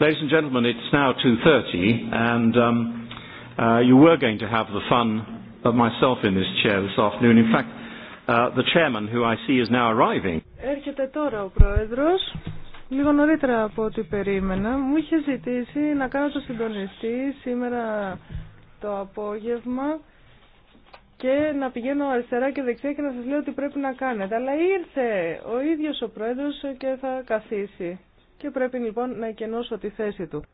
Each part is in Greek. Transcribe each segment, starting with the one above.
Ladies and gentlemen, it's now 2.30 and um, uh, you were going to have the fun of myself in this chair this afternoon. In fact, uh, the chairman who I see is now arriving. Έρχεται τώρα ο πρόεδρος, λίγο νωρίτερα από ό,τι περίμενα. Μου είχε ζητήσει να κάνω το συντονιστή σήμερα το απόγευμα και να πηγαίνω αριστερά και δεξιά και να σας λέω τι πρέπει να κάνετε. Αλλά ήρθε ο ίδιος ο πρόεδρος και θα καθίσει και πρέπει λοιπόν να εκενώσω τη θέση του.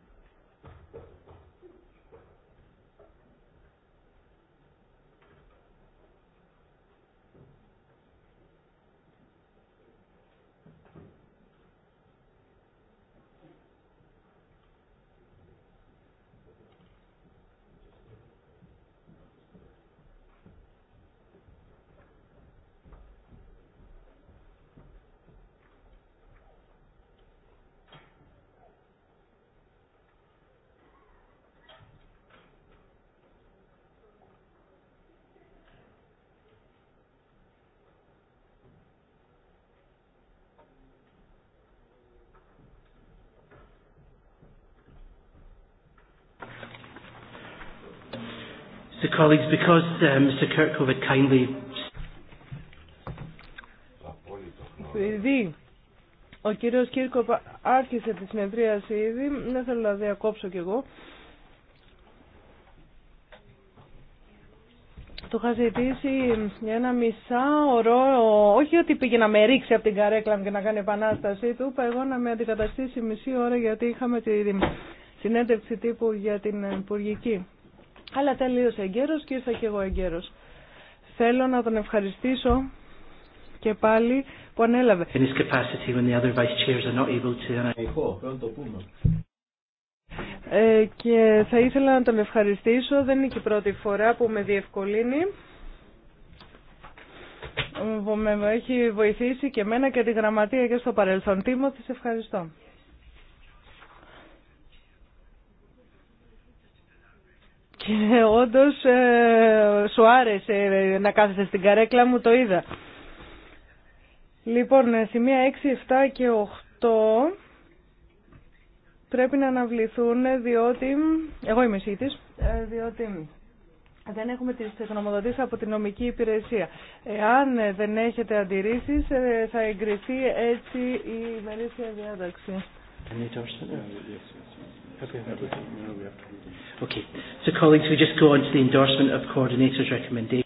colleagues because uh, Mr. Kirkhove had kindly. ο κύριος Κύρκο άρχισε τη συνεδρίαση ήδη, δεν θέλω να διακόψω κι εγώ. το είχα ζητήσει για ένα μισάωρο, όχι ότι πήγε να με ρίξει από την καρέκλα και να κάνει επανάσταση, του είπα εγώ να με αντικαταστήσει μισή ώρα γιατί είχαμε τη συνέντευξη τύπου για την υπουργική. Αλλά τελείωσε εγκαίρος και ήρθα και εγώ εγκαίρος. Θέλω να τον ευχαριστήσω και πάλι που ανέλαβε. Ε, και θα ήθελα να τον ευχαριστήσω. Δεν είναι και η πρώτη φορά που με διευκολύνει. Με έχει βοηθήσει και εμένα και τη γραμματεία και στο παρελθόν. Τίμω, ευχαριστώ. Και όντω ε, σου άρεσε ε, να κάθεσαι στην καρέκλα μου, το είδα. Λοιπόν, ε, σημεία 6, 7 και 8 πρέπει να αναβληθούν ε, διότι... Εγώ είμαι της, διότι δεν έχουμε τις γνωμοδοτήσεις από την νομική υπηρεσία. Εάν δεν έχετε αντιρρήσεις, θα εγκριθεί έτσι η μερίσια διάταξη. Okay. So just go on to the endorsement of coordinators'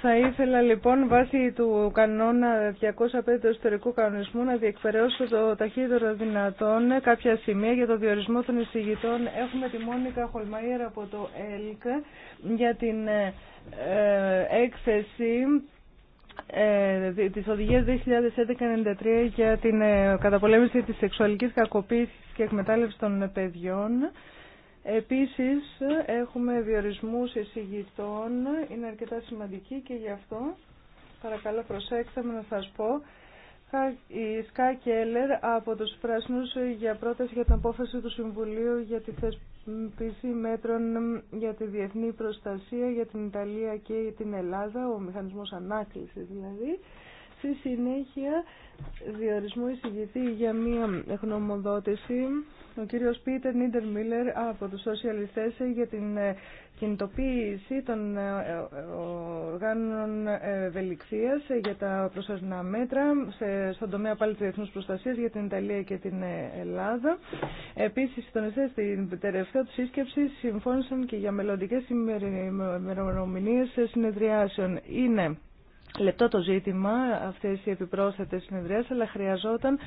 Θα ήθελα λοιπόν βάσει του κανόνα 205 του ιστορικού κανονισμού να διεκπαιρεώσω το ταχύτερο δυνατόν κάποια σημεία για το διορισμό των εισηγητών. Έχουμε τη Μόνικα Χολμαϊέρα από το ΕΛΚ για την ε, ε, έκθεση ε, της οδηγίας 2011-93 για την καταπολέμηση της σεξουαλικής κακοποίησης και εκμετάλλευσης των παιδιών. Επίσης έχουμε διορισμούς εισηγητών, είναι αρκετά σημαντική και γι' αυτό παρακαλώ προσέξτε με να σας πω. Η Σκά Κέλλερ από τους Πράσινους για πρόταση για την απόφαση του Συμβουλίου για τη θεσπίση μέτρων για τη διεθνή προστασία για την Ιταλία και την Ελλάδα, ο μηχανισμός ανάκλησης δηλαδή. Στη συνέχεια διορισμού εισηγητή για μία γνωμοδότηση ο κύριος Πίτερ Νίντερ Μίλλερ από τους σοσιαλιστές για την ε, κινητοποίηση των ε, ε, οργάνων ευελιξίας για τα προσωρινά μέτρα στον τομέα πάλι της διεθνούς προστασίας για την Ιταλία και την Ελλάδα. Επίσης, οι συντονιστές στην τελευταία του σύσκεψη συμφώνησαν και για μελλοντικές ημερομηνίες συνεδριάσεων. Είναι λεπτό το ζήτημα αυτές οι επιπρόσθετες συνεδριάσεις, αλλά χρειαζόταν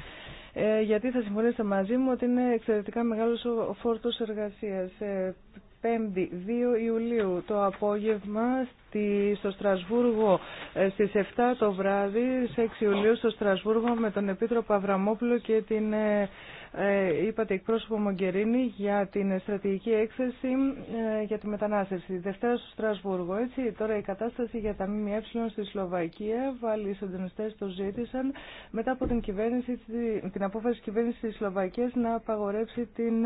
ε, γιατί θα συμφωνήσετε μαζί μου ότι είναι εξαιρετικά μεγάλος ο φόρτος εργασίας. 5η ε, 2 Ιουλίου το απόγευμα στη, στο Στρασβούργο ε, στις 7 το βράδυ, 6 Ιουλίου στο Στρασβούργο με τον Επίτροπο Αβραμόπουλο και την ε, είπατε εκπρόσωπο Μογκερίνη για την στρατηγική έκθεση ε, για τη μετανάστευση. Δευτέρα στο Στρασβούργο, έτσι. Τώρα η κατάσταση για τα ΜΜΕ στη Σλοβακία, βάλει οι συντονιστέ το ζήτησαν μετά από την, κυβέρνηση, την απόφαση τη κυβέρνηση τη Σλοβακία να απαγορεύσει την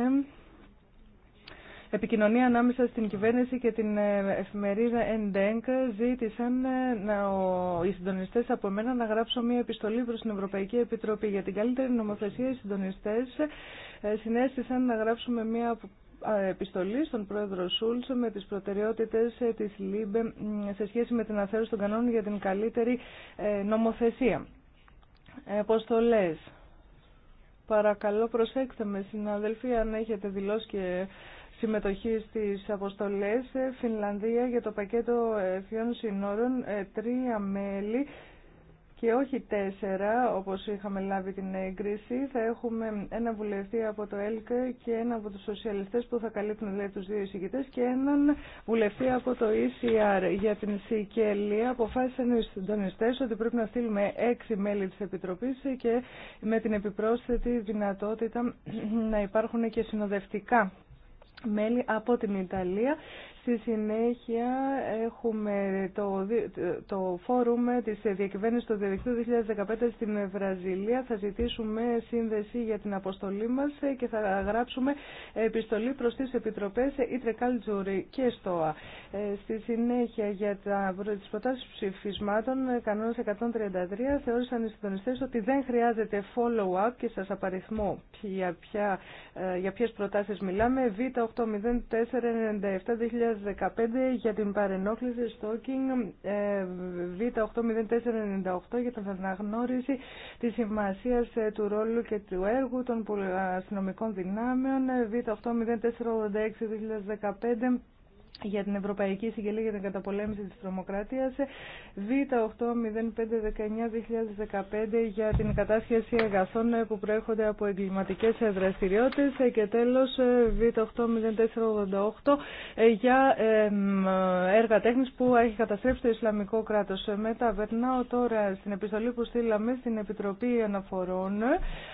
επικοινωνία ανάμεσα στην κυβέρνηση και την ε, εφημερίδα NDENK ζήτησαν ε, οι συντονιστέ από μένα να γράψω μια επιστολή προ την Ευρωπαϊκή Επιτροπή. Για την καλύτερη νομοθεσία, οι συντονιστέ ε, συνέστησαν να γράψουμε μια επιστολή στον πρόεδρο Σούλτ με τι προτεραιότητε τη ΛΥΜΠΕ σε σχέση με την αθέρωση των κανόνων για την καλύτερη νομοθεσία. Αποστολέ. Παρακαλώ προσέξτε με συναδελφοί αν έχετε δηλώσει και συμμετοχή στις αποστολές ε, Φινλανδία για το πακέτο ε, ευθείων συνόρων ε, τρία μέλη και όχι τέσσερα, όπως είχαμε λάβει την έγκριση. Θα έχουμε ένα βουλευτή από το ΕΛΚ και ένα από τους σοσιαλιστές που θα καλύπτουν δηλαδή, τους δύο εισηγητές και έναν βουλευτή από το ECR. Για την Σικελία αποφάσισαν οι συντονιστές ότι πρέπει να στείλουμε έξι μέλη της Επιτροπής και με την επιπρόσθετη δυνατότητα να υπάρχουν και συνοδευτικά μέλη από την Ιταλία Στη συνέχεια έχουμε το, το φόρουμ της διακυβέρνησης του Διεδικτύου 2015 στην Βραζιλία. Θα ζητήσουμε σύνδεση για την αποστολή μας και θα γράψουμε επιστολή προς τις Επιτροπές Ιτρεκάλτζουρι και ΣΤΟΑ. Ε, στη συνέχεια για τα, τις προτάσεις ψηφισμάτων κανόνας 133 θεώρησαν οι συντονιστές ότι δεν χρειάζεται follow-up και σας απαριθμώ για, ε, για ποιες προτάσεις μιλάμε. Β80497 2015 για την παρενοχληση στοκιν στόκινγκ Β80498 για την αναγνώριση της σημασίας ε, του ρόλου και του έργου των αστυνομικών δυνάμεων ε, Β80486 2015 για την Ευρωπαϊκή Συγγελία για την Καταπολέμηση της Τρομοκράτειας, Β80519-2015 για την κατάσχεση εγαθών που προέρχονται από εγκληματικές δραστηριότητε και τέλος Β80488 για έργα τέχνης που έχει καταστρέψει το Ισλαμικό κράτος. Μετά περνάω τώρα στην επιστολή που στείλαμε στην Επιτροπή Αναφορών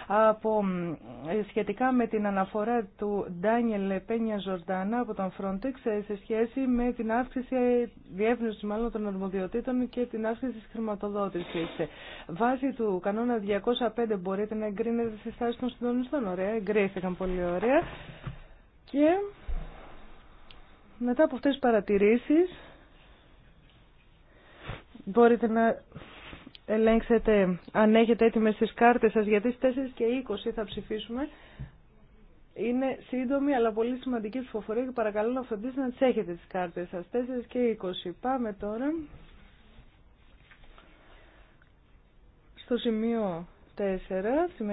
από, σχετικά με την αναφορά του Ντάνιελ Πένια Ζορτάνα από τον Frontex σε σχέση με την αύξηση, διεύρυνση μάλλον των αρμοδιοτήτων και την αύξηση της χρηματοδότησης. Βάσει του κανόνα 205 μπορείτε να εγκρίνετε τι στάσεις των συντονιστών. Ωραία, εγκρίθηκαν πολύ ωραία. Και μετά από αυτές τις παρατηρήσεις μπορείτε να ελέγξετε αν έχετε έτοιμες τις κάρτες σας γιατί στις 4 και 20 θα ψηφίσουμε. Είναι σύντομη αλλά πολύ σημαντική ψηφοφορία και παρακαλώ να φροντίσετε να τις έχετε τι κάρτες σας. 4 και 20. Πάμε τώρα στο σημείο 4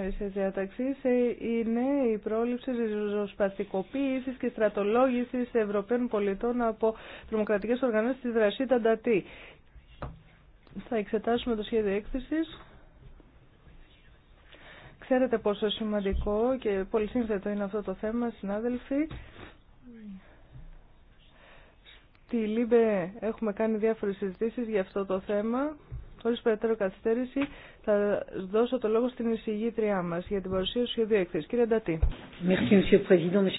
της σε διαταξής ε, είναι η πρόληψη ριζοσπαστικοποίησης και στρατολόγησης Ευρωπαίων πολιτών από τρομοκρατικές οργανώσεις της Ρασίτα Ντατή. Θα εξετάσουμε το σχέδιο έκθεσης. Ξέρετε πόσο σημαντικό και πολύ σύνθετο είναι αυτό το θέμα, συνάδελφοι. Στη ΛΥΜΠΕ έχουμε κάνει διάφορες συζητήσεις για αυτό το θέμα. Χωρίς περαιτέρω καθυστέρηση θα δώσω το λόγο στην εισηγήτριά μας για την παρουσία του σχεδίου έκθεση. Κύριε Ντατή.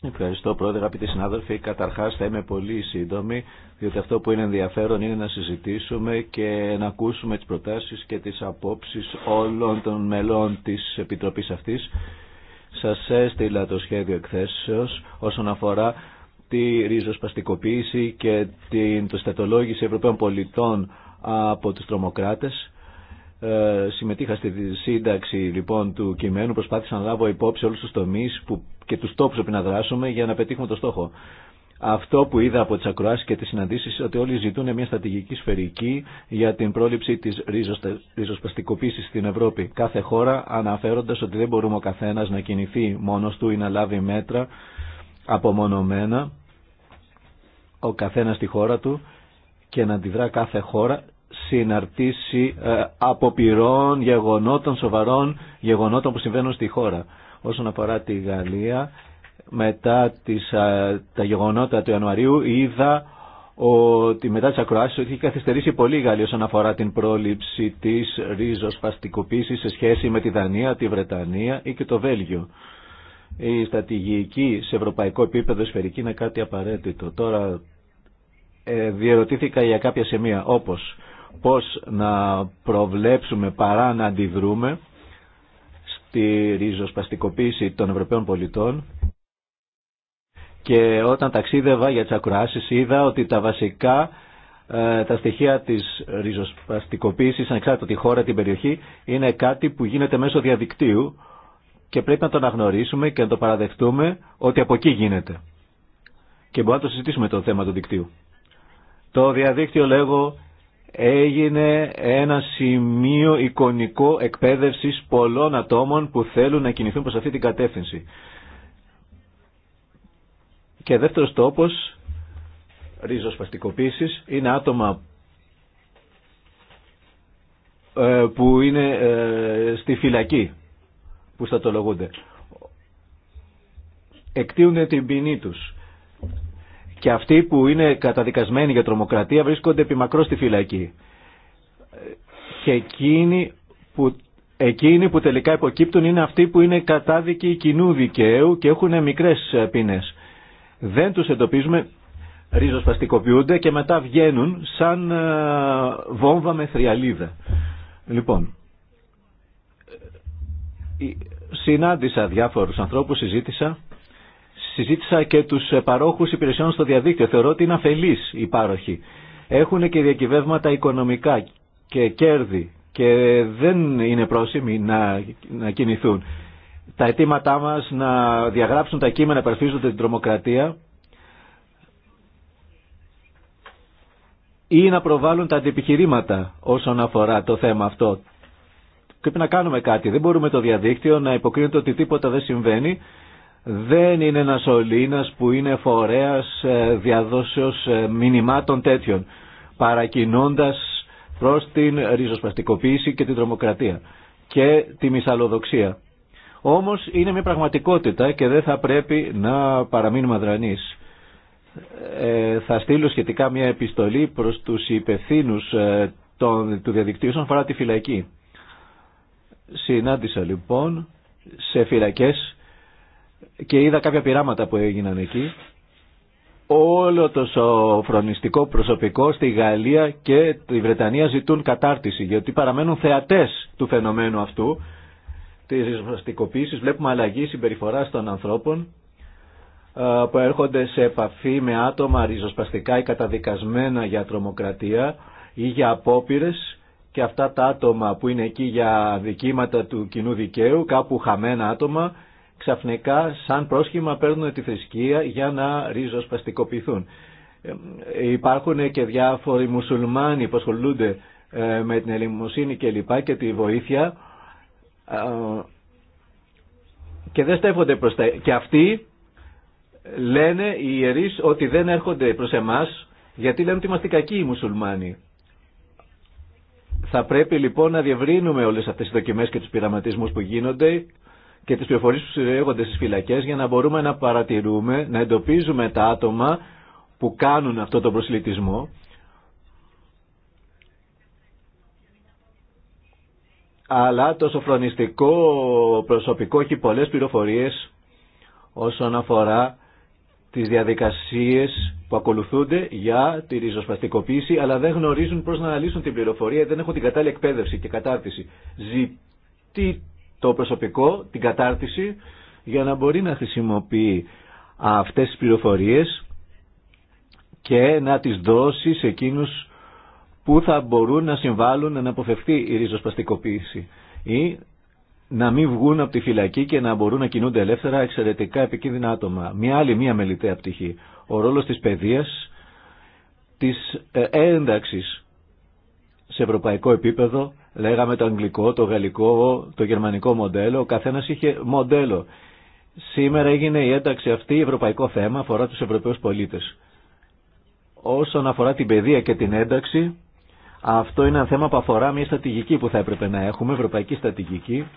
Ευχαριστώ πρόεδρε, αγαπητοί συνάδελφοι. Καταρχάς θα είμαι πολύ σύντομη, διότι αυτό που είναι ενδιαφέρον είναι να συζητήσουμε και να ακούσουμε τις προτάσεις και τις απόψεις όλων των μελών της Επιτροπής αυτής. Σας έστειλα το σχέδιο εκθέσεως όσον αφορά τη ριζοσπαστικοποίηση και την, τοστατολόγηση Ευρωπαίων πολιτών από τους τρομοκράτες. Ε, συμμετείχα στη σύνταξη λοιπόν του κειμένου, προσπάθησα να λάβω υπόψη όλους τους τομείς που, και τους τόπους που να δράσουμε για να πετύχουμε το στόχο. Αυτό που είδα από τι ακροάσεις και τι συναντήσει ότι όλοι ζητούν μια στρατηγική σφαιρική για την πρόληψη τη ριζοσπαστικοποίηση στην Ευρώπη. Κάθε χώρα αναφέροντα ότι δεν μπορούμε ο καθένα να κινηθεί μόνο του ή να λάβει μέτρα απομονωμένα ο καθένα στη χώρα του και να αντιδρά κάθε χώρα συναρτήσει ε, αποπειρών γεγονότων, σοβαρών γεγονότων που συμβαίνουν στη χώρα. Όσον αφορά τη Γαλλία, μετά τις, ε, τα γεγονότα του Ιανουαρίου είδα ότι μετά τις ακροάσεις έχει καθυστερήσει πολύ η Γαλλία όσον αφορά την πρόληψη της ρίζος σε σχέση με τη Δανία, τη Βρετανία ή και το Βέλγιο. Η στατηγική σε ευρωπαϊκό επίπεδο σφαιρική είναι κάτι απαραίτητο. Τώρα ε, διερωτήθηκα για κάποια σημεία όπως πώς να προβλέψουμε παρά να αντιδρούμε στη ριζοσπαστικοποίηση των Ευρωπαίων πολιτών και όταν ταξίδευα για τις ακροάσεις είδα ότι τα βασικά ε, τα στοιχεία της ριζοσπαστικοποίησης ανεξάρτητα τη χώρα, την περιοχή είναι κάτι που γίνεται μέσω διαδικτύου και πρέπει να το αναγνωρίσουμε και να το παραδεχτούμε ότι από εκεί γίνεται. Και μπορούμε να το συζητήσουμε το θέμα του δικτύου. Το διαδίκτυο λέγω έγινε ένα σημείο εικονικό εκπαίδευσης πολλών ατόμων που θέλουν να κινηθούν προς αυτή την κατεύθυνση. Και δεύτερος τόπος ριζοσπαστικοποίησης είναι άτομα ε, που είναι ε, στη φυλακή που στατολογούνται. Εκτείουν την ποινή τους και αυτοί που είναι καταδικασμένοι για τρομοκρατία βρίσκονται επιμακρό στη φυλακή. Και εκείνοι που, εκείνοι που τελικά υποκύπτουν είναι αυτοί που είναι κατάδικοι κοινού δικαίου και έχουν μικρές πίνες. Δεν τους εντοπίζουμε, ριζοσπαστικοποιούνται και μετά βγαίνουν σαν ε, βόμβα με θριαλίδα. Λοιπόν, ε, συνάντησα διάφορους ανθρώπου συζήτησα συζήτησα και του παρόχου υπηρεσιών στο διαδίκτυο. Θεωρώ ότι είναι αφελεί οι πάροχοι. Έχουν και διακυβεύματα οικονομικά και κέρδη και δεν είναι πρόσημοι να, να κινηθούν. Τα αιτήματά μας να διαγράψουν τα κείμενα που την τρομοκρατία ή να προβάλλουν τα αντιπιχειρήματα όσον αφορά το θέμα αυτό. Πρέπει να κάνουμε κάτι. Δεν μπορούμε το διαδίκτυο να υποκρίνεται ότι τίποτα δεν συμβαίνει δεν είναι ένας ολίνας που είναι φορέας ε, διαδόσεως ε, μηνυμάτων τέτοιων, παρακινώντας προς την ριζοσπαστικοποίηση και την τρομοκρατία και τη μυσαλλοδοξία. Όμως είναι μια πραγματικότητα και δεν θα πρέπει να παραμείνουμε αδρανείς. Ε, θα στείλω σχετικά μια επιστολή προς τους υπευθύνους του διαδικτύου όσον αφορά τη φυλακή. Συνάντησα λοιπόν σε φυλακές και είδα κάποια πειράματα που έγιναν εκεί. Όλο το σοφρονιστικό προσωπικό στη Γαλλία και τη Βρετανία ζητούν κατάρτιση γιατί παραμένουν θεατές του φαινομένου αυτού της ριζοσπαστικοποίηση Βλέπουμε αλλαγή συμπεριφορά των ανθρώπων ε, που έρχονται σε επαφή με άτομα ριζοσπαστικά ή καταδικασμένα για τρομοκρατία ή για απόπειρε και αυτά τα άτομα που είναι εκεί για δικήματα του κοινού δικαίου, κάπου χαμένα άτομα, ξαφνικά σαν πρόσχημα παίρνουν τη θρησκεία για να ριζοσπαστικοποιηθούν. Ε, υπάρχουν και διάφοροι μουσουλμάνοι που ασχολούνται ε, με την ελεημοσύνη και λοιπά και τη βοήθεια ε, και δεν στέφονται προς τα... Και αυτοί λένε οι ιερείς ότι δεν έρχονται προς εμάς γιατί λένε ότι είμαστε κακοί οι μουσουλμάνοι. Θα πρέπει λοιπόν να διευρύνουμε όλες αυτές τις δοκιμές και τους πειραματισμούς που γίνονται και τις πληροφορίες που συλλέγονται στις φυλακές για να μπορούμε να παρατηρούμε, να εντοπίζουμε τα άτομα που κάνουν αυτό τον προσλητισμό. Αλλά το σοφρονιστικό προσωπικό έχει πολλές πληροφορίες όσον αφορά τις διαδικασίες που ακολουθούνται για τη ριζοσπαστικοποίηση, αλλά δεν γνωρίζουν πώς να αναλύσουν την πληροφορία, δεν έχουν την κατάλληλη εκπαίδευση και κατάρτιση. Ζητή το προσωπικό, την κατάρτιση, για να μπορεί να χρησιμοποιεί αυτές τις πληροφορίες και να τις δώσει σε εκείνους που θα μπορούν να συμβάλλουν να αποφευθεί η ριζοσπαστικοποίηση ή να μην βγουν από τη φυλακή και να μπορούν να κινούνται ελεύθερα εξαιρετικά επικίνδυνα άτομα. Μια άλλη μία μελιτέα πτυχή. Ο ρόλος της παιδείας, της ε, ένταξης σε ευρωπαϊκό επίπεδο Λέγαμε το αγγλικό, το γαλλικό, το γερμανικό μοντέλο, ο καθένα είχε μοντέλο. Σήμερα έγινε η ένταξη αυτή, ευρωπαϊκό θέμα, αφορά τους Ευρωπαίους πολίτες. Όσον αφορά την παιδεία και την ένταξη, αυτό είναι ένα θέμα που αφορά μια στρατηγική που θα έπρεπε να έχουμε, ευρωπαϊκή στρατηγική,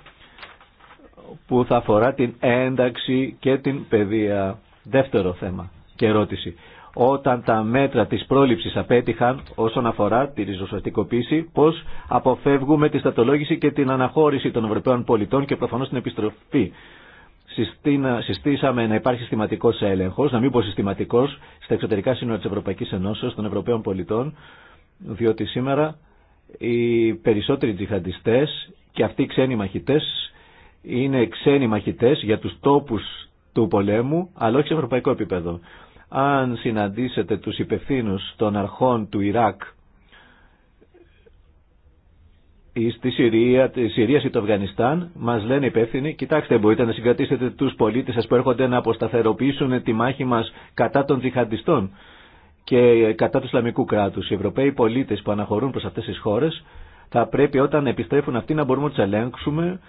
που θα αφορά την ένταξη και την παιδεία. Δεύτερο θέμα και ερώτηση όταν τα μέτρα της πρόληψης απέτυχαν όσον αφορά τη ριζοσπαστικοποίηση, πώς αποφεύγουμε τη στατολόγηση και την αναχώρηση των Ευρωπαίων πολιτών και προφανώς την επιστροφή. Συστήσαμε να υπάρχει συστηματικό έλεγχο, να μην πω συστηματικό, στα εξωτερικά σύνορα τη Ευρωπαϊκή Ενώσεω των Ευρωπαίων πολιτών, διότι σήμερα οι περισσότεροι τζιχαντιστέ και αυτοί οι ξένοι μαχητέ είναι ξένοι μαχητέ για του τόπου του πολέμου, αλλά όχι σε ευρωπαϊκό επίπεδο. Αν συναντήσετε τους υπευθύνους των αρχών του Ιράκ ή στη Συρία, τη Συρία ή το Αφγανιστάν, μας λένε υπεύθυνοι, κοιτάξτε μπορείτε να συγκρατήσετε τους πολίτες σας που έρχονται να αποσταθεροποιήσουν τη μάχη μας κατά των τζιχαντιστών και κατά του Ισλαμικού κράτους. Οι Ευρωπαίοι πολίτες που αναχωρούν προς αυτές τις χώρες θα πρέπει όταν επιστρέφουν αυτοί να μπορούμε να τους ελέγξουμε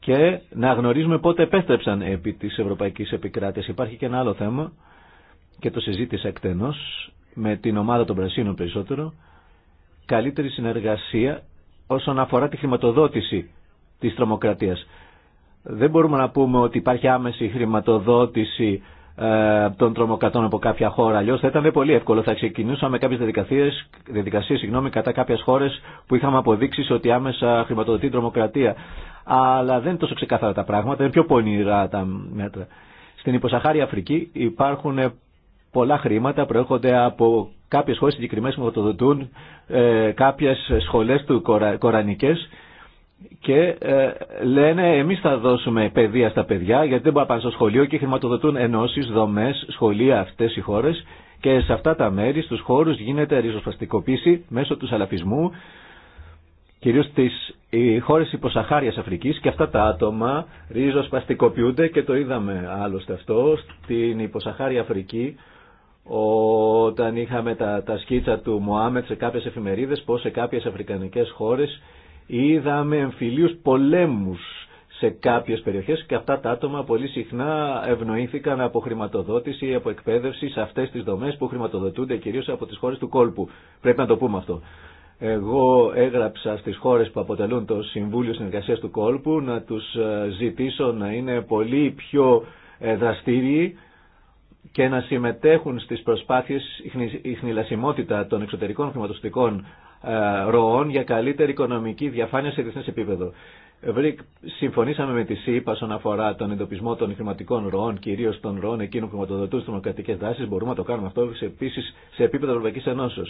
και να γνωρίζουμε πότε επέστρεψαν επί της Ευρωπαϊκής Επικράτειας. Υπάρχει και ένα άλλο θέμα και το συζήτησα εκτενώς με την ομάδα των Πρασίνων περισσότερο, καλύτερη συνεργασία όσον αφορά τη χρηματοδότηση της τρομοκρατίας. Δεν μπορούμε να πούμε ότι υπάρχει άμεση χρηματοδότηση ε, των τρομοκρατών από κάποια χώρα. Αλλιώ θα ήταν πολύ εύκολο. Θα ξεκινούσαμε κάποιε διαδικασίε κατά κάποιε χώρε που είχαμε αποδείξει ότι άμεσα χρηματοδοτεί τρομοκρατία. Αλλά δεν είναι τόσο ξεκάθαρα τα πράγματα, είναι πιο πονηρά τα μέτρα. Στην υποσαχάρη Αφρική υπάρχουν πολλά χρήματα προέρχονται από κάποιες χώρες συγκεκριμένες που χρηματοδοτούν ε, κάποιες σχολές του κορα, κορανικές και ε, λένε εμείς θα δώσουμε παιδεία στα παιδιά γιατί δεν μπορούν να πάνε στο σχολείο και χρηματοδοτούν ενώσεις, δομές, σχολεία αυτές οι χώρες και σε αυτά τα μέρη, στους χώρους γίνεται ριζοσπαστικοποίηση μέσω του σαλαφισμού κυρίως στις χώρες υποσαχάριας Αφρικής και αυτά τα άτομα ριζοσπαστικοποιούνται και το είδαμε άλλωστε αυτό στην υποσαχάρια Αφρική όταν είχαμε τα, τα σκίτσα του Μωάμετ σε κάποιες εφημερίδες πως σε κάποιες αφρικανικές χώρες είδαμε εμφυλίους πολέμους σε κάποιες περιοχές και αυτά τα άτομα πολύ συχνά ευνοήθηκαν από χρηματοδότηση ή από εκπαίδευση σε αυτές τις δομές που χρηματοδοτούνται κυρίως από τις χώρες του κόλπου. Πρέπει να το πούμε αυτό. Εγώ έγραψα στις χώρες που αποτελούν το Συμβούλιο Συνεργασίας του Κόλπου να τους ε, ζητήσω να είναι πολύ πιο ε, δραστήριοι και να συμμετέχουν στις προσπάθειες η χνηλασιμότητα των εξωτερικών χρηματοστικών ε, ροών για καλύτερη οικονομική διαφάνεια σε διεθνές επίπεδο. Συμφωνήσαμε με τη ΣΥΠΑ στον αφορά τον εντοπισμό των χρηματικών ροών, κυρίω των ροών εκείνων που χρηματοδοτούν στι δημοκρατικέ δράσει. Μπορούμε να το κάνουμε αυτό επίση σε επίπεδο Ευρωπαϊκή Ενώσεω.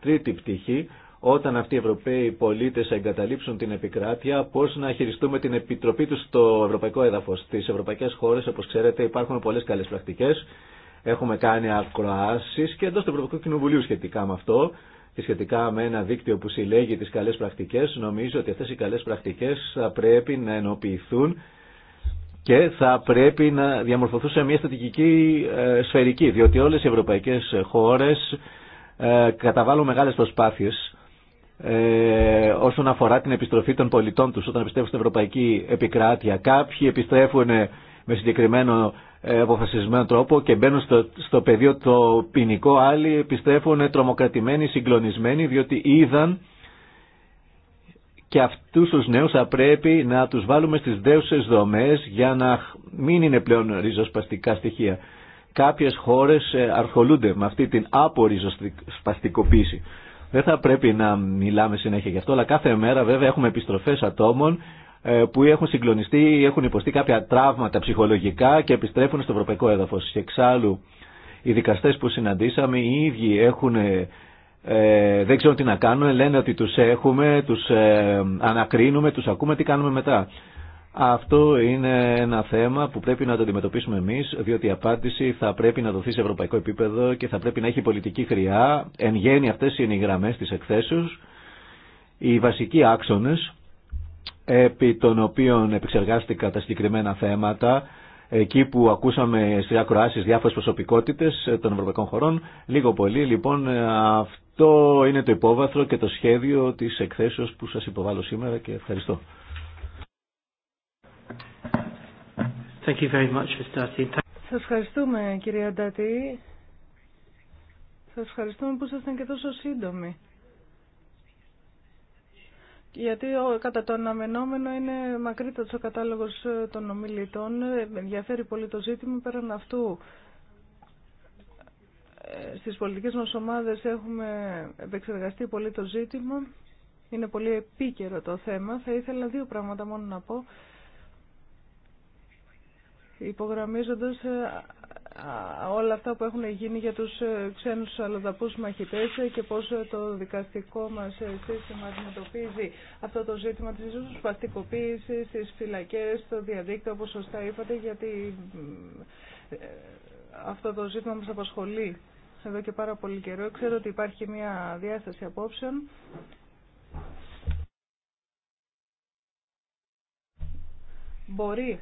Τρίτη πτυχή, όταν αυτοί οι Ευρωπαίοι πολίτες εγκαταλείψουν την επικράτεια, πώς να χειριστούμε την επιτροπή τους στο ευρωπαϊκό έδαφος. Στις ευρωπαϊκές χώρες, όπως ξέρετε, υπάρχουν πολλές καλές πρακτικές. Έχουμε κάνει ακροάσεις και εντός του Ευρωπαϊκού Κοινοβουλίου σχετικά με αυτό και σχετικά με ένα δίκτυο που συλλέγει τις καλές πρακτικές. Νομίζω ότι αυτές οι καλές πρακτικές θα πρέπει να ενοποιηθούν και θα πρέπει να διαμορφωθούν σε μια στατικική ε, σφαιρική, διότι όλες οι ευρωπαϊκές χώρες ε, καταβάλουν μεγάλες προσπάθειες ε, όσον αφορά την επιστροφή των πολιτών τους όταν επιστρέφουν στην Ευρωπαϊκή Επικράτεια. Κάποιοι επιστρέφουν με συγκεκριμένο ε, αποφασισμένο τρόπο και μπαίνουν στο, πεδίο το ποινικό, άλλοι επιστρέφουν τρομοκρατημένοι, συγκλονισμένοι διότι είδαν και αυτούς τους νέους θα πρέπει να τους βάλουμε στις δέουσες δομές για να μην είναι πλέον ριζοσπαστικά στοιχεία. Κάποιες χώρες ε, αρχολούνται με αυτή την άπορη ριζοσπαστικοποίηση. Δεν θα πρέπει να μιλάμε συνέχεια γι' αυτό, αλλά κάθε μέρα βέβαια έχουμε επιστροφές ατόμων ε, που έχουν συγκλονιστεί ή έχουν υποστεί κάποια τραύματα ψυχολογικά και επιστρέφουν στο ευρωπαϊκό έδαφος. εξάλλου οι δικαστές που συναντήσαμε οι ίδιοι έχουν, ε, ε, δεν ξέρουν τι να κάνουν, λένε ότι τους έχουμε, τους ανακρίνουμε, τους ακούμε, τι κάνουμε μετά. Αυτό είναι ένα θέμα που πρέπει να το αντιμετωπίσουμε εμεί, διότι η απάντηση θα πρέπει να δοθεί σε ευρωπαϊκό επίπεδο και θα πρέπει να έχει πολιτική χρειά. Εν γέννη, αυτέ είναι οι γραμμέ τη εκθέσεω, οι βασικοί άξονε επί των οποίων επεξεργάστηκα τα συγκεκριμένα θέματα, εκεί που ακούσαμε στι ακροάσει διάφορε προσωπικότητε των ευρωπαϊκών χωρών. Λίγο πολύ, λοιπόν, αυτό είναι το υπόβαθρο και το σχέδιο τη εκθέσεω που σα υποβάλλω σήμερα και ευχαριστώ. Thank you very much, Σας ευχαριστούμε, κυρία Ντάτη. Σας ευχαριστούμε που ήσασταν και τόσο σύντομοι. Γιατί κατά το αναμενόμενο είναι μακρύτατος ο κατάλογος ε, των ομιλητών. Ε, με Ενδιαφέρει πολύ το ζήτημα πέραν αυτού. Ε, στις πολιτικές μας ομάδες έχουμε επεξεργαστεί πολύ το ζήτημα. Είναι πολύ επίκαιρο το θέμα. Θα ήθελα δύο πράγματα μόνο να πω υπογραμμίζοντας ε, όλα αυτά που έχουν γίνει για τους ε, ξένους αλλοδαπούς μαχητές και πώς ε, το δικαστικό μας σύστημα αντιμετωπίζει αυτό το ζήτημα της σπαστικοποίησης, στις φυλακές, το διαδίκτυο, όπως σωστά είπατε, γιατί αυτό το ζήτημα μας απασχολεί εδώ και πάρα πολύ καιρό. Ξέρω ότι υπάρχει μια διάσταση απόψεων. Μπορεί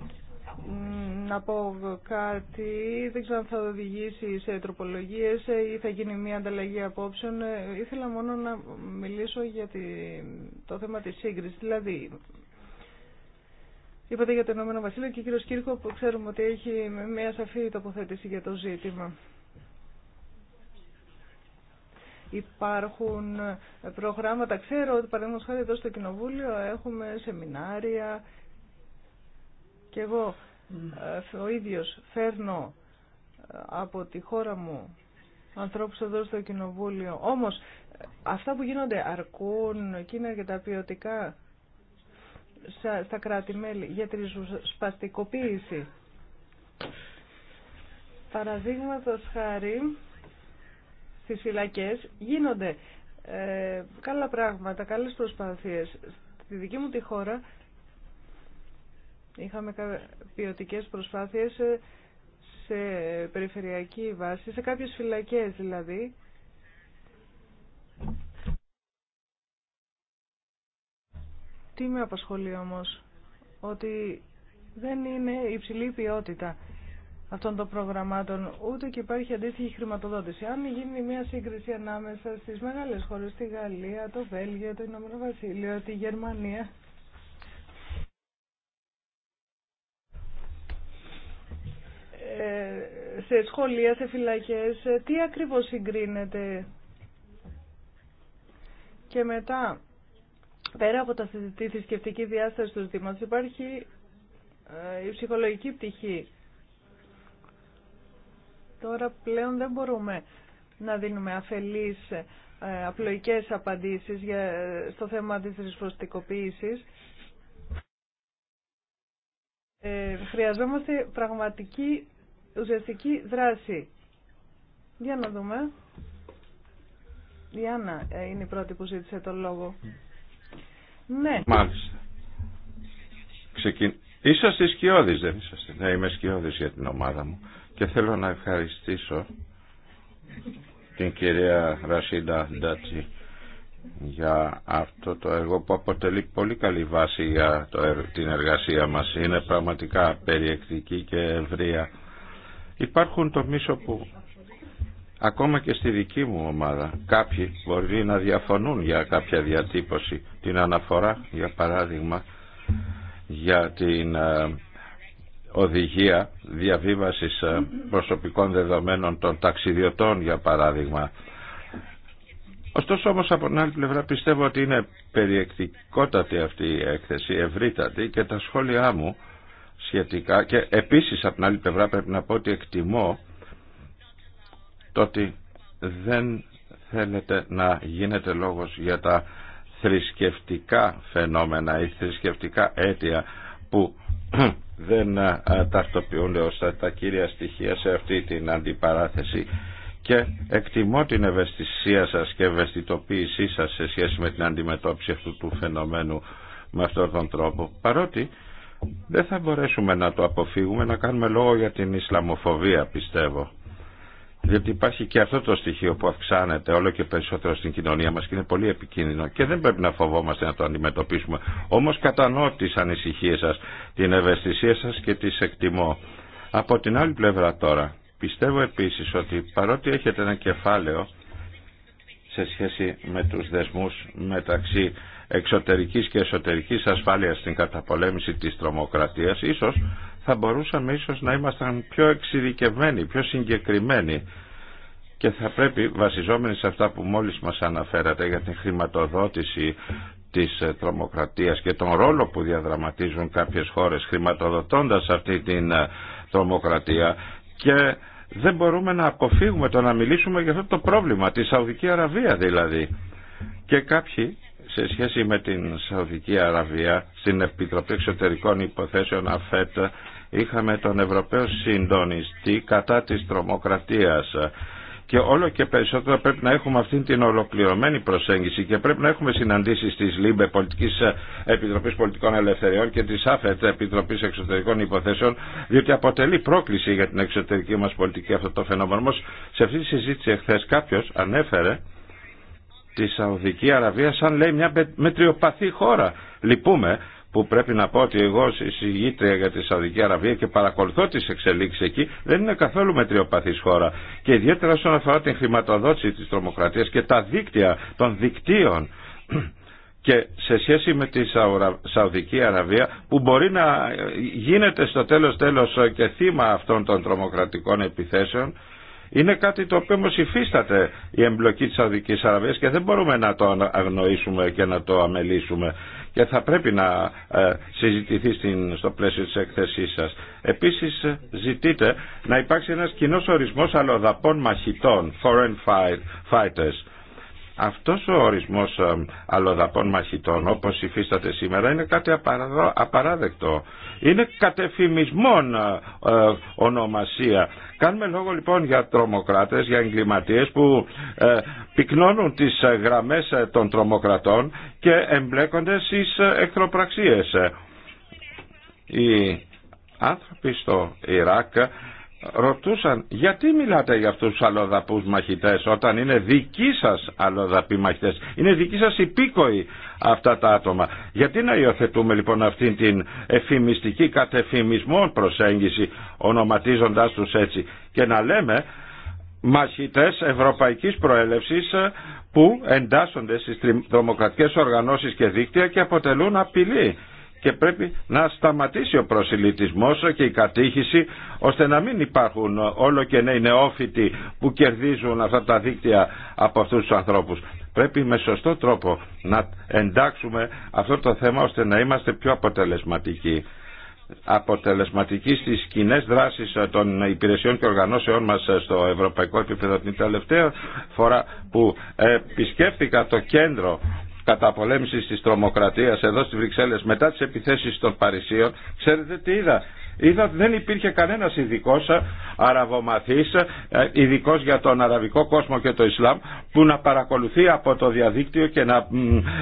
να πω κάτι, δεν ξέρω αν θα οδηγήσει σε τροπολογίες ή θα γίνει μια ανταλλαγή απόψεων. Ε, ήθελα μόνο να μιλήσω για το θέμα της σύγκριση. Δηλαδή, είπατε για το Ηνωμένο Βασίλειο και ο κύριος Κύρκο που ξέρουμε ότι έχει μια σαφή τοποθέτηση για το ζήτημα. Υπάρχουν προγράμματα, ξέρω ότι παραδείγματος χάρη εδώ στο Κοινοβούλιο έχουμε σεμινάρια, και εγώ ε, ο ίδιος φέρνω ε, από τη χώρα μου ανθρώπους εδώ στο κοινοβούλιο. Όμως ε, αυτά που γίνονται αρκούν εκείνα και τα ποιοτικά στα κράτη-μέλη για τη σπαστικοποίηση. Παραδείγματος χάρη στις φυλακές γίνονται καλά πράγματα, καλές προσπάθειες. Στη δική μου τη χώρα Είχαμε ποιοτικέ προσπάθειες ε, σε περιφερειακή βάση, σε κάποιες φυλακές δηλαδή. Τι με απασχολεί όμως, ότι δεν είναι υψηλή ποιότητα αυτών των προγραμμάτων, ούτε και υπάρχει αντίστοιχη χρηματοδότηση. Αν γίνει μια σύγκριση ανάμεσα στις μεγάλες χώρες, τη Γαλλία, το Βέλγιο, το Ηνωμένο Βασίλειο, τη Γερμανία, σε σχολεία, σε φυλακές, ε, τι ακριβώς συγκρίνεται. Και μετά, πέρα από τα, τη θρησκευτική διάσταση του ζητήματος, υπάρχει ε, η ψυχολογική πτυχή. Τώρα πλέον δεν μπορούμε να δίνουμε αφελείς ε, απλοϊκές απαντήσεις για, στο θέμα της ρησφοστικοποίησης. Ε, χρειαζόμαστε πραγματική ουσιαστική δράση. Για να δούμε. Η Άννα ε, είναι η πρώτη που ζήτησε τον λόγο. Ναι. Μάλιστα. Ξεκιν... Είσαστε σκιώδης, δεν είσαστε. Ναι, είμαι σκιώδης για την ομάδα μου. Και θέλω να ευχαριστήσω την κυρία Ρασίντα Ντάτσι για αυτό το έργο που αποτελεί πολύ καλή βάση για ε- την εργασία μας. Είναι πραγματικά περιεκτική και ευρεία Υπάρχουν τομείς που ακόμα και στη δική μου ομάδα κάποιοι μπορεί να διαφωνούν για κάποια διατύπωση. Την αναφορά, για παράδειγμα, για την ε, οδηγία διαβίβασης ε, προσωπικών δεδομένων των ταξιδιωτών, για παράδειγμα. Ωστόσο όμως από την άλλη πλευρά πιστεύω ότι είναι περιεκτικότατη αυτή η έκθεση, ευρύτατη και τα σχόλιά μου σχετικά και επίσης από την άλλη πλευρά πρέπει να πω ότι εκτιμώ το ότι δεν θέλετε να γίνεται λόγος για τα θρησκευτικά φαινόμενα ή θρησκευτικά αίτια που δεν ταυτοποιούνται ως τα κύρια στοιχεία σε αυτή την αντιπαράθεση και εκτιμώ την ευαισθησία σας και ευαισθητοποίησή σας σε σχέση με την αντιμετώπιση αυτού του φαινομένου με αυτόν τον τρόπο παρότι δεν θα μπορέσουμε να το αποφύγουμε να κάνουμε λόγο για την Ισλαμοφοβία πιστεύω διότι υπάρχει και αυτό το στοιχείο που αυξάνεται όλο και περισσότερο στην κοινωνία μας και είναι πολύ επικίνδυνο και δεν πρέπει να φοβόμαστε να το αντιμετωπίσουμε όμως κατανοώ τις ανησυχίες σας την ευαισθησία σας και τις εκτιμώ από την άλλη πλευρά τώρα πιστεύω επίσης ότι παρότι έχετε ένα κεφάλαιο σε σχέση με τους δεσμούς μεταξύ εξωτερικής και εσωτερικής ασφάλειας στην καταπολέμηση της τρομοκρατίας, ίσως θα μπορούσαμε ίσως να ήμασταν πιο εξειδικευμένοι, πιο συγκεκριμένοι και θα πρέπει βασιζόμενοι σε αυτά που μόλις μας αναφέρατε για την χρηματοδότηση της ε, τρομοκρατίας και τον ρόλο που διαδραματίζουν κάποιες χώρες χρηματοδοτώντας αυτή την ε, τρομοκρατία και δεν μπορούμε να αποφύγουμε το να μιλήσουμε για αυτό το πρόβλημα, τη Σαουδική Αραβία δηλαδή. Και κάποιοι σε σχέση με την Σαουδική Αραβία στην Επιτροπή Εξωτερικών Υποθέσεων ΑΦΕΤ είχαμε τον Ευρωπαίο Συντονιστή κατά της τρομοκρατίας και όλο και περισσότερο πρέπει να έχουμε αυτή την ολοκληρωμένη προσέγγιση και πρέπει να έχουμε συναντήσεις της ΛΥΜΠΕ Πολιτικής Επιτροπής Πολιτικών Ελευθεριών και της ΑΦΕΤ Επιτροπής Εξωτερικών Υποθέσεων διότι αποτελεί πρόκληση για την εξωτερική μας πολιτική αυτό το φαινόμενο. Όμως σε αυτή τη συζήτηση εχθές κάποιος ανέφερε τη Σαουδική Αραβία σαν λέει μια μετριοπαθή χώρα. Λυπούμε που πρέπει να πω ότι εγώ εισηγήτρια για τη Σαουδική Αραβία και παρακολουθώ τις εξελίξεις εκεί, δεν είναι καθόλου μετριοπαθής χώρα. Και ιδιαίτερα όσον αφορά την χρηματοδότηση της τρομοκρατίας και τα δίκτυα των δικτύων και σε σχέση με τη Σαουδική Αραβία που μπορεί να γίνεται στο τέλος τέλος και θύμα αυτών των τρομοκρατικών επιθέσεων είναι κάτι το οποίο όμως υφίσταται η εμπλοκή της Σαουδικής Αραβίας και δεν μπορούμε να το αγνοήσουμε και να το αμελήσουμε και θα πρέπει να ε, συζητηθεί στο πλαίσιο της εκθεσής σας. Επίσης ε, ζητείτε να υπάρξει ένας κοινός ορισμός αλλοδαπών μαχητών, foreign fighters, αυτός ο ορισμός ε, αλλοδαπών μαχητών όπως υφίσταται σήμερα είναι κάτι απαράδεκτο. Είναι κατεφημισμόν ε, ε, ονομασία. Κάνουμε λόγο λοιπόν για τρομοκράτες, για εγκληματίες που πυκνώνουν τις γραμμές των τρομοκρατών και εμπλέκονται στις εχθροπραξίες. Οι άνθρωποι στο Ιράκ ρωτούσαν γιατί μιλάτε για αυτούς τους αλλοδαπούς μαχητές όταν είναι δικοί σας αλλοδαποί μαχητές είναι δικοί σας υπήκοοι αυτά τα άτομα γιατί να υιοθετούμε λοιπόν αυτήν την εφημιστική κατεφημισμό προσέγγιση ονοματίζοντας τους έτσι και να λέμε μαχητές ευρωπαϊκής προέλευσης ε, που εντάσσονται στις τρομοκρατικές οργανώσεις και δίκτυα και αποτελούν απειλή και πρέπει να σταματήσει ο προσιλητισμός και η κατήχηση ώστε να μην υπάρχουν όλο και νέοι νεόφοιτοι που κερδίζουν αυτά τα δίκτυα από αυτούς τους ανθρώπους. Πρέπει με σωστό τρόπο να εντάξουμε αυτό το θέμα ώστε να είμαστε πιο αποτελεσματικοί αποτελεσματική στι κοινέ δράσει των υπηρεσιών και οργανώσεών μα στο ευρωπαϊκό επίπεδο την τελευταία φορά που ε, επισκέφθηκα το κέντρο καταπολέμηση τη τρομοκρατία εδώ στι Βρυξέλλες μετά τι επιθέσει των Παρισίων, ξέρετε τι είδα. Είδα ότι δεν υπήρχε κανένα ειδικό ε, αραβομαθής, ε, ειδικό για τον αραβικό κόσμο και το Ισλάμ, που να παρακολουθεί από το διαδίκτυο και να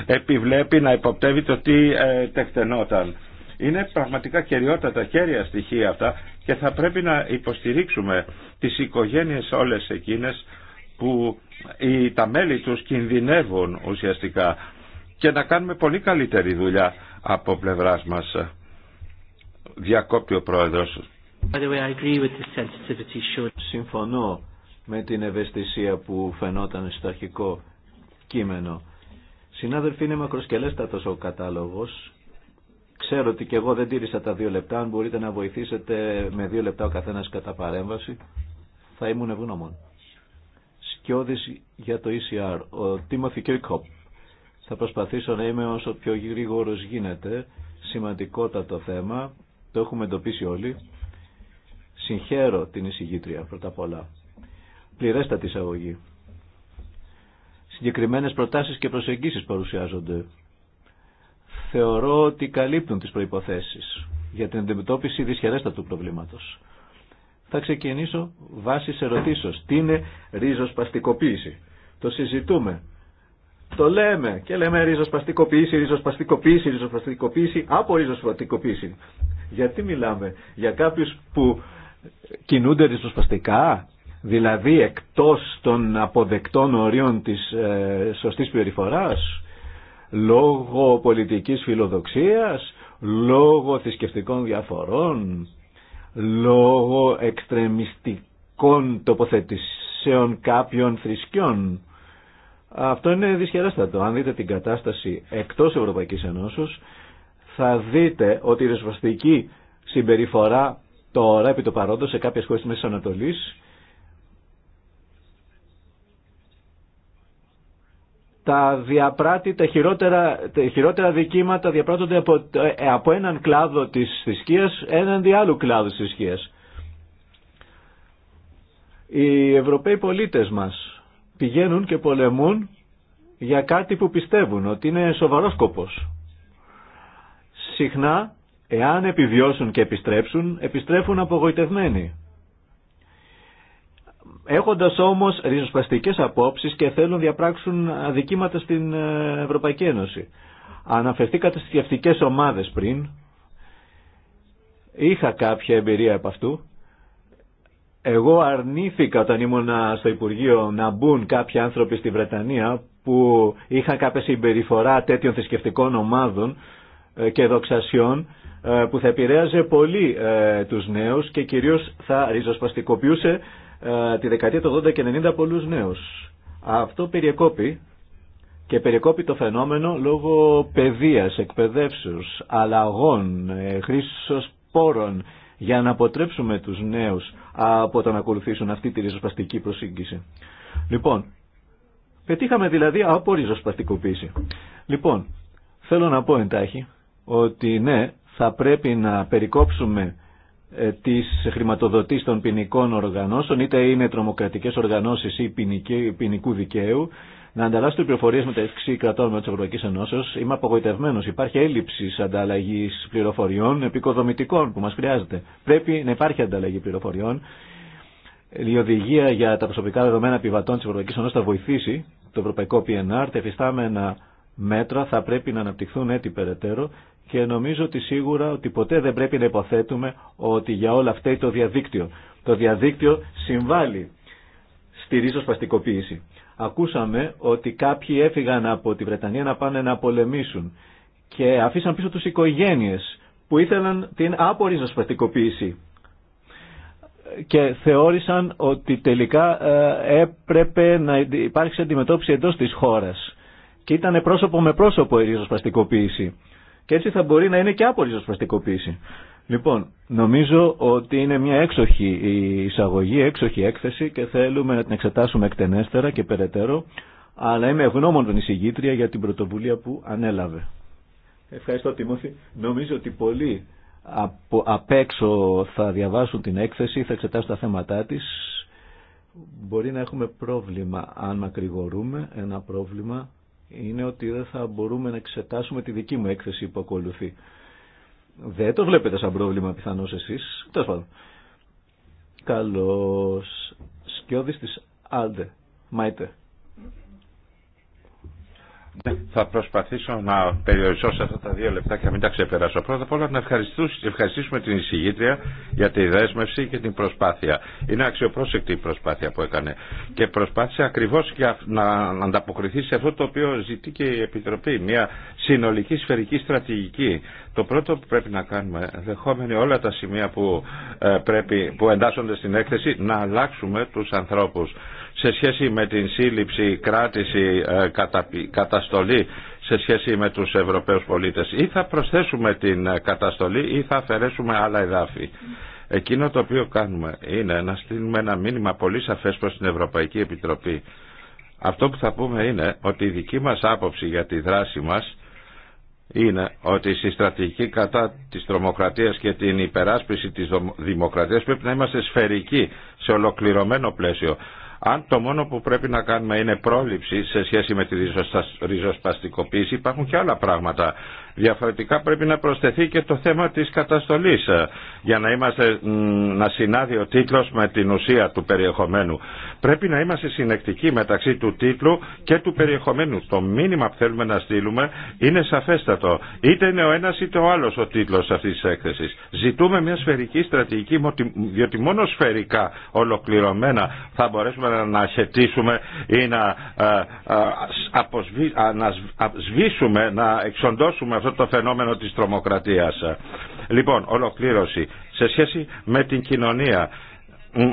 επιβλέπει, να υποπτεύει το τι ε, τεκτενόταν. Είναι πραγματικά κεριότατα, κέρια στοιχεία αυτά και θα πρέπει να υποστηρίξουμε τις οικογένειες όλες εκείνες που τα μέλη τους κινδυνεύουν ουσιαστικά και να κάνουμε πολύ καλύτερη δουλειά από πλευράς μας. Διακόπτει ο Πρόεδρος. Συμφωνώ με την ευαισθησία που φαινόταν στο αρχικό κείμενο. Συνάδελφοι, είναι μακροσκελέστατος ο κατάλογος. Ξέρω ότι και εγώ δεν τήρησα τα δύο λεπτά. Αν μπορείτε να βοηθήσετε με δύο λεπτά ο καθένας κατά παρέμβαση, θα ήμουν ευγνώμων. Σκιώδης για το ECR, ο Τίμωθη Κίρκοπ. Θα προσπαθήσω να είμαι όσο πιο γρήγορος γίνεται. Σημαντικότατο θέμα. Το έχουμε εντοπίσει όλοι. Συγχαίρω την εισηγήτρια πρώτα απ' όλα. Πληρέστατη εισαγωγή. Συγκεκριμένες προτάσεις και προσεγγίσεις παρουσιάζονται. Θεωρώ ότι καλύπτουν τις προϋποθέσεις για την αντιμετώπιση δυσχερέστατου προβλήματος. Θα ξεκινήσω βάσει ερωτήσεως. Τι είναι ρίζος παστικοποίηση. Το συζητούμε το λέμε και λέμε ριζοσπαστικοποίηση, ριζοσπαστικοποίηση, ριζοσπαστικοποίηση, από ριζοσπαστικοποίηση. Γιατί μιλάμε για κάποιους που κινούνται ριζοσπαστικά, δηλαδή εκτός των αποδεκτών ορίων της ε, σωστής περιφοράς, λόγω πολιτικής φιλοδοξίας, λόγω θρησκευτικών διαφορών, λόγω εξτρεμιστικών τοποθετήσεων κάποιων θρησκειών αυτό είναι δυσχεράστατο. Αν δείτε την κατάσταση εκτός Ευρωπαϊκής Ενώσεως, θα δείτε ότι η ρεσβαστική συμπεριφορά τώρα επί το παρόντο σε κάποιες χώρες της Μέσης Ανατολής τα διαπράττει τα χειρότερα, τα χειρότερα δικήματα διαπράττονται από, ε, από έναν κλάδο της θρησκείας έναντι άλλου κλάδου της θρησκείας. Οι Ευρωπαίοι πολίτες μας πηγαίνουν και πολεμούν για κάτι που πιστεύουν ότι είναι σοβαρός σκοπός. Συχνά, εάν επιβιώσουν και επιστρέψουν, επιστρέφουν απογοητευμένοι. Έχοντας όμως ριζοσπαστικές απόψεις και θέλουν να διαπράξουν αδικήματα στην ε, Ευρωπαϊκή Ένωση. Αναφερθήκατε στις ομάδες πριν. Είχα κάποια εμπειρία από αυτού. Εγώ αρνήθηκα όταν ήμουν στο Υπουργείο να μπουν κάποιοι άνθρωποι στη Βρετανία που είχαν κάποια συμπεριφορά τέτοιων θρησκευτικών ομάδων ε, και δοξασιών ε, που θα επηρέαζε πολύ ε, τους νέους και κυρίως θα ριζοσπαστικοποιούσε τη δεκαετία του 80 και 90 πολλούς νέους. Αυτό περιεκόπη και περιεκόπη το φαινόμενο λόγω παιδείας, εκπαιδεύσεως, αλλαγών, χρήσεως πόρων για να αποτρέψουμε τους νέους από το να ακολουθήσουν αυτή τη ριζοσπαστική προσήγγιση. Λοιπόν, πετύχαμε δηλαδή από ριζοσπαστικοποίηση. Λοιπόν, θέλω να πω εντάχει ότι ναι, θα πρέπει να περικόψουμε ε, τη χρηματοδοτής των ποινικών οργανώσεων, είτε είναι τρομοκρατικές οργανώσεις ή ποινικού δικαίου, να ανταλλάσσουν πληροφορίε μεταξύ κρατών με τη Ευρωπαϊκή Ενώσεω. Είμαι απογοητευμένο. Υπάρχει έλλειψη ανταλλαγή πληροφοριών επικοδομητικών που μα χρειάζεται. Πρέπει να υπάρχει ανταλλαγή πληροφοριών. Η οδηγία για τα προσωπικά δεδομένα επιβατών τη Ευρωπαϊκή Ενώσεω θα βοηθήσει το Ευρωπαϊκό PNR. Τα εφιστάμενα μέτρα θα πρέπει να αναπτυχθούν έτσι περαιτέρω και νομίζω ότι σίγουρα ότι ποτέ δεν πρέπει να υποθέτουμε ότι για όλα αυτά το διαδίκτυο. Το διαδίκτυο συμβάλλει στη ρίζοσπαστικοποίηση. Ακούσαμε ότι κάποιοι έφυγαν από τη Βρετανία να πάνε να πολεμήσουν και αφήσαν πίσω τους οικογένειες που ήθελαν την παστικοποίηση και θεώρησαν ότι τελικά ε, έπρεπε να υπάρξει αντιμετώπιση εντός της χώρας και ήταν πρόσωπο με πρόσωπο η ριζοσπαστικοποίηση. Και έτσι θα μπορεί να είναι και άπολη ριζοσπαστικοποίηση. Λοιπόν, νομίζω ότι είναι μια έξοχη η εισαγωγή, έξοχη έκθεση και θέλουμε να την εξετάσουμε εκτενέστερα και περαιτέρω, αλλά είμαι ευγνώμων των εισηγήτρια για την πρωτοβουλία που ανέλαβε. Ευχαριστώ Τιμόθη. Νομίζω ότι πολλοί από, απ' έξω θα διαβάσουν την έκθεση, θα εξετάσουν τα θέματά της. Μπορεί να έχουμε πρόβλημα αν μακρηγορούμε, ένα πρόβλημα είναι ότι δεν θα μπορούμε να εξετάσουμε τη δική μου έκθεση που ακολουθεί. Δεν το βλέπετε σαν πρόβλημα πιθανώς εσείς. Τέλος πάντων. Καλώς. Σκιώδης της Μάιτε. Ναι, θα προσπαθήσω να περιοριστώ σε αυτά τα δύο λεπτά και να μην τα ξεπεράσω. Πρώτα απ' όλα να ευχαριστήσουμε την εισηγήτρια για τη δέσμευση και την προσπάθεια. Είναι αξιοπρόσεκτη η προσπάθεια που έκανε και προσπάθησε ακριβώ να ανταποκριθεί σε αυτό το οποίο ζητεί και η Επιτροπή. Μια συνολική σφαιρική στρατηγική. Το πρώτο που πρέπει να κάνουμε, δεχόμενοι όλα τα σημεία που, ε, πρέπει, που εντάσσονται στην έκθεση, να αλλάξουμε του ανθρώπου σε σχέση με την σύλληψη, κράτηση, ε, καταστολή σε σχέση με τους Ευρωπαίους πολίτες. Ή θα προσθέσουμε την ε, καταστολή ή θα αφαιρέσουμε άλλα εδάφη. Εκείνο το οποίο κάνουμε είναι να στείλουμε ένα μήνυμα πολύ σαφές προς την Ευρωπαϊκή Επιτροπή. Αυτό που θα πούμε είναι ότι η δική μας άποψη για τη δράση μας είναι ότι στη στρατηγική κατά της τρομοκρατίας και την υπεράσπιση της δημοκρατίας πρέπει να είμαστε σφαιρικοί σε ολοκληρωμένο πλαίσιο. Αν το μόνο που πρέπει να κάνουμε είναι πρόληψη σε σχέση με τη ριζοσπαστικοποίηση, υπάρχουν και άλλα πράγματα Διαφορετικά πρέπει να προσθεθεί και το θέμα της καταστολής ε, για να, είμαστε, να συνάδει ο τίτλος με την ουσία του περιεχομένου. Πρέπει να είμαστε συνεκτικοί μεταξύ του τίτλου και του περιεχομένου. Το μήνυμα που θέλουμε να στείλουμε είναι σαφέστατο. Είτε είναι ο ένας είτε ο άλλος ο τίτλος αυτής της έκθεσης. Ζητούμε μια σφαιρική στρατηγική, διότι μόνο σφαιρικά ολοκληρωμένα θα μπορέσουμε να αναχαιτήσουμε ή να, ε, ε, α, να σβήσουμε, να εξοντώσουμε αυτό το φαινόμενο της τρομοκρατίας. Λοιπόν, ολοκλήρωση. Σε σχέση με την κοινωνία,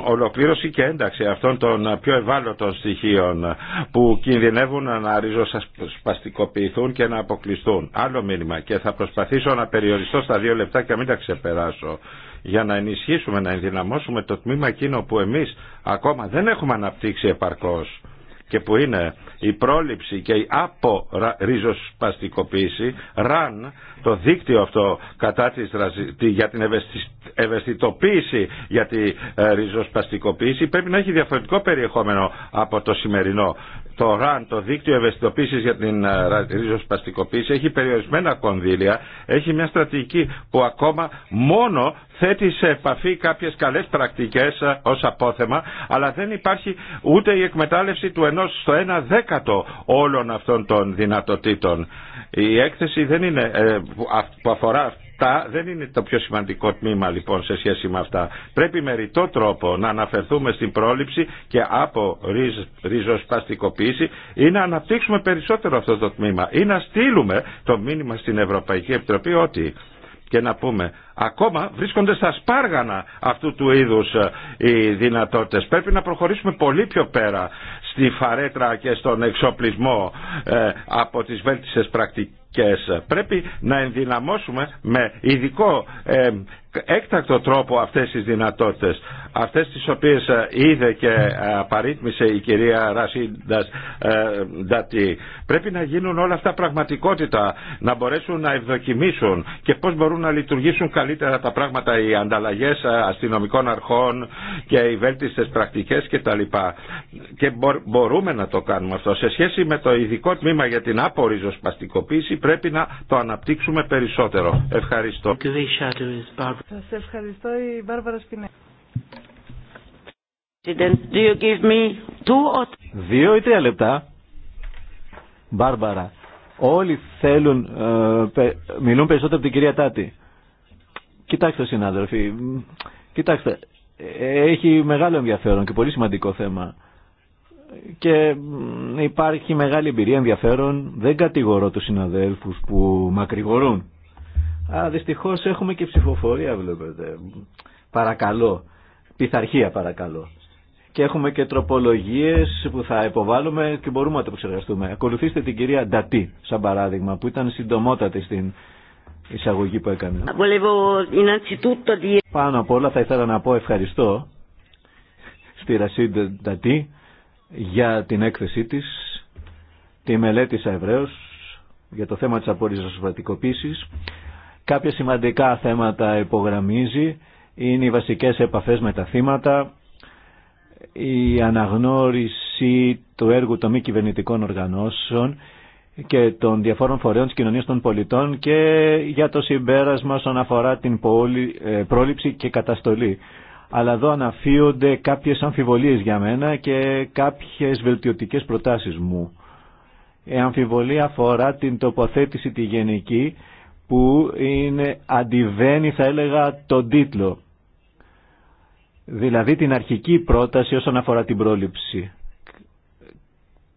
ολοκλήρωση και ένταξη αυτών των πιο ευάλωτων στοιχείων που κινδυνεύουν να ριζοσπαστικοποιηθούν και να αποκλειστούν. Άλλο μήνυμα και θα προσπαθήσω να περιοριστώ στα δύο λεπτά και να μην τα ξεπεράσω για να ενισχύσουμε, να ενδυναμώσουμε το τμήμα εκείνο που εμείς ακόμα δεν έχουμε αναπτύξει επαρκώς και που είναι η πρόληψη και η απορριζοσπαστικοποίηση, ραν, το δίκτυο αυτό κατά της, για την ευαισθητοποίηση για τη ε, ριζοσπαστικοποίηση πρέπει να έχει διαφορετικό περιεχόμενο από το σημερινό το RAN, το δίκτυο ευαισθητοποίησης για την ε, ριζοσπαστικοποίηση, έχει περιορισμένα κονδύλια, έχει μια στρατηγική που ακόμα μόνο θέτει σε επαφή κάποιες καλές πρακτικές ε, ως απόθεμα, αλλά δεν υπάρχει ούτε η εκμετάλλευση του ενός στο ένα δέκατο όλων αυτών των δυνατοτήτων. Η έκθεση δεν είναι, ε, που αφορά αυτά δεν είναι το πιο σημαντικό τμήμα λοιπόν σε σχέση με αυτά. Πρέπει με ρητό τρόπο να αναφερθούμε στην πρόληψη και από ριζοσπαστικοποίηση ή να αναπτύξουμε περισσότερο αυτό το τμήμα ή να στείλουμε το μήνυμα στην Ευρωπαϊκή Επιτροπή ότι και να πούμε ακόμα βρίσκονται στα σπάργανα αυτού του είδους ε, οι δυνατότητες. Πρέπει να προχωρήσουμε πολύ πιο πέρα στη φαρέτρα και στον εξοπλισμό ε, από τις βέλτιστες πρακτικές Πρέπει να ενδυναμώσουμε με ειδικό ε, έκτακτο τρόπο αυτές τις δυνατότητες αυτές τις οποίες ε, είδε και ε, παρίτμησε η κυρία Ρασίντας ε, Ντατή πρέπει να γίνουν όλα αυτά πραγματικότητα να μπορέσουν να ευδοκιμήσουν και πώς μπορούν να λειτουργήσουν καλύτερα τα πράγματα οι ανταλλαγές αστυνομικών αρχών και οι βέλτιστες πρακτικές κτλ. Και μπορούμε να το κάνουμε αυτό. Σε σχέση με το ειδικό τμήμα για την ζωσπαστικοποίηση πρέπει να το αναπτύξουμε περισσότερο. Ευχαριστώ. Σας ευχαριστώ η Μπάρβαρα Σπινέ. Δύο ή τρία λεπτά. Μπάρμπαρα, όλοι θέλουν, ε, μιλούν περισσότερο από την κυρία Τάτη. Κοιτάξτε συνάδελφοι, κοιτάξτε, έχει μεγάλο ενδιαφέρον και πολύ σημαντικό θέμα. Και υπάρχει μεγάλη εμπειρία ενδιαφέρον, δεν κατηγορώ τους συναδέλφους που μακρηγορούν. Α δυστυχώς έχουμε και ψηφοφορία βλέπετε. Παρακαλώ. Πειθαρχία παρακαλώ. Και έχουμε και τροπολογίες που θα υποβάλουμε και μπορούμε να το εξεργαστούμε. Ακολουθήστε την κυρία Ντατή, σαν παράδειγμα, που ήταν συντομότατη στην εισαγωγή που έκανε. Πάνω απ' όλα θα ήθελα να πω ευχαριστώ στη Ρασίν Ντατή για την έκθεσή τη, Τη μελέτησα ευρέω για το θέμα της απόρριζας Κάποια σημαντικά θέματα υπογραμμίζει, είναι οι βασικές επαφές με τα θύματα, η αναγνώριση του έργου των μη κυβερνητικών οργανώσεων και των διαφόρων φορέων της κοινωνίας των πολιτών και για το συμπέρασμα όσον αφορά την ε, πρόληψη και καταστολή. Αλλά εδώ αναφύονται κάποιες αμφιβολίες για μένα και κάποιες βελτιωτικές προτάσεις μου. Η αμφιβολία αφορά την τοποθέτηση τη γενική που είναι αντιβαίνει θα έλεγα τον τίτλο. Δηλαδή την αρχική πρόταση όσον αφορά την πρόληψη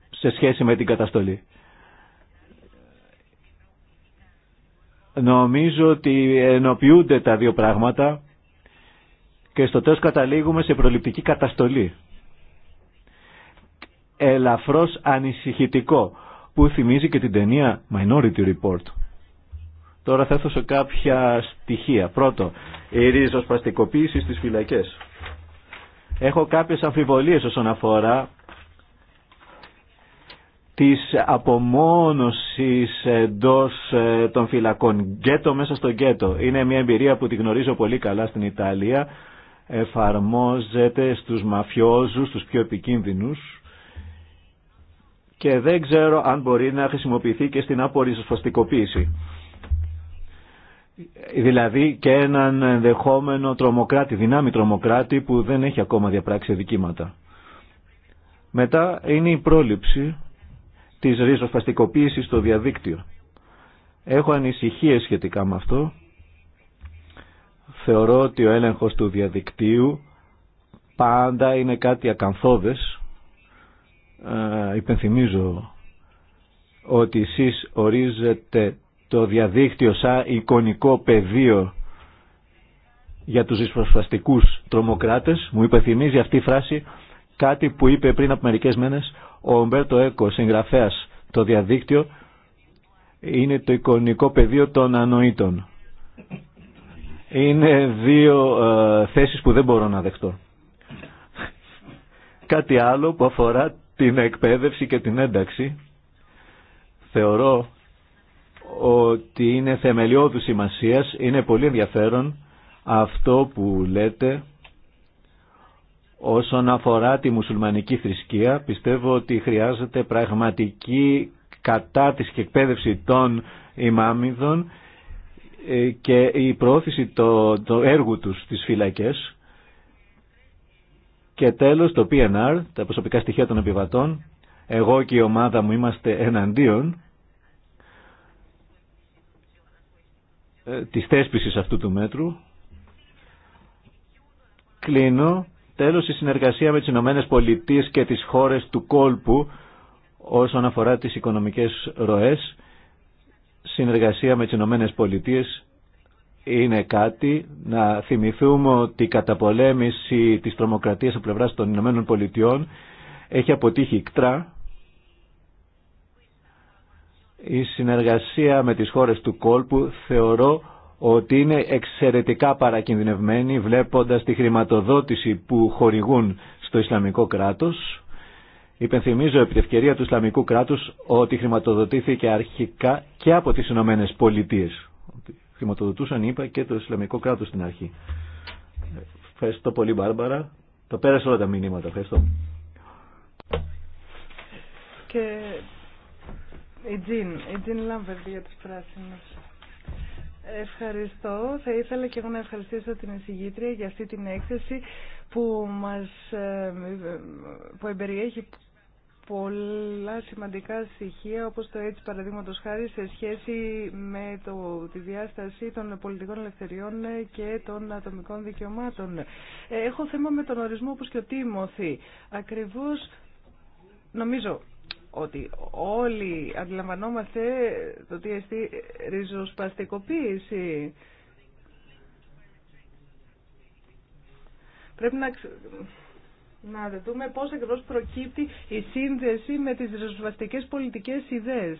σε σχέση με την καταστολή. Νομίζω ότι ενοποιούνται τα δύο πράγματα και στο τέλος καταλήγουμε σε προληπτική καταστολή. Ελαφρώς ανησυχητικό που θυμίζει και την ταινία Minority Report. Τώρα θα σε κάποια στοιχεία. Πρώτο, η ριζοσπαστικοποίηση στις φυλακές. Έχω κάποιες αμφιβολίες όσον αφορά της απομόνωσης εντός ε, των φυλακών. Γκέτο μέσα στο γκέτο. Είναι μια εμπειρία που τη γνωρίζω πολύ καλά στην Ιταλία. Εφαρμόζεται στους μαφιόζους, στους πιο επικίνδυνους. Και δεν ξέρω αν μπορεί να χρησιμοποιηθεί και στην απορριζοσπαστικοποίηση δηλαδή και έναν ενδεχόμενο τρομοκράτη, δυνάμει τρομοκράτη που δεν έχει ακόμα διαπράξει δικήματα. Μετά είναι η πρόληψη της ριζοσπαστικοποίησης στο διαδίκτυο. Έχω ανησυχίες σχετικά με αυτό. Θεωρώ ότι ο έλεγχος του διαδικτύου πάντα είναι κάτι ακαθόδες. Ε, υπενθυμίζω ότι εσείς ορίζετε το διαδίκτυο σαν εικονικό πεδίο για τους δυσπροσφαστικούς τρομοκράτες. Μου υπενθυμίζει αυτή η φράση κάτι που είπε πριν από μερικές μέρες ο Ομπέρτο Έκο, συγγραφέας το διαδίκτυο, είναι το εικονικό πεδίο των ανοήτων. Είναι δύο ε, θέσεις που δεν μπορώ να δεχτώ. Κάτι άλλο που αφορά την εκπαίδευση και την ένταξη. Θεωρώ ότι είναι θεμελιώδου σημασία, είναι πολύ ενδιαφέρον αυτό που λέτε όσον αφορά τη μουσουλμανική θρησκεία. Πιστεύω ότι χρειάζεται πραγματική κατάρτιση και εκπαίδευση των ημάμιδων ε, και η πρόθεση του το έργου τους στις φυλακές και τέλος το PNR, τα προσωπικά στοιχεία των επιβατών. Εγώ και η ομάδα μου είμαστε εναντίον Ε, της θέσπισης αυτού του μέτρου. Κλείνω. Τέλος, η συνεργασία με τις Ηνωμένες Πολιτείες και τις χώρες του κόλπου όσον αφορά τις οικονομικές ροές. Συνεργασία με τις Ηνωμένες Πολιτείες είναι κάτι. Να θυμηθούμε ότι η καταπολέμηση της τρομοκρατίας από πλευράς των Ηνωμένων Πολιτειών έχει αποτύχει κτρά. Η συνεργασία με τις χώρες του κόλπου θεωρώ ότι είναι εξαιρετικά παρακινδυνευμένη βλέποντας τη χρηματοδότηση που χορηγούν στο Ισλαμικό κράτος. Υπενθυμίζω επί ευκαιρία του Ισλαμικού κράτους ότι χρηματοδοτήθηκε αρχικά και από τις Ηνωμένε Πολιτείε. Χρηματοδοτούσαν, είπα, και το Ισλαμικό κράτος στην αρχή. Ευχαριστώ πολύ, Μπάρμπαρα. Το πέρασε όλα τα μηνύματα. Ευχαριστώ. Και η Τζιν, η για τους Ευχαριστώ. Θα ήθελα και εγώ να ευχαριστήσω την εισηγήτρια για αυτή την έκθεση που μας ε, που εμπεριέχει πολλά σημαντικά στοιχεία όπως το έτσι Παραδείγματο χάρη σε σχέση με το, τη διάσταση των πολιτικών ελευθεριών και των ατομικών δικαιωμάτων. Ε, έχω θέμα με τον ορισμό όπως και ο Τίμωθη. Ακριβώς νομίζω ότι όλοι αντιλαμβανόμαστε το τι εστί ριζοσπαστικοποίηση. Πρέπει να, να δούμε πώς ακριβώς προκύπτει η σύνδεση με τις ριζοσπαστικές πολιτικές ιδέες.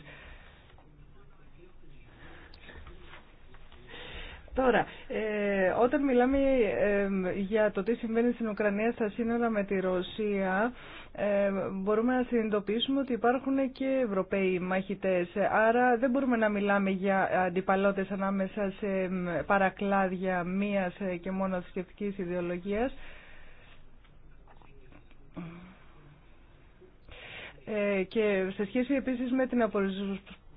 Τώρα, ε, όταν μιλάμε για το τι συμβαίνει στην Ουκρανία στα σύνορα με τη Ρωσία, ε, μπορούμε να συνειδητοποιήσουμε ότι υπάρχουν και Ευρωπαίοι μαχητές. Άρα δεν μπορούμε να μιλάμε για αντιπαλώτες ανάμεσα σε παρακλάδια μίας ε, και μόνο θρησκευτική ιδεολογίας. Ε, και σε σχέση επίσης με την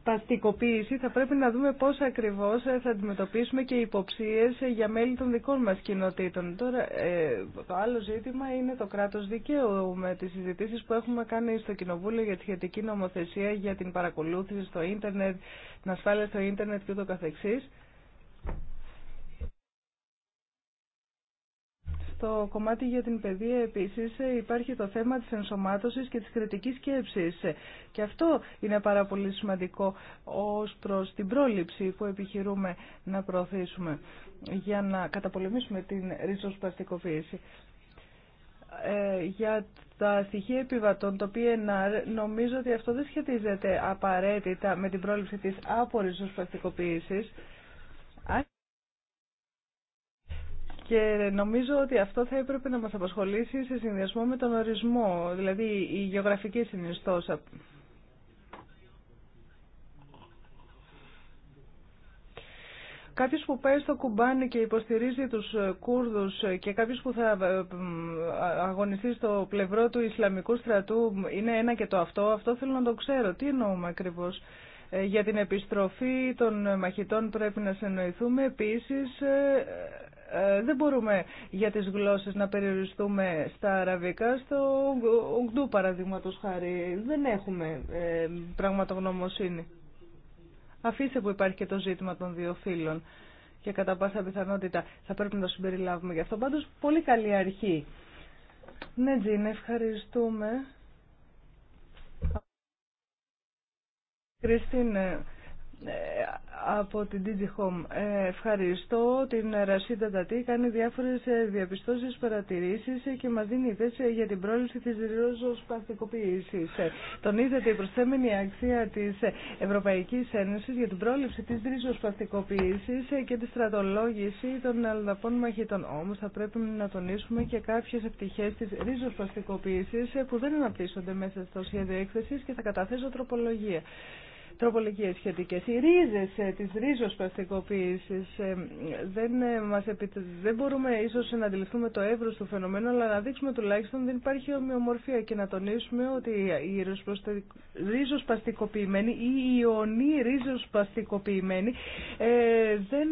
παστικοποίηση θα πρέπει να δούμε πώς ακριβώς ε, θα αντιμετωπίσουμε και υποψίες ε, για μέλη των δικών μας κοινοτήτων. Τώρα, ε, το άλλο ζήτημα είναι το κράτος δικαίου με τις συζητήσεις που έχουμε κάνει στο Κοινοβούλιο για τη σχετική νομοθεσία για την παρακολούθηση στο ίντερνετ, την ασφάλεια στο ίντερνετ και ούτω καθεξής. Στο κομμάτι για την παιδεία επίσης ε, υπάρχει το θέμα της ενσωμάτωσης και της κριτικής σκέψης. Και αυτό είναι πάρα πολύ σημαντικό ως προς την πρόληψη που επιχειρούμε να προωθήσουμε για να καταπολεμήσουμε την ριζοσπαστικοποίηση. Ε, για τα στοιχεία επιβατών, το PNR, νομίζω ότι αυτό δεν σχετίζεται απαραίτητα με την πρόληψη της άπορης Και νομίζω ότι αυτό θα έπρεπε να μας απασχολήσει σε συνδυασμό με τον ορισμό, δηλαδή η γεωγραφική συνιστόσα. Κάποιος που πάει στο κουμπάνι και υποστηρίζει τους Κούρδους και κάποιος που θα ε, αγωνιστεί στο πλευρό του Ισλαμικού στρατού είναι ένα και το αυτό. Αυτό θέλω να το ξέρω. Τι εννοούμε ακριβώς. Για την επιστροφή των μαχητών πρέπει να συνοηθούμε. Επίσης, ε, ε, δεν μπορούμε για τις γλώσσες να περιοριστούμε στα αραβικά, στο Ουγγντού παραδείγματος χάρη. Δεν έχουμε ε, πραγματογνωμοσύνη. Αφήστε που υπάρχει και το ζήτημα των δύο φύλων και κατά πάσα πιθανότητα θα πρέπει να το συμπεριλάβουμε γι' αυτό. Πάντως, πολύ καλή αρχή. Ναι, Τζιν, ευχαριστούμε. Κριστίν, ε, ε, από την DG Home. Ε, ευχαριστώ την Ρασίδα Τατή, κάνει διάφορες διαπιστώσεις, παρατηρήσεις και μας δίνει ιδέες για την πρόληψη της ριζοσπαστικοποίησης. Τονίζεται η προσθέμενη αξία της Ευρωπαϊκής Ένωσης για την πρόληψη της ριζοσπαστικοποίησης και τη στρατολόγηση των αλλαπών μαχητών. Όμως θα πρέπει να τονίσουμε και κάποιες επιτυχίες της ριζοσπαστικοποίησης που δεν αναπτύσσονται μέσα στο σχέδιο έκθεσης και θα καταθέσω τροπολογία τροπολογίες σχετικές. Οι ρίζες ε, της ρίζοσπαστικοποίησης ε, δεν, ε, μας δεν μπορούμε ίσως να αντιληφθούμε το εύρος του φαινομένου, αλλά να δείξουμε τουλάχιστον δεν υπάρχει ομοιομορφία και να τονίσουμε ότι οι παστικοποιημένη ή ή οι ρίζος ε, δεν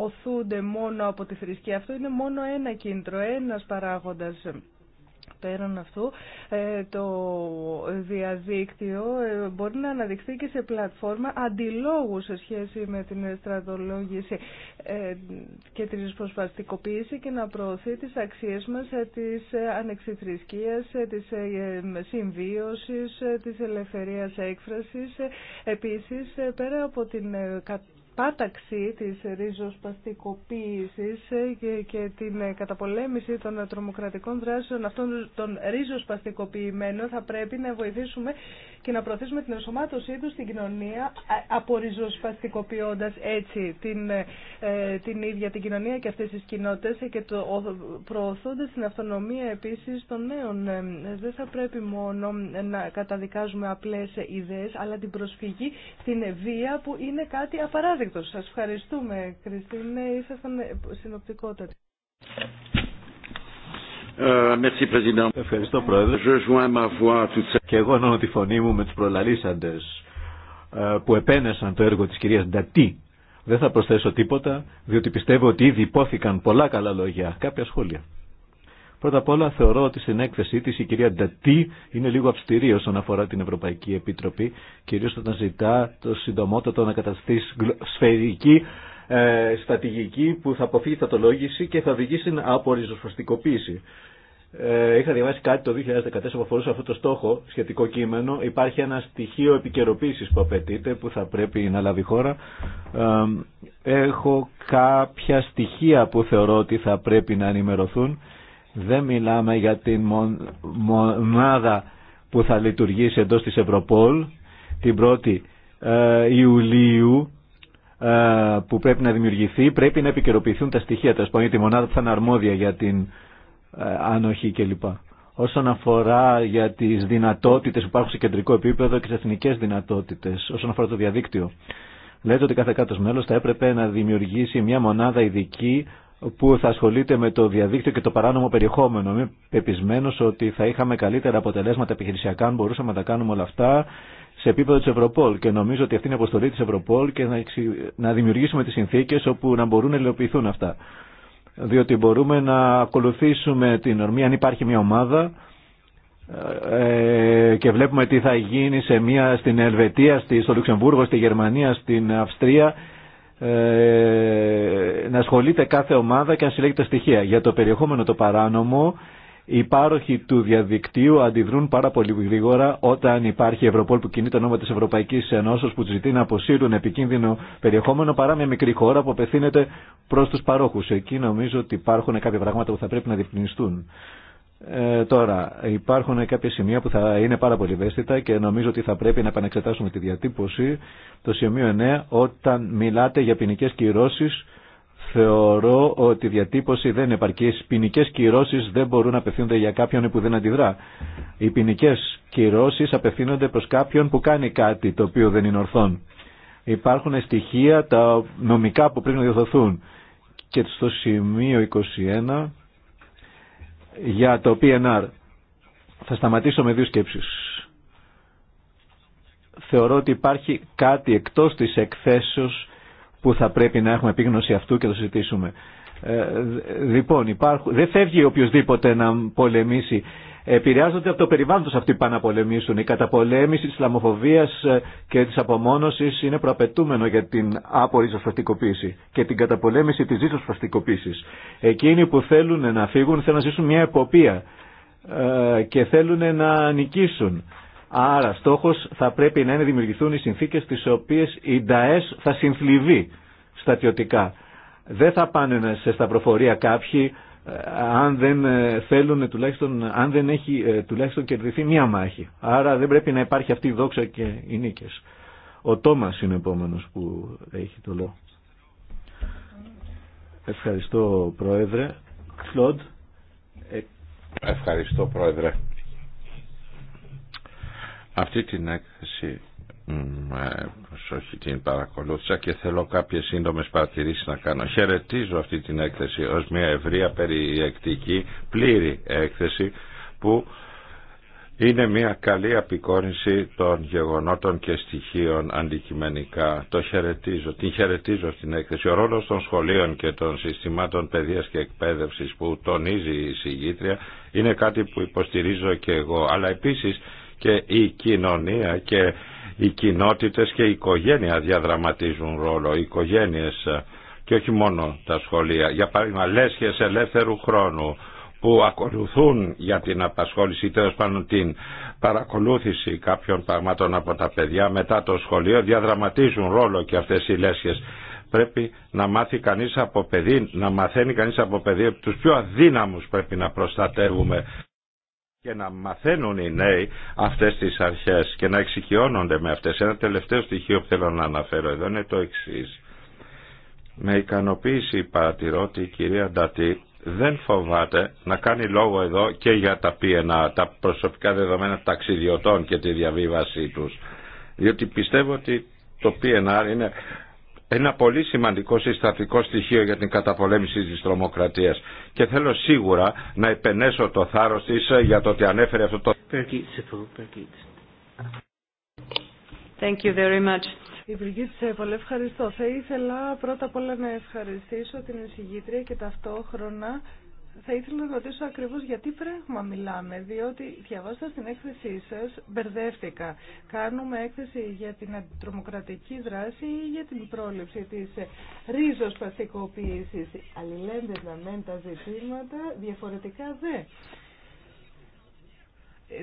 οθούνται μόνο από τη θρησκεία. Αυτό είναι μόνο ένα κίνητρο, ένα παράγοντας. Πέραν αυτού, ε, το διαδίκτυο ε, μπορεί να αναδειχθεί και σε πλατφόρμα αντιλόγου σε σχέση με την στρατολόγηση ε, και την προσπαστικοποίηση και να προωθεί τις αξίες μας της ανεξιθρησκείας, της συμβίωσης, της ελευθερίας έκφρασης. Επίσης, πέρα από την πάταξη της ριζοσπαστικοποίησης και την καταπολέμηση των τρομοκρατικών δράσεων αυτών των ριζοσπαστικοποιημένων θα πρέπει να βοηθήσουμε και να προωθήσουμε την ενσωμάτωσή του στην κοινωνία αποριζοσπαστικοποιώντας έτσι την, ε, την ίδια την κοινωνία και αυτές τις κοινότητες και το, προωθώντας την αυτονομία επίσης των νέων. Ε, δεν θα πρέπει μόνο να καταδικάζουμε απλές ιδέες αλλά την προσφυγή στην βία που είναι κάτι απαράδειγμα έκρηκτος. Σας ευχαριστούμε, Κριστίνε. Ήσασταν συνοπτικότατοι. Ε, Ευχαριστώ, Πρόεδρε. Και εγώ ενώνω τη φωνή μου με τους προλαλήσαντες ε, που επένεσαν το έργο της κυρίας Ντατή. Δεν θα προσθέσω τίποτα, διότι πιστεύω ότι ήδη υπόθηκαν πολλά καλά λόγια. Κάποια σχόλια. Πρώτα απ' όλα θεωρώ ότι στην έκθεσή της η κυρία Ντατή είναι λίγο αυστηρή όσον αφορά την Ευρωπαϊκή Επίτροπη, κυρίως όταν ζητά το συντομότατο να καταστεί σφαιρική ε, στρατηγική που θα αποφύγει θατολόγηση και θα οδηγήσει στην απορριζοσφαστικοποίηση. Ε, είχα διαβάσει κάτι το 2014 που αφορούσε αυτό το στόχο, σχετικό κείμενο. Υπάρχει ένα στοιχείο επικαιροποίηση που απαιτείται, που θα πρέπει να λάβει η χώρα. Ε, έχω κάποια στοιχεία που θεωρώ ότι θα πρέπει να ενημερωθούν δεν μιλάμε για την μονάδα που θα λειτουργήσει εντός της Ευρωπόλ την 1η ε, Ιουλίου ε, που πρέπει να δημιουργηθεί. Πρέπει να επικαιροποιηθούν τα στοιχεία, τα σπονή, τη μονάδα που θα είναι αρμόδια για την ε, ανοχή κλπ. Όσον αφορά για τις δυνατότητες που υπάρχουν σε κεντρικό επίπεδο και τις εθνικές δυνατότητες, όσον αφορά το διαδίκτυο. Λέτε ότι κάθε κάτω μέλος θα έπρεπε να δημιουργήσει μια μονάδα ειδική που θα ασχολείται με το διαδίκτυο και το παράνομο περιεχόμενο. Είμαι πεπισμένο ότι θα είχαμε καλύτερα αποτελέσματα επιχειρησιακά αν μπορούσαμε να τα κάνουμε όλα αυτά σε επίπεδο τη Ευρωπόλ. Και νομίζω ότι αυτή είναι η αποστολή τη Ευρωπόλ και να δημιουργήσουμε τι συνθήκε όπου να μπορούν να υλοποιηθούν αυτά. Διότι μπορούμε να ακολουθήσουμε την ορμή αν υπάρχει μια ομάδα ε, και βλέπουμε τι θα γίνει σε μια, στην Ελβετία, στη, στο Λουξεμβούργο, στη Γερμανία, στην Αυστρία ε, να ασχολείται κάθε ομάδα και να συλλέγει τα στοιχεία. Για το περιεχόμενο το παράνομο, οι πάροχοι του διαδικτύου αντιδρούν πάρα πολύ γρήγορα όταν υπάρχει η Ευρωπόλ που κινεί το όνομα τη Ευρωπαϊκή Ενώσεω που του ζητεί να αποσύρουν επικίνδυνο περιεχόμενο παρά μια μικρή χώρα που απευθύνεται προ του παρόχου. Εκεί νομίζω ότι υπάρχουν κάποια πράγματα που θα πρέπει να διευκρινιστούν. Ε, τώρα, υπάρχουν κάποια σημεία που θα είναι πάρα πολύ ευαίσθητα και νομίζω ότι θα πρέπει να επανεξετάσουμε τη διατύπωση. Το σημείο 9, όταν μιλάτε για ποινικέ κυρώσει, θεωρώ ότι η διατύπωση δεν είναι επαρκή. Ποινικέ κυρώσει δεν μπορούν να απευθύνονται για κάποιον που δεν αντιδρά. Οι ποινικέ κυρώσει απευθύνονται προ κάποιον που κάνει κάτι το οποίο δεν είναι ορθόν. Υπάρχουν στοιχεία τα νομικά που πρέπει να διορθωθούν. Και στο σημείο 21 για το PNR. Θα σταματήσω με δύο σκέψεις. Θεωρώ ότι υπάρχει κάτι εκτός της εκθέσεως που θα πρέπει να έχουμε επίγνωση αυτού και το συζητήσουμε. Ε, λοιπόν, υπάρχουν, δεν φεύγει οποιοδήποτε να πολεμήσει επηρεάζονται από το περιβάλλον τους αυτοί που πάνε να πολεμήσουν. Η καταπολέμηση της λαμοφοβίας ε, και της απομόνωσης είναι προαπαιτούμενο για την άπορη ζωσπαστικοποίηση και την καταπολέμηση της ζωσπαστικοποίησης. Εκείνοι που θέλουν να φύγουν θέλουν να ζήσουν μια εποπία ε, και θέλουν να νικήσουν. Άρα στόχος θα πρέπει να είναι δημιουργηθούν οι συνθήκες τις οποίες η ΝΤΑΕΣ θα συνθλιβεί στατιωτικά. Δεν θα πάνε σε σταυροφορία κάποιοι αν δεν ε, θέλουν τουλάχιστον, αν δεν έχει ε, τουλάχιστον κερδιθεί μία μάχη. Άρα δεν πρέπει να υπάρχει αυτή η δόξα και οι νίκες. Ο Τόμας είναι επόμενος που έχει το λόγο. Ευχαριστώ Πρόεδρε. Κλοντ. Ευχαριστώ Πρόεδρε. Αυτή την έκθεση ε όχι την παρακολούθησα και θέλω κάποιες σύντομες παρατηρήσεις να κάνω. Χαιρετίζω αυτή την έκθεση ως μια ευρεία περιεκτική πλήρη έκθεση που είναι μια καλή απεικόνηση των γεγονότων και στοιχείων αντικειμενικά. Το χαιρετίζω, την χαιρετίζω στην έκθεση. Ο ρόλος των σχολείων και των συστημάτων παιδείας και εκπαίδευσης που τονίζει η συγγήτρια είναι κάτι που υποστηρίζω και εγώ. Αλλά επίσης και η κοινωνία και οι κοινότητες και η οικογένεια διαδραματίζουν ρόλο, οι οικογένειες ε, και όχι μόνο τα σχολεία. Για παράδειγμα, λέσχες ελεύθερου χρόνου που ακολουθούν για την απασχόληση τέλο πάντων την παρακολούθηση κάποιων πραγμάτων από τα παιδιά μετά το σχολείο διαδραματίζουν ρόλο και αυτές οι λέσχες πρέπει να μάθει κανείς από παιδί να μαθαίνει κανείς από παιδί τους πιο αδύναμους πρέπει να προστατεύουμε και να μαθαίνουν οι νέοι αυτές τις αρχές και να εξοικειώνονται με αυτές. Ένα τελευταίο στοιχείο που θέλω να αναφέρω εδώ είναι το εξή. Με ικανοποίηση παρατηρώ ότι η κυρία Ντατή δεν φοβάται να κάνει λόγο εδώ και για τα πιενά, τα προσωπικά δεδομένα ταξιδιωτών και τη διαβίβασή τους. Διότι πιστεύω ότι το PNR είναι ένα πολύ σημαντικό συστατικό στοιχείο για την καταπολέμηση της τρομοκρατίας και θέλω σίγουρα να επενέσω το θάρρος της ε, για το ότι ανέφερε αυτό το... Thank you very much. Η Βρυγίτη ευχαριστώ. Θα ήθελα πρώτα απ' όλα να ευχαριστήσω την εισηγήτρια και ταυτόχρονα θα ήθελα να ρωτήσω ακριβώς γιατί πράγμα μιλάμε, διότι διαβάσατε την έκθεσή σας μπερδεύτηκα. Κάνουμε έκθεση για την αντιτρομοκρατική δράση ή για την πρόληψη της ρίζος παστικοποίησης. Αλληλένδετα μεν τα ζητήματα, διαφορετικά δε.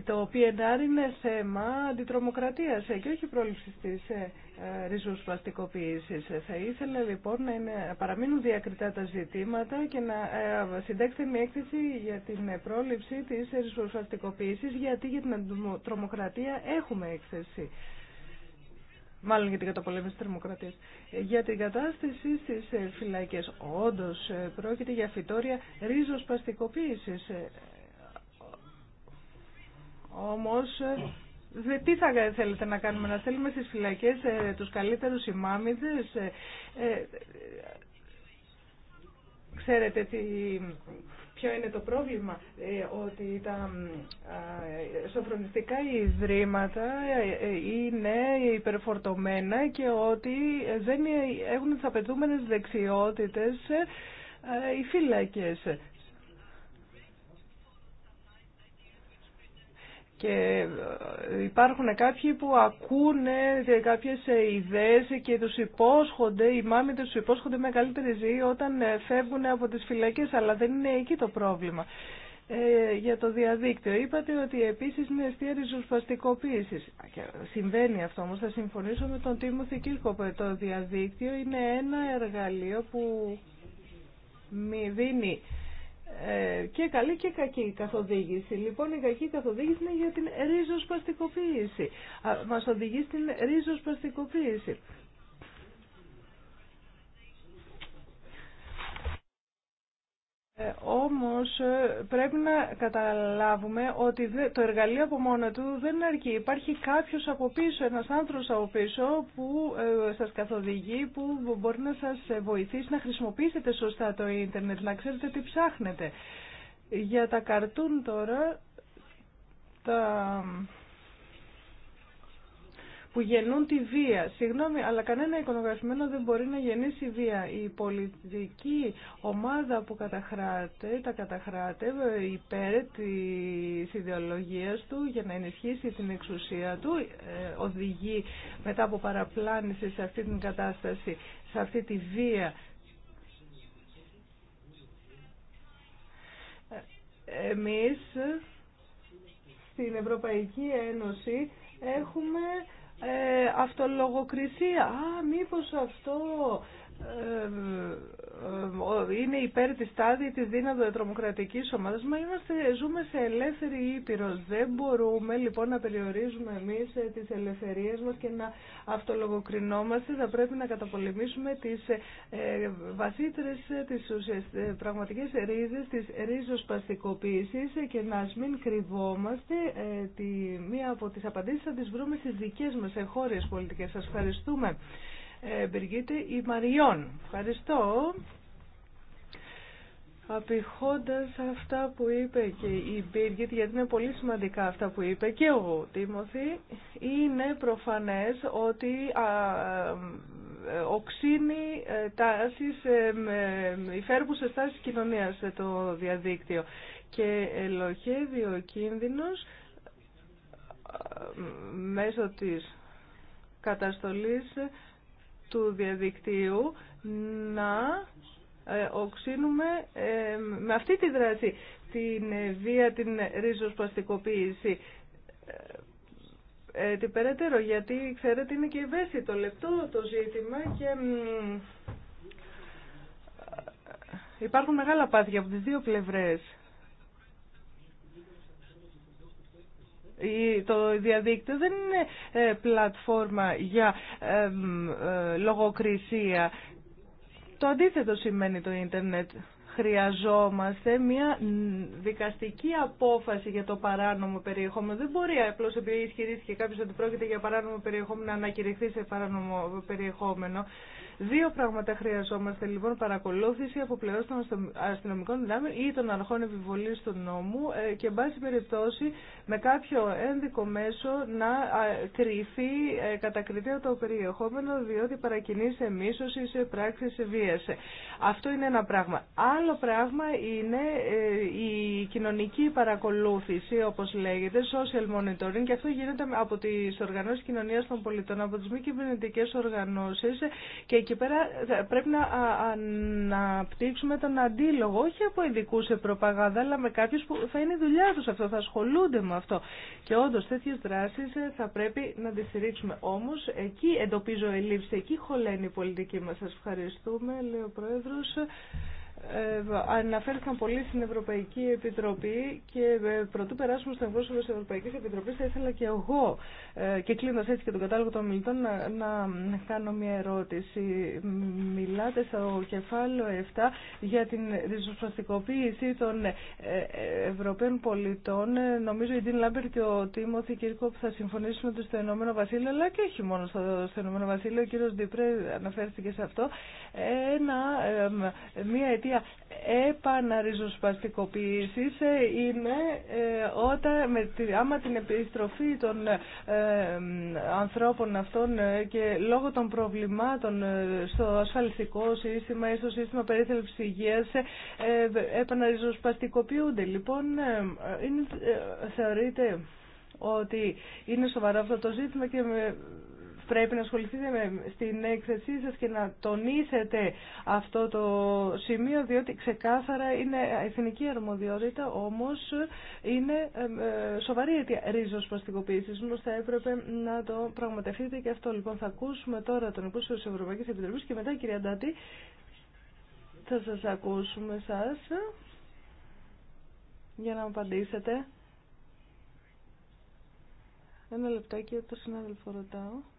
Το PNR είναι θέμα αντιτρομοκρατίας και όχι πρόληψης της ε, ριζοσπαστικοποίησης. Θα ήθελα λοιπόν να είναι, παραμείνουν διακριτά τα ζητήματα και να ε, συντάξετε μια έκθεση για την πρόληψη της ριζοσπαστικοποίησης γιατί για την αντιτρομοκρατία έχουμε έκθεση μάλλον για την καταπολέμηση της για την κατάσταση στις ε, φυλακές. Όντως, πρόκειται για φυτόρια ριζοσπαστικοποίησης. Όμως, τι θα θέλετε να κάνουμε, να θέλουμε στις φυλακές ε, τους καλύτερους ημάμιδες. Ε, ε, ξέρετε τι, ποιο είναι το πρόβλημα, ε, ότι τα σοφρονιστικά ιδρύματα είναι υπερφορτωμένα και ότι δεν έχουν τις απαιτούμενες δεξιότητες οι φύλακες. Και ε, υπάρχουν κάποιοι που ακούνε κάποιες ε, ιδέες και τους υπόσχονται, οι μάμοι τους υπόσχονται μεγαλύτερη ζωή όταν ε, φεύγουν από τις φυλακές, αλλά δεν είναι εκεί το πρόβλημα. Ε, για το διαδίκτυο. Είπατε ότι επίσης είναι αιστεία ριζοσπαστικοποίηση. Συμβαίνει αυτό όμως, θα συμφωνήσω με τον Τίμο Κύρκοπε. Το διαδίκτυο είναι ένα εργαλείο που μη δίνει ε, και καλή και κακή καθοδήγηση. Λοιπόν, η κακή καθοδήγηση είναι για την ρίζοσπαστικοποίηση. Μας οδηγεί στην ρίζοσπαστικοποίηση. Ε, όμως ε, πρέπει να καταλάβουμε ότι το εργαλείο από μόνο του δεν αρκεί. Υπάρχει κάποιος από πίσω, ένας άνθρωπος από πίσω που ε, σας καθοδηγεί, που μπορεί να σας ε, βοηθήσει να χρησιμοποιήσετε σωστά το ίντερνετ, να ξέρετε τι ψάχνετε. Για τα καρτούν τώρα, τα που γεννούν τη βία. Συγγνώμη, αλλά κανένα εικονογραφημένο δεν μπορεί να γεννήσει βία. Η πολιτική ομάδα που καταχράτε, τα καταχράτευε υπέρ τη ιδεολογίας του για να ενισχύσει την εξουσία του, ε, οδηγεί μετά από παραπλάνηση σε αυτή την κατάσταση, σε αυτή τη βία. Εμείς στην Ευρωπαϊκή Ένωση έχουμε ε, αυτολογοκρισία. Α, μήπως αυτό είναι υπέρ τη στάδια της δύναμη τρομοκρατικής ομάδας μα είμαστε, ζούμε σε ελεύθερη ήπειρο δεν μπορούμε λοιπόν να περιορίζουμε εμείς ε, τις ελευθερίες μας και να αυτολογοκρινόμαστε θα πρέπει να καταπολεμήσουμε τις ε, ε βασίτερες ε, τις ε, πραγματικές ρίζες της ρίζοσπαστικοποίησης και να μην κρυβόμαστε τη, μία από τις απαντήσεις θα τις βρούμε στις δικές μας εγχώριε πολιτικές σας ευχαριστούμε ε, Μπεργίτε ή Μαριών. Ευχαριστώ. Απηχώντας αυτά που είπε και η Μπίργκιτ, γιατί είναι πολύ σημαντικά αυτά που είπε και ο Τίμωθη, είναι προφανές ότι α, οξύνει ε, τάσεις, ε, υφέρπουσες τάσεις κοινωνίας το διαδίκτυο και ελοχεύει ο κίνδυνος μέσω της καταστολής του διαδικτύου να ε, οξύνουμε ε, με αυτή τη δράση την ε, βία, την ριζοσπαστικοποίηση. Ε, την περαιτέρω, γιατί ξέρετε είναι και ευαίσθητο λεπτό το ζήτημα και υπάρχουν μεγάλα πάθια από τις δύο πλευρές. το διαδίκτυο δεν είναι ε, πλατφόρμα για ε, λογοκρισία. Το αντίθετο σημαίνει το ίντερνετ. Χρειαζόμαστε μια δικαστική απόφαση για το παράνομο περιεχόμενο. Δεν μπορεί απλώ επειδή ισχυρίστηκε κάποιο ότι πρόκειται για παράνομο περιεχόμενο να ανακηρυχθεί σε παράνομο περιεχόμενο. Δύο πράγματα χρειαζόμαστε λοιπόν παρακολούθηση από πλευρά των αστυνομικών δυνάμεων ή των αρχών επιβολή του νόμου ε, και, εν πάση περιπτώσει, με κάποιο ένδικο μέσο να κρυθεί ε, το περιεχόμενο διότι παρακινεί σε μίσωση, σε πράξη, σε βία. Αυτό είναι ένα πράγμα. Άλλο πράγμα είναι ε, η κοινωνική παρακολούθηση, όπω λέγεται, social monitoring και αυτό γίνεται από τι οργανώσει κοινωνία των πολιτών, από τι μη κυβερνητικέ οργανώσει ε, και εκεί πέρα ε, πρέπει να αναπτύξουμε τον αντίλογο, όχι από ειδικού σε προπαγάνδα, αλλά με κάποιου που θα είναι η δουλειά του αυτό, θα ασχολούνται με αυτό. Και όντω τέτοιε δράσει ε, θα πρέπει να τι στηρίξουμε. Όμω εκεί εντοπίζω ελλείψη, εκεί χωλαίνει η πολιτική μα. Σα ευχαριστούμε, λέει ο Πρόεδρο. Ε, αναφέρθηκαν πολύ στην Ευρωπαϊκή Επιτροπή και ε, πρωτού περάσουμε στο πρόσωπο της Ευρωπαϊκής Επιτροπής θα ήθελα και εγώ ε, και κλείνοντας έτσι και τον κατάλογο των μιλητών να, να κάνω μια ερώτηση. Μιλάτε στο κεφάλαιο 7 για την ριζοσπαστικοποίηση των Ευρωπαίων πολιτών. Νομίζω η Ντίν Λάμπερ και ο Τίμωθη Κύρκο που θα συμφωνήσουν ότι στο Ηνωμένο Βασίλειο αλλά και όχι μόνο στο, στο Ηνωμένο Βασίλειο, ο κύριος Ντιπρέ αναφέρθηκε σε αυτό, ένα, μια αιτία επαναριζοσπαστικοποίηση ε, είναι ε, όταν, με, άμα την επιστροφή των ε, ανθρώπων αυτών και λόγω των προβλημάτων στο ασφαλιστικό σύστημα ή στο σύστημα περίθαλψης υγείας επαναριζοσπαστικοποιούνται. Λοιπόν, θεωρείται ότι είναι σοβαρό αυτό το ζήτημα και πρέπει να ασχοληθείτε με, στην έκθεσή σας και να τονίσετε αυτό το σημείο, διότι ξεκάθαρα είναι εθνική αρμοδιότητα, όμως είναι ε, ε, σοβαρή αιτία ρίζος όμως θα έπρεπε να το πραγματευτείτε και αυτό. Λοιπόν, θα ακούσουμε τώρα τον Υπουργό της Ευρωπαϊκής Επιτροπής και μετά, κυρία Ντάτη, θα σας ακούσουμε σας για να απαντήσετε. Ένα λεπτάκι, το συνάδελφο ρωτάω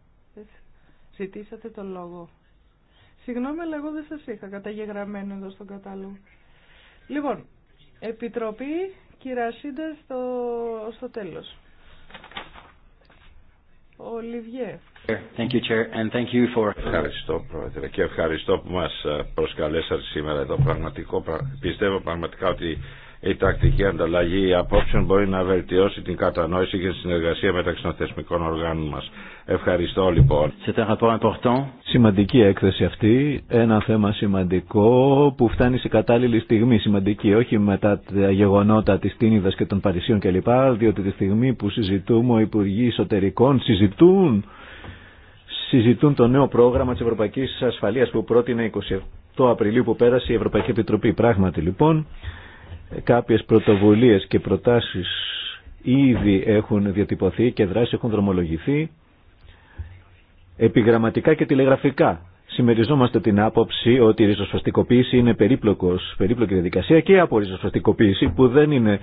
ζητήσατε το λόγο. Συγγνώμη, αλλά εγώ δεν σας είχα καταγεγραμμένο εδώ στον κατάλογο. Λοιπόν, Επιτροπή Κυρασίντα στο, στο τέλος. Ολιβιέ. Thank you, Chair, and thank you for... Ευχαριστώ Πρόεδρε και ευχαριστώ που μας προσκαλέσατε σήμερα εδώ. Πραγματικό, πιστεύω πραγματικά ότι η τακτική ανταλλαγή απόψεων μπορεί να βελτιώσει την κατανόηση και τη συνεργασία μεταξύ των θεσμικών οργάνων μα. Ευχαριστώ λοιπόν. Σημαντική έκθεση αυτή. Ένα θέμα σημαντικό που φτάνει σε κατάλληλη στιγμή. Σημαντική όχι μετά τα γεγονότα τη Τίνιδα και των Παρισίων κλπ. Διότι τη στιγμή που συζητούμε, οι Υπουργοί Εσωτερικών συζητούν συζητούν το νέο πρόγραμμα της Ευρωπαϊκής Ασφαλείας που πρότεινε 27 Απριλίου που πέρασε η Ευρωπαϊκή Επιτροπή. Πράγματι λοιπόν Κάποιες πρωτοβουλίες και προτάσεις ήδη έχουν διατυπωθεί και δράσεις έχουν δρομολογηθεί επιγραμματικά και τηλεγραφικά. Συμμεριζόμαστε την άποψη ότι η ριζοσφαστικοποίηση είναι περίπλοκος, περίπλοκη διαδικασία και από ριζοσφαστικοποίηση που δεν είναι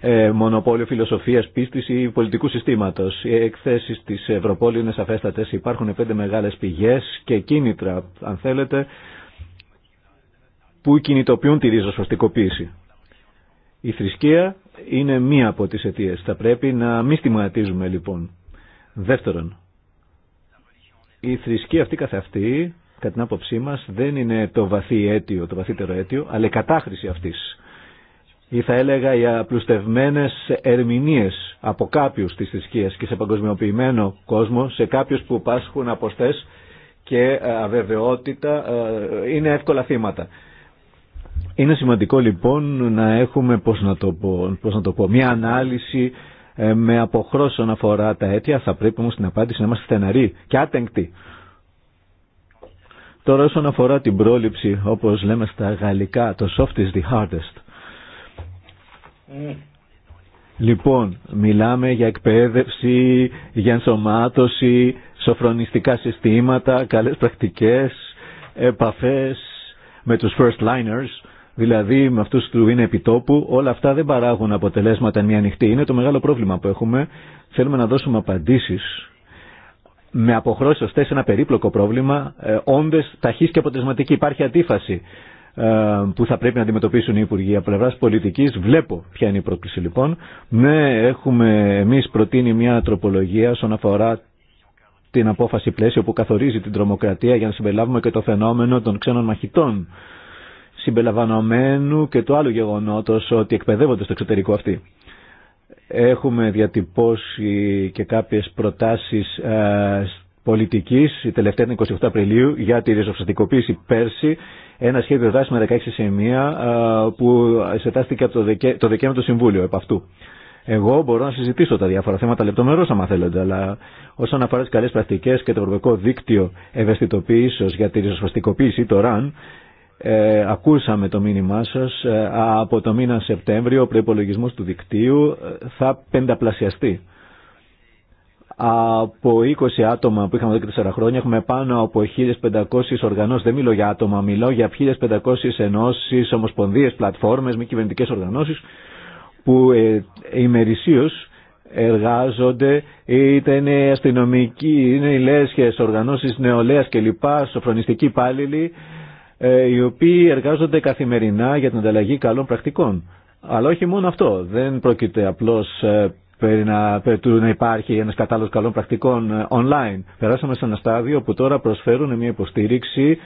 ε, μονοπόλιο φιλοσοφία, πίστης ή πολιτικού συστήματος. Οι εκθέσει της Ευρωπόλη είναι σαφέστατες, Υπάρχουν πέντε μεγάλες πηγές και κίνητρα, αν θέλετε, που κινητοποιούν τη ριζοσφαστικοποίηση. Η θρησκεία είναι μία από τις αιτίες. Θα πρέπει να μη στιγματίζουμε λοιπόν. Δεύτερον, η θρησκεία αυτή αυτή, κατά την άποψή μας, δεν είναι το βαθύ αίτιο, το βαθύτερο αίτιο, αλλά η κατάχρηση αυτής. Ή θα έλεγα οι απλουστευμένες ερμηνείες από κάποιους της θρησκείας και σε παγκοσμιοποιημένο κόσμο, σε κάποιους που πάσχουν αποστές και ε, αβεβαιότητα, ε, είναι εύκολα θύματα. Είναι σημαντικό λοιπόν να έχουμε, πώς να πω, να το πω μια ανάλυση ε, με αποχρώσεις όσον αφορά τα αίτια. Θα πρέπει όμως την απάντηση να είμαστε στεναροί και άτεγκτοι. Τώρα όσον αφορά την πρόληψη, όπως λέμε στα γαλλικά, το soft is the hardest. Λοιπόν, μιλάμε για εκπαίδευση, για ενσωμάτωση, σοφρονιστικά συστήματα, καλές πρακτικές, επαφές με τους first liners δηλαδή με αυτού που είναι επιτόπου, όλα αυτά δεν παράγουν αποτελέσματα μια νυχτή. Είναι το μεγάλο πρόβλημα που έχουμε. Θέλουμε να δώσουμε απαντήσει με αποχρώσει ώστε σε ένα περίπλοκο πρόβλημα, ε, όντε ταχύ και αποτελεσματική. Υπάρχει αντίφαση ε, που θα πρέπει να αντιμετωπίσουν οι Υπουργοί. Από πλευρά πολιτική βλέπω ποια είναι η πρόκληση λοιπόν. Ναι, έχουμε εμεί προτείνει μια τροπολογία όσον αφορά την απόφαση πλαίσιο που καθορίζει την τρομοκρατία για να συμπεριλάβουμε και το φαινόμενο των ξένων μαχητών συμπελαβανομένου και το άλλο γεγονότος ότι εκπαιδεύονται στο εξωτερικό αυτοί. Έχουμε διατυπώσει και κάποιες προτάσεις πολιτική ε, πολιτικής, η τελευταία είναι 28 Απριλίου, για τη ριζοσφαστικοποίηση πέρσι, ένα σχέδιο δράση με 16 σημεία ε, που εξετάστηκε από το, το Δεκέμβριο του Συμβούλιο επ' αυτού. Εγώ μπορώ να συζητήσω τα διάφορα θέματα λεπτομερώς άμα θέλετε, αλλά όσον αφορά τι καλέ πρακτικέ και το Ευρωπαϊκό Δίκτυο Ευαισθητοποίηση για τη ριζοσπαστικοποίηση, το ράν. Ε, ακούσαμε το μήνυμά σας. Ε, από το μήνα Σεπτέμβριο ο προπολογισμό του δικτύου ε, θα πενταπλασιαστεί. Από 20 άτομα που είχαμε εδώ και 4 χρόνια έχουμε πάνω από 1.500 οργανώσεις. Δεν μιλώ για άτομα, μιλώ για 1.500 ενώσεις, ομοσπονδίες, πλατφόρμες, μη κυβερνητικές οργανώσεις που ε, ημερησίως εργάζονται, είτε είναι αστυνομικοί, είναι οι λέσχες, οργανώσεις νεολαίας κλπ, σοφρονιστικοί υπάλληλοι, ε, οι οποίοι εργάζονται καθημερινά για την ανταλλαγή καλών πρακτικών. Αλλά όχι μόνο αυτό. Δεν πρόκειται απλώς ε, περί να, υπάρχει ένας κατάλληλος καλών πρακτικών ε, online. Περάσαμε σε ένα στάδιο που τώρα προσφέρουν μια υποστήριξη,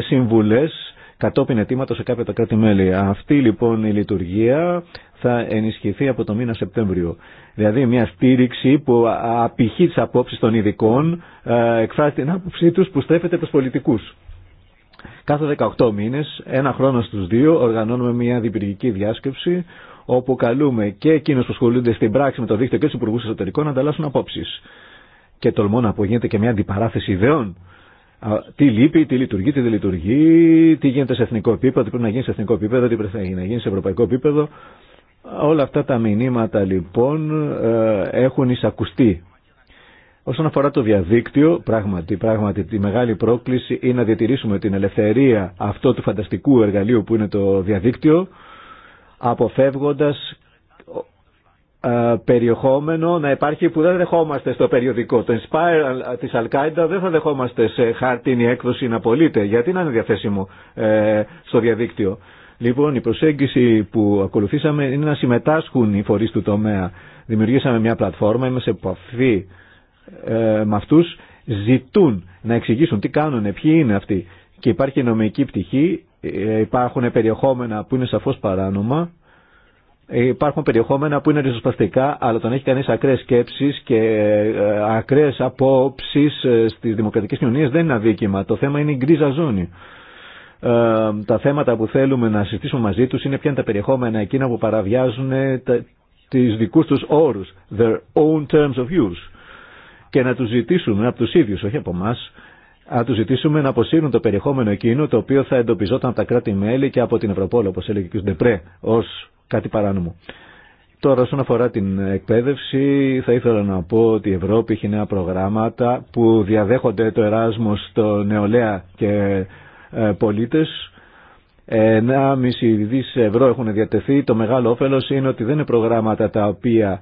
συμβουλές κατόπιν αιτήματο σε κάποια τα κράτη-μέλη. Αυτή λοιπόν η λειτουργία θα ενισχυθεί από το μήνα Σεπτέμβριο. Δηλαδή μια στήριξη που απηχεί τι απόψει των ειδικών, εκφράζει την άποψή του που στρέφεται προ πολιτικού. Κάθε 18 μήνες, ένα χρόνο στους δύο, οργανώνουμε μια διπυργική διάσκεψη όπου καλούμε και εκείνους που ασχολούνται στην πράξη με το δίκτυο και τους υπουργούς εσωτερικών να ανταλλάσσουν απόψει. Και τολμώ να πω, γίνεται και μια αντιπαράθεση ιδεών. Τι λείπει, τι λειτουργεί, τι δεν λειτουργεί, τι γίνεται σε εθνικό επίπεδο, τι πρέπει να γίνει σε εθνικό επίπεδο, τι πρέπει να γίνει σε ευρωπαϊκό επίπεδο. Όλα αυτά τα μηνύματα λοιπόν ε, έχουν εισακουστεί Όσον αφορά το διαδίκτυο, πράγματι, πράγματι τη μεγάλη πρόκληση είναι να διατηρήσουμε την ελευθερία αυτό του φανταστικού εργαλείου που είναι το διαδίκτυο, αποφεύγοντας ε, περιεχόμενο να υπάρχει που δεν δεχόμαστε στο περιοδικό. Το Inspire της al δεν θα δεχόμαστε σε χάρτινη έκδοση να πωλείται. Γιατί να είναι διαθέσιμο ε, στο διαδίκτυο. Λοιπόν, η προσέγγιση που ακολουθήσαμε είναι να συμμετάσχουν οι φορείς του τομέα. Δημιουργήσαμε μια πλατφόρμα, είμαι σε επαφή ε, με αυτού ζητούν να εξηγήσουν τι κάνουν, ποιοι είναι αυτοί. Και υπάρχει νομική πτυχή, ε, υπάρχουν περιεχόμενα που είναι σαφώ παράνομα, ε, υπάρχουν περιεχόμενα που είναι ριζοσπαστικά, αλλά τον έχει κανείς ακραίε σκέψει και ακραίες απόψεις στις δημοκρατικές κοινωνίε δεν είναι αδίκημα. Το θέμα είναι η γκρίζα ζώνη. τα θέματα που θέλουμε να συζητήσουμε μαζί τους είναι ποια είναι τα περιεχόμενα εκείνα που παραβιάζουν τι τις δικούς τους όρους, their own terms of use και να τους ζητήσουμε από τους ίδιους, όχι από εμά, να τους ζητήσουμε να αποσύρουν το περιεχόμενο εκείνο το οποίο θα εντοπιζόταν από τα κράτη-μέλη και από την Ευρωπόλη, όπως έλεγε και ο Ντεπρέ, ως κάτι παράνομο. Τώρα, όσον αφορά την εκπαίδευση, θα ήθελα να πω ότι η Ευρώπη έχει νέα προγράμματα που διαδέχονται το Εράσμο στο νεολαία και ε, πολίτες. 1,5 δις ευρώ έχουν διατεθεί. Το μεγάλο όφελος είναι ότι δεν είναι προγράμματα τα οποία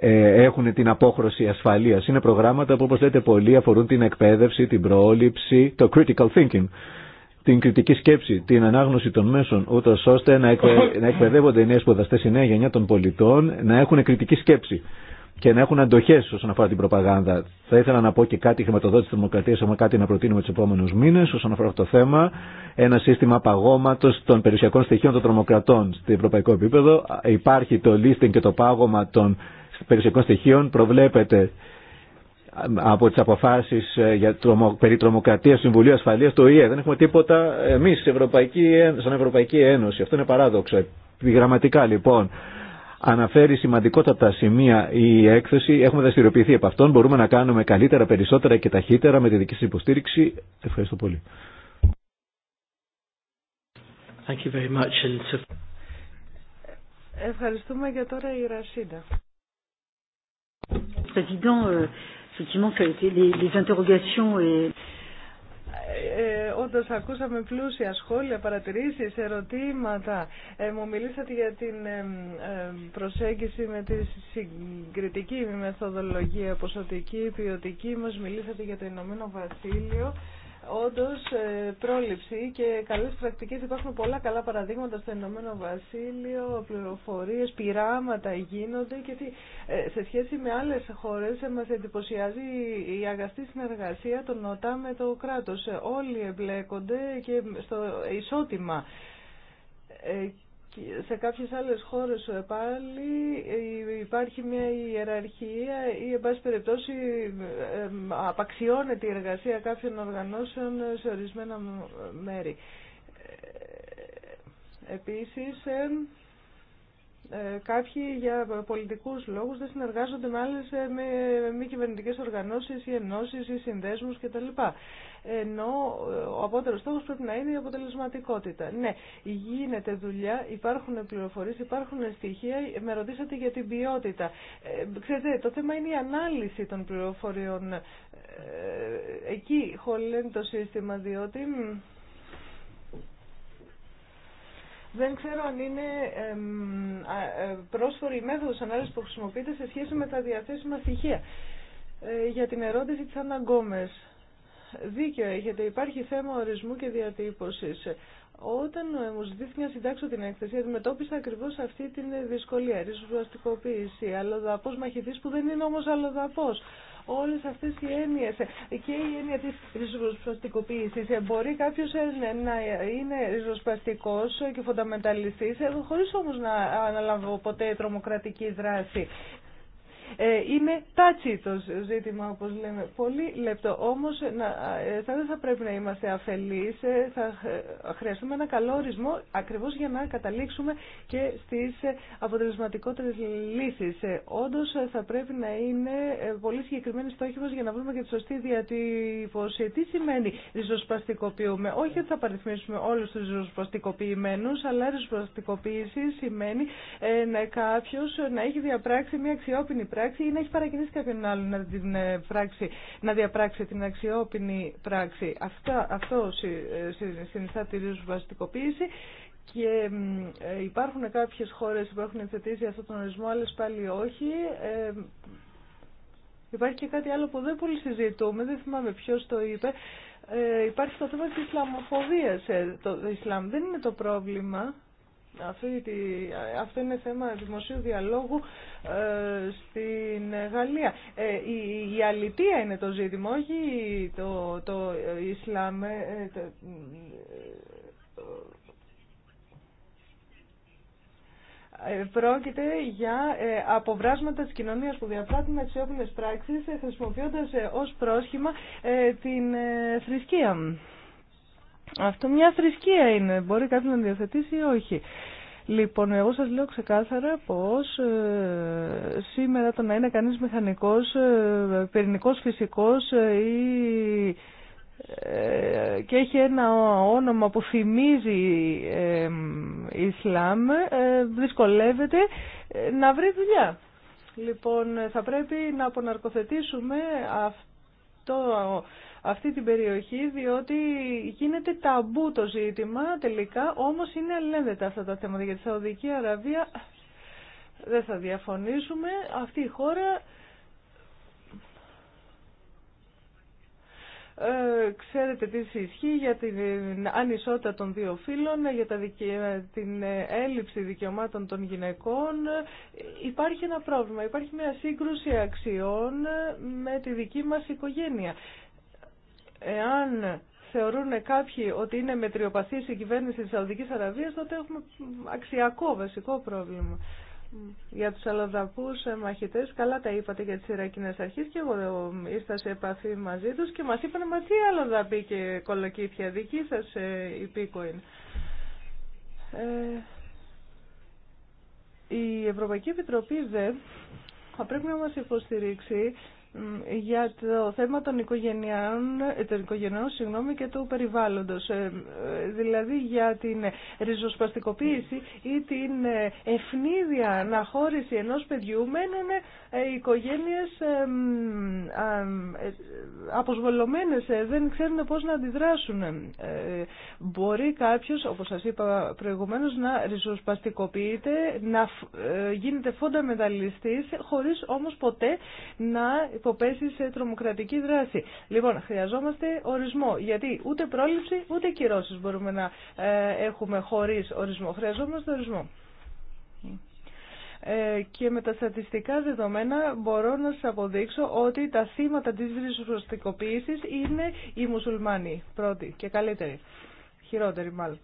ε, έχουν την απόχρωση ασφαλείας. Είναι προγράμματα που όπως λέτε πολλοί αφορούν την εκπαίδευση, την πρόληψη, το critical thinking, την κριτική σκέψη, την ανάγνωση των μέσων, ούτως ώστε να, εκπαιδεύονται οι νέοι σπουδαστές, η νέα γενιά των πολιτών, να έχουν κριτική σκέψη και να έχουν αντοχέ όσον αφορά την προπαγάνδα. Θα ήθελα να πω και κάτι χρηματοδότηση τη Δημοκρατία. Έχουμε κάτι να προτείνουμε του επόμενου μήνε όσον αφορά το θέμα. Ένα σύστημα παγώματο των περιουσιακών στοιχείων των τρομοκρατών στο ευρωπαϊκό επίπεδο. Ε, υπάρχει το listing και το πάγωμα των περιουσιακών στοιχείων προβλέπεται από τις αποφάσεις ε, για τρομο, περί τρομοκρατίας Συμβουλίου Ασφαλείας του ΙΕ. Δεν έχουμε τίποτα ε, εμείς Ευρωπαϊκή, ε, σαν Ευρωπαϊκή Ένωση. Αυτό είναι παράδοξο. Γραμματικά λοιπόν αναφέρει σημαντικότατα σημεία η έκθεση. Έχουμε δραστηριοποιηθεί από αυτόν. Μπορούμε να κάνουμε καλύτερα, περισσότερα και ταχύτερα με τη δική σας υποστήριξη. Ευχαριστώ πολύ. Ευχαριστούμε για τώρα η Ρασίδα. Ε, Όντω ακούσαμε πλούσια σχόλια, παρατηρήσει ερωτήματα. Ε, μου μιλήσατε για την ε, ε, προσέγγιση με τη συγκριτική μεθοδολογία, ποσοτική, ποιοτική. Μας μιλήσατε για το Ηνωμένο Βασίλειο. Όντως, ε, πρόληψη και καλέ πρακτικέ Υπάρχουν πολλά καλά παραδείγματα στο Ηνωμένο Βασίλειο, πληροφορίες, πειράματα γίνονται και ε, σε σχέση με άλλες χώρες ε, μα εντυπωσιάζει η αγαστή συνεργασία των ΟΤΑ με το κράτος. Όλοι εμπλέκονται και στο ισότιμα σε κάποιες άλλες χώρες πάλι υπάρχει μια ιεραρχία ή εν πάση περιπτώσει απαξιώνεται η εργασία κάποιων οργανώσεων σε ορισμένα μέρη. Ε, επίσης, ε, κάποιοι για πολιτικούς λόγους δεν συνεργάζονται με ε, με, μη κυβερνητικέ οργανώσεις ή ενώσεις ή συνδέσμους κτλ. Ενώ ε, ο απότερος στόχος πρέπει να είναι η αποτελεσματικότητα. Ναι, γίνεται δουλειά, υπάρχουν πληροφορίες, υπάρχουν στοιχεία. Με ρωτήσατε για την ποιότητα. ξέρετε, το θέμα είναι η ανάλυση των πληροφοριών. εκεί χωλένει το σύστημα, διότι δεν ξέρω αν είναι ε, πρόσφορη η μέθοδος ανάλυσης που χρησιμοποιείται σε σχέση με τα διαθέσιμα στοιχεία. Ε, για την ερώτηση της Άννα Δίκαιο έχετε, υπάρχει θέμα ορισμού και διατύπωσης. Όταν μου ζητήθηκε να συντάξω την έκθεση, αντιμετώπισα ακριβώς αυτή την δυσκολία, ριζοσβαστικοποίηση, αλλοδαπός μαχητής που δεν είναι όμως αλλοδαπός όλες αυτές οι έννοιες και η έννοια της ριζοσπαστικοποίησης. Μπορεί κάποιος ε, να είναι ριζοσπαστικός και φονταμενταλιστής ε, χωρίς όμως να αναλαμβώ ποτέ τρομοκρατική δράση. Ε, είναι τάτσι το ζήτημα, όπως λέμε. Πολύ λεπτό. Όμως να, ε, δεν θα πρέπει να είμαστε αφελείς. Ε, θα χρειαστούμε ένα καλό ορισμό ακριβώς για να καταλήξουμε και στις αποτελεσματικότερες λύσεις. Όντως θα πρέπει να είναι πολύ συγκεκριμένοι στόχοι μας για να βρούμε και τη σωστή διατύπωση. Τι σημαίνει ριζοσπαστικοποιούμε. Όχι ότι θα παριθμίσουμε όλους τους ριζοσπαστικοποιημένους, αλλά ριζοσπαστικοποίηση σημαίνει ε, να κάποιος να έχει διαπράξει μια αξιόπινη πράξη πράξη ή να έχει παρακινήσει κάποιον άλλον να, την ε, να διαπράξει την αξιόπινη πράξη. Αυτά, αυτό ε, συνιστά τη ριζοσβαστικοποίηση και ε, υπάρχουν κάποιες χώρες που έχουν θετήσει αυτόν τον ορισμό, άλλες πάλι όχι. Υπάρχει και κάτι άλλο που δεν πολύ συζητούμε, δεν θυμάμαι ποιο το είπε. Ε, υπάρχει το θέμα της Ισλαμοφοβίας. το Ισλάμ δεν είναι το πρόβλημα. Αυτό είναι θέμα δημοσίου διαλόγου ε, στην Γαλλία. Ε, η αλητία είναι το ζήτημα, όχι το Ισλάμ. Ε, πρόκειται για αποβράσματα της κοινωνίας που διαπράττουν με αξιόπινες πράξεις χρησιμοποιώντας ως πρόσχημα την θρησκεία αυτό μια θρησκεία είναι. Μπορεί κάποιο να διαθετήσει ή όχι. Λοιπόν, εγώ σας λέω ξεκάθαρα πως ε, σήμερα το να είναι κανείς μηχανικός, ε, πυρηνικός φυσικός ε, ή, ε, και έχει ένα όνομα που θυμίζει Ισλάμ, δυσκολεύεται να βρει δουλειά. Λοιπόν, θα πρέπει να αποναρκοθετήσουμε αυτό αυτή την περιοχή διότι γίνεται ταμπού το ζήτημα τελικά όμως είναι αλληλένδετα αυτά τα θέματα για τη Σαουδική Αραβία δεν θα διαφωνήσουμε αυτή η χώρα Ε, ξέρετε τι ισχύει για την ανισότητα των δύο φύλων, για τα δικαι... την έλλειψη δικαιωμάτων των γυναικών. Υπάρχει ένα πρόβλημα, υπάρχει μια σύγκρουση αξιών με τη δική μας οικογένεια. Εάν θεωρούν κάποιοι ότι είναι μετριοπαθής η κυβέρνηση της Σαουδικής Αραβίας, τότε έχουμε αξιακό βασικό πρόβλημα. Για τους αλλοδαπούς μαχητές, καλά τα είπατε για τις Ιρακινές αρχές και εγώ ήρθα σε επαφή μαζί τους και μας είπαν «Μα τι αλλοδαπή και κολοκύθια, δική σας ε, υπήκοη ε, η Ευρωπαϊκή Επιτροπή δε θα πρέπει να μας υποστηρίξει για το θέμα των οικογενειών, των οικογενειών συγγνώμη, και του περιβάλλοντος, ε, δηλαδή για την ριζοσπαστικοποίηση ή την ευνίδια αναχώρηση ενός παιδιού μένουν ε, οικογένειες ε, αποσβολωμένες, δεν ξέρουν πώς να αντιδράσουν. Μπορεί κάποιος, όπως σας είπα προηγουμένως, να ριζοσπαστικοποιείται, να γίνεται φόντα χωρίς όμως ποτέ να υποπέσει σε τρομοκρατική δράση. Λοιπόν, χρειαζόμαστε ορισμό, γιατί ούτε πρόληψη ούτε κυρώσει μπορούμε να ε, έχουμε χωρίς ορισμό. Χρειαζόμαστε ορισμό ε, και με τα στατιστικά δεδομένα μπορώ να σας αποδείξω ότι τα θύματα της ριζοσπαστικοποίησης είναι οι μουσουλμάνοι πρώτοι και καλύτεροι, χειρότεροι μάλλον.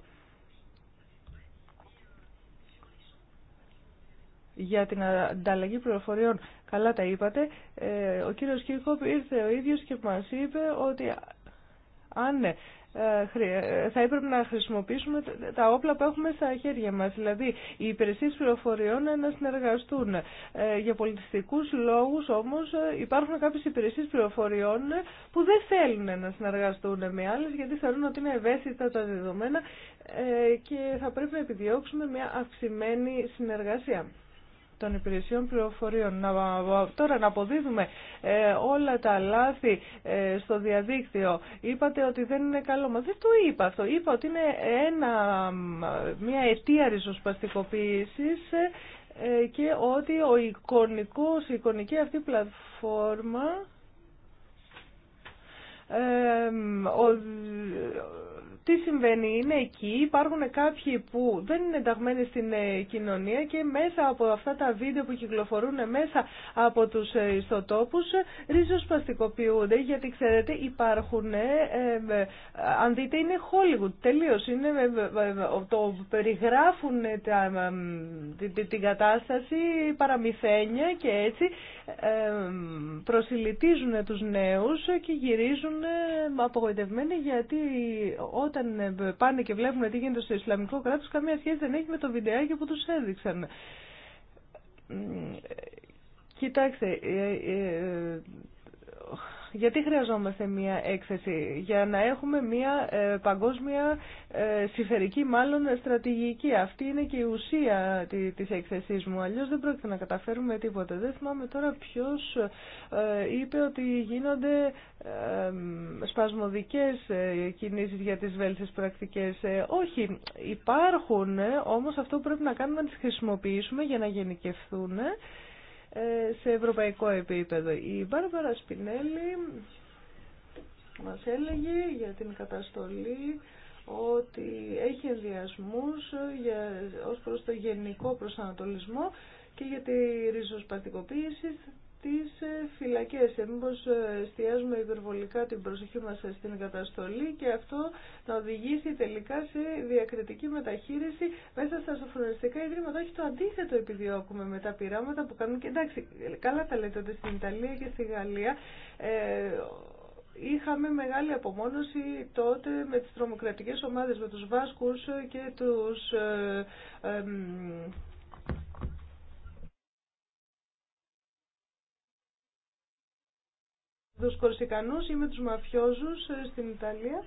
για την ανταλλαγή πληροφοριών. Καλά τα είπατε. Ε, ο κύριος Κίρκοπ ήρθε ο ίδιος και μας είπε ότι αν ε, ε, θα έπρεπε να χρησιμοποιήσουμε τα όπλα που έχουμε στα χέρια μας. Δηλαδή, οι υπηρεσίε πληροφοριών να συνεργαστούν. Για πολιτιστικούς λόγους όμως υπάρχουν κάποιες υπηρεσίε πληροφοριών που δεν θέλουν να συνεργαστούν με άλλες γιατί θεωρούν ότι είναι ευαίσθητα τα δεδομένα και θα πρέπει να επιδιώξουμε μια αυξημένη συνεργασία των υπηρεσιών πληροφορίων. Να, τώρα να αποδίδουμε ε, όλα τα λάθη ε, στο διαδίκτυο. Είπατε ότι δεν είναι καλό. Μα δεν το είπα αυτό. Είπα ότι είναι ένα, μια αιτία ριζοσπαστικοποίησης ε, ε, και ότι ο εικονικός, η εικονική αυτή πλατφόρμα ο, τι συμβαίνει, είναι εκεί, υπάρχουν κάποιοι που δεν είναι ενταγμένοι στην ε, κοινωνία και μέσα από αυτά τα βίντεο που κυκλοφορούν μέσα από τους ιστοτόπους ε, ριζοσπαστικοποιούνται γιατί ξέρετε υπάρχουν, ε, αν δείτε είναι Hollywood τελείως, είναι, το περιγράφουν την, την κατάσταση παραμυθένια και έτσι ε, προσιλητίζουν τους νέους και γυρίζουν απογοητευμένοι γιατί όταν ε, πάνε και βλέπουν τι γίνεται στο Ισλαμικό κράτος, καμία σχέση δεν έχει με το βιντεάκι που τους έδειξαν. Ε, κοιτάξτε, ε, γιατί χρειαζόμαστε μία έκθεση, για να έχουμε μία ε, παγκόσμια ε, συμφερική μάλλον στρατηγική. Αυτή είναι και η ουσία της έκθεσής μου, αλλιώς δεν πρόκειται να καταφέρουμε τίποτα. Δεν θυμάμαι τώρα ποιος ε, είπε ότι γίνονται σπασμωδικές κινήσεις για τις βέλτιστες πρακτικές. Όχι, υπάρχουν, όμως αυτό πρέπει να κάνουμε να τις χρησιμοποιήσουμε για να γενικευθούν σε ευρωπαϊκό επίπεδο. Η Μπάρβαρα Σπινέλη μας έλεγε για την καταστολή ότι έχει ενδιασμούς για, ως προς το γενικό προσανατολισμό και για τη ριζοσπαστικοποίηση στις ε, φυλακές. Εμεί εστιάζουμε υπερβολικά την προσοχή μας ε, στην καταστολή και αυτό να οδηγήσει τελικά σε διακριτική μεταχείριση μέσα στα σοφρονιστικά ιδρύματα. Όχι το αντίθετο επιδιώκουμε με τα πειράματα που κάνουν και εντάξει καλά τα λέτε ότι στην Ιταλία και στη Γαλλία ε, Είχαμε μεγάλη απομόνωση τότε με τις τρομοκρατικές ομάδες, με τους Βάσκους και τους ε, τους Κορσικανούς ή με τους μαφιόζους ε, στην Ιταλία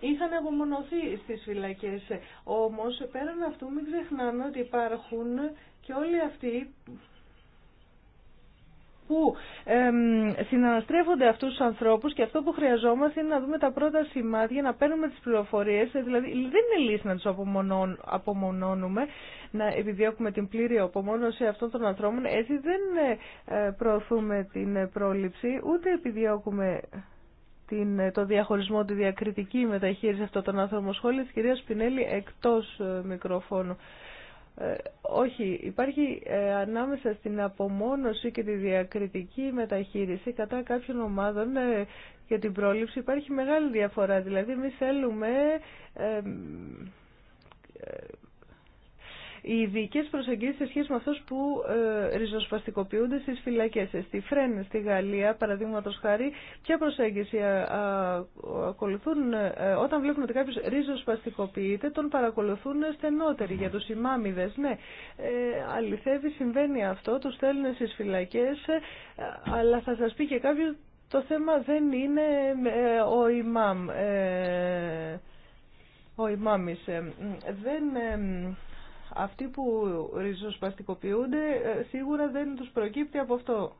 είχαν απομονωθεί στις φυλακές. Όμως πέραν αυτού μην ξεχνάμε ότι υπάρχουν και όλοι αυτοί που συναναστρέφονται αυτούς τους ανθρώπους και αυτό που χρειαζόμαστε είναι να δούμε τα πρώτα σημάδια, να παίρνουμε τις πληροφορίες, ε, δηλαδή δεν είναι λύση να τους απομονώνουμε, να επιδιώκουμε την πλήρη απομόνωση αυτών των ανθρώπων, έτσι δεν ε, ε, προωθούμε την πρόληψη, ούτε επιδιώκουμε την, το διαχωρισμό, τη διακριτική μεταχείριση αυτών των ανθρώπων. Σχόλια τη κυρία εκτός μικροφώνου. Ε, όχι, υπάρχει ε, ανάμεσα στην απομόνωση και τη διακριτική μεταχείριση κατά κάποιων ομάδων ε, για την πρόληψη υπάρχει μεγάλη διαφορά. Δηλαδή, εμεί θέλουμε οι ειδικέ προσεγγίσεις σε σχέση με αυτούς που ε, ριζοσπαστικοποιούνται στις φυλακές. Στη Φρέν, στη Γαλλία, παραδείγματο χάρη, ποια προσέγγιση ε, ακολουθούν ε, όταν βλέπουν ότι κάποιος ριζοσπαστικοποιείται, τον παρακολουθούν στενότεροι για τους ημάμιδες. Ναι, αληθεύει, συμβαίνει αυτό, τους στέλνουν στις φυλακές, αλλά θα σας πει και κάποιος το θέμα δεν είναι ο ημάμ, ο ημάμις. δεν αυτοί που ριζοσπαστικοποιούνται ε, σίγουρα δεν τους προκύπτει από αυτό.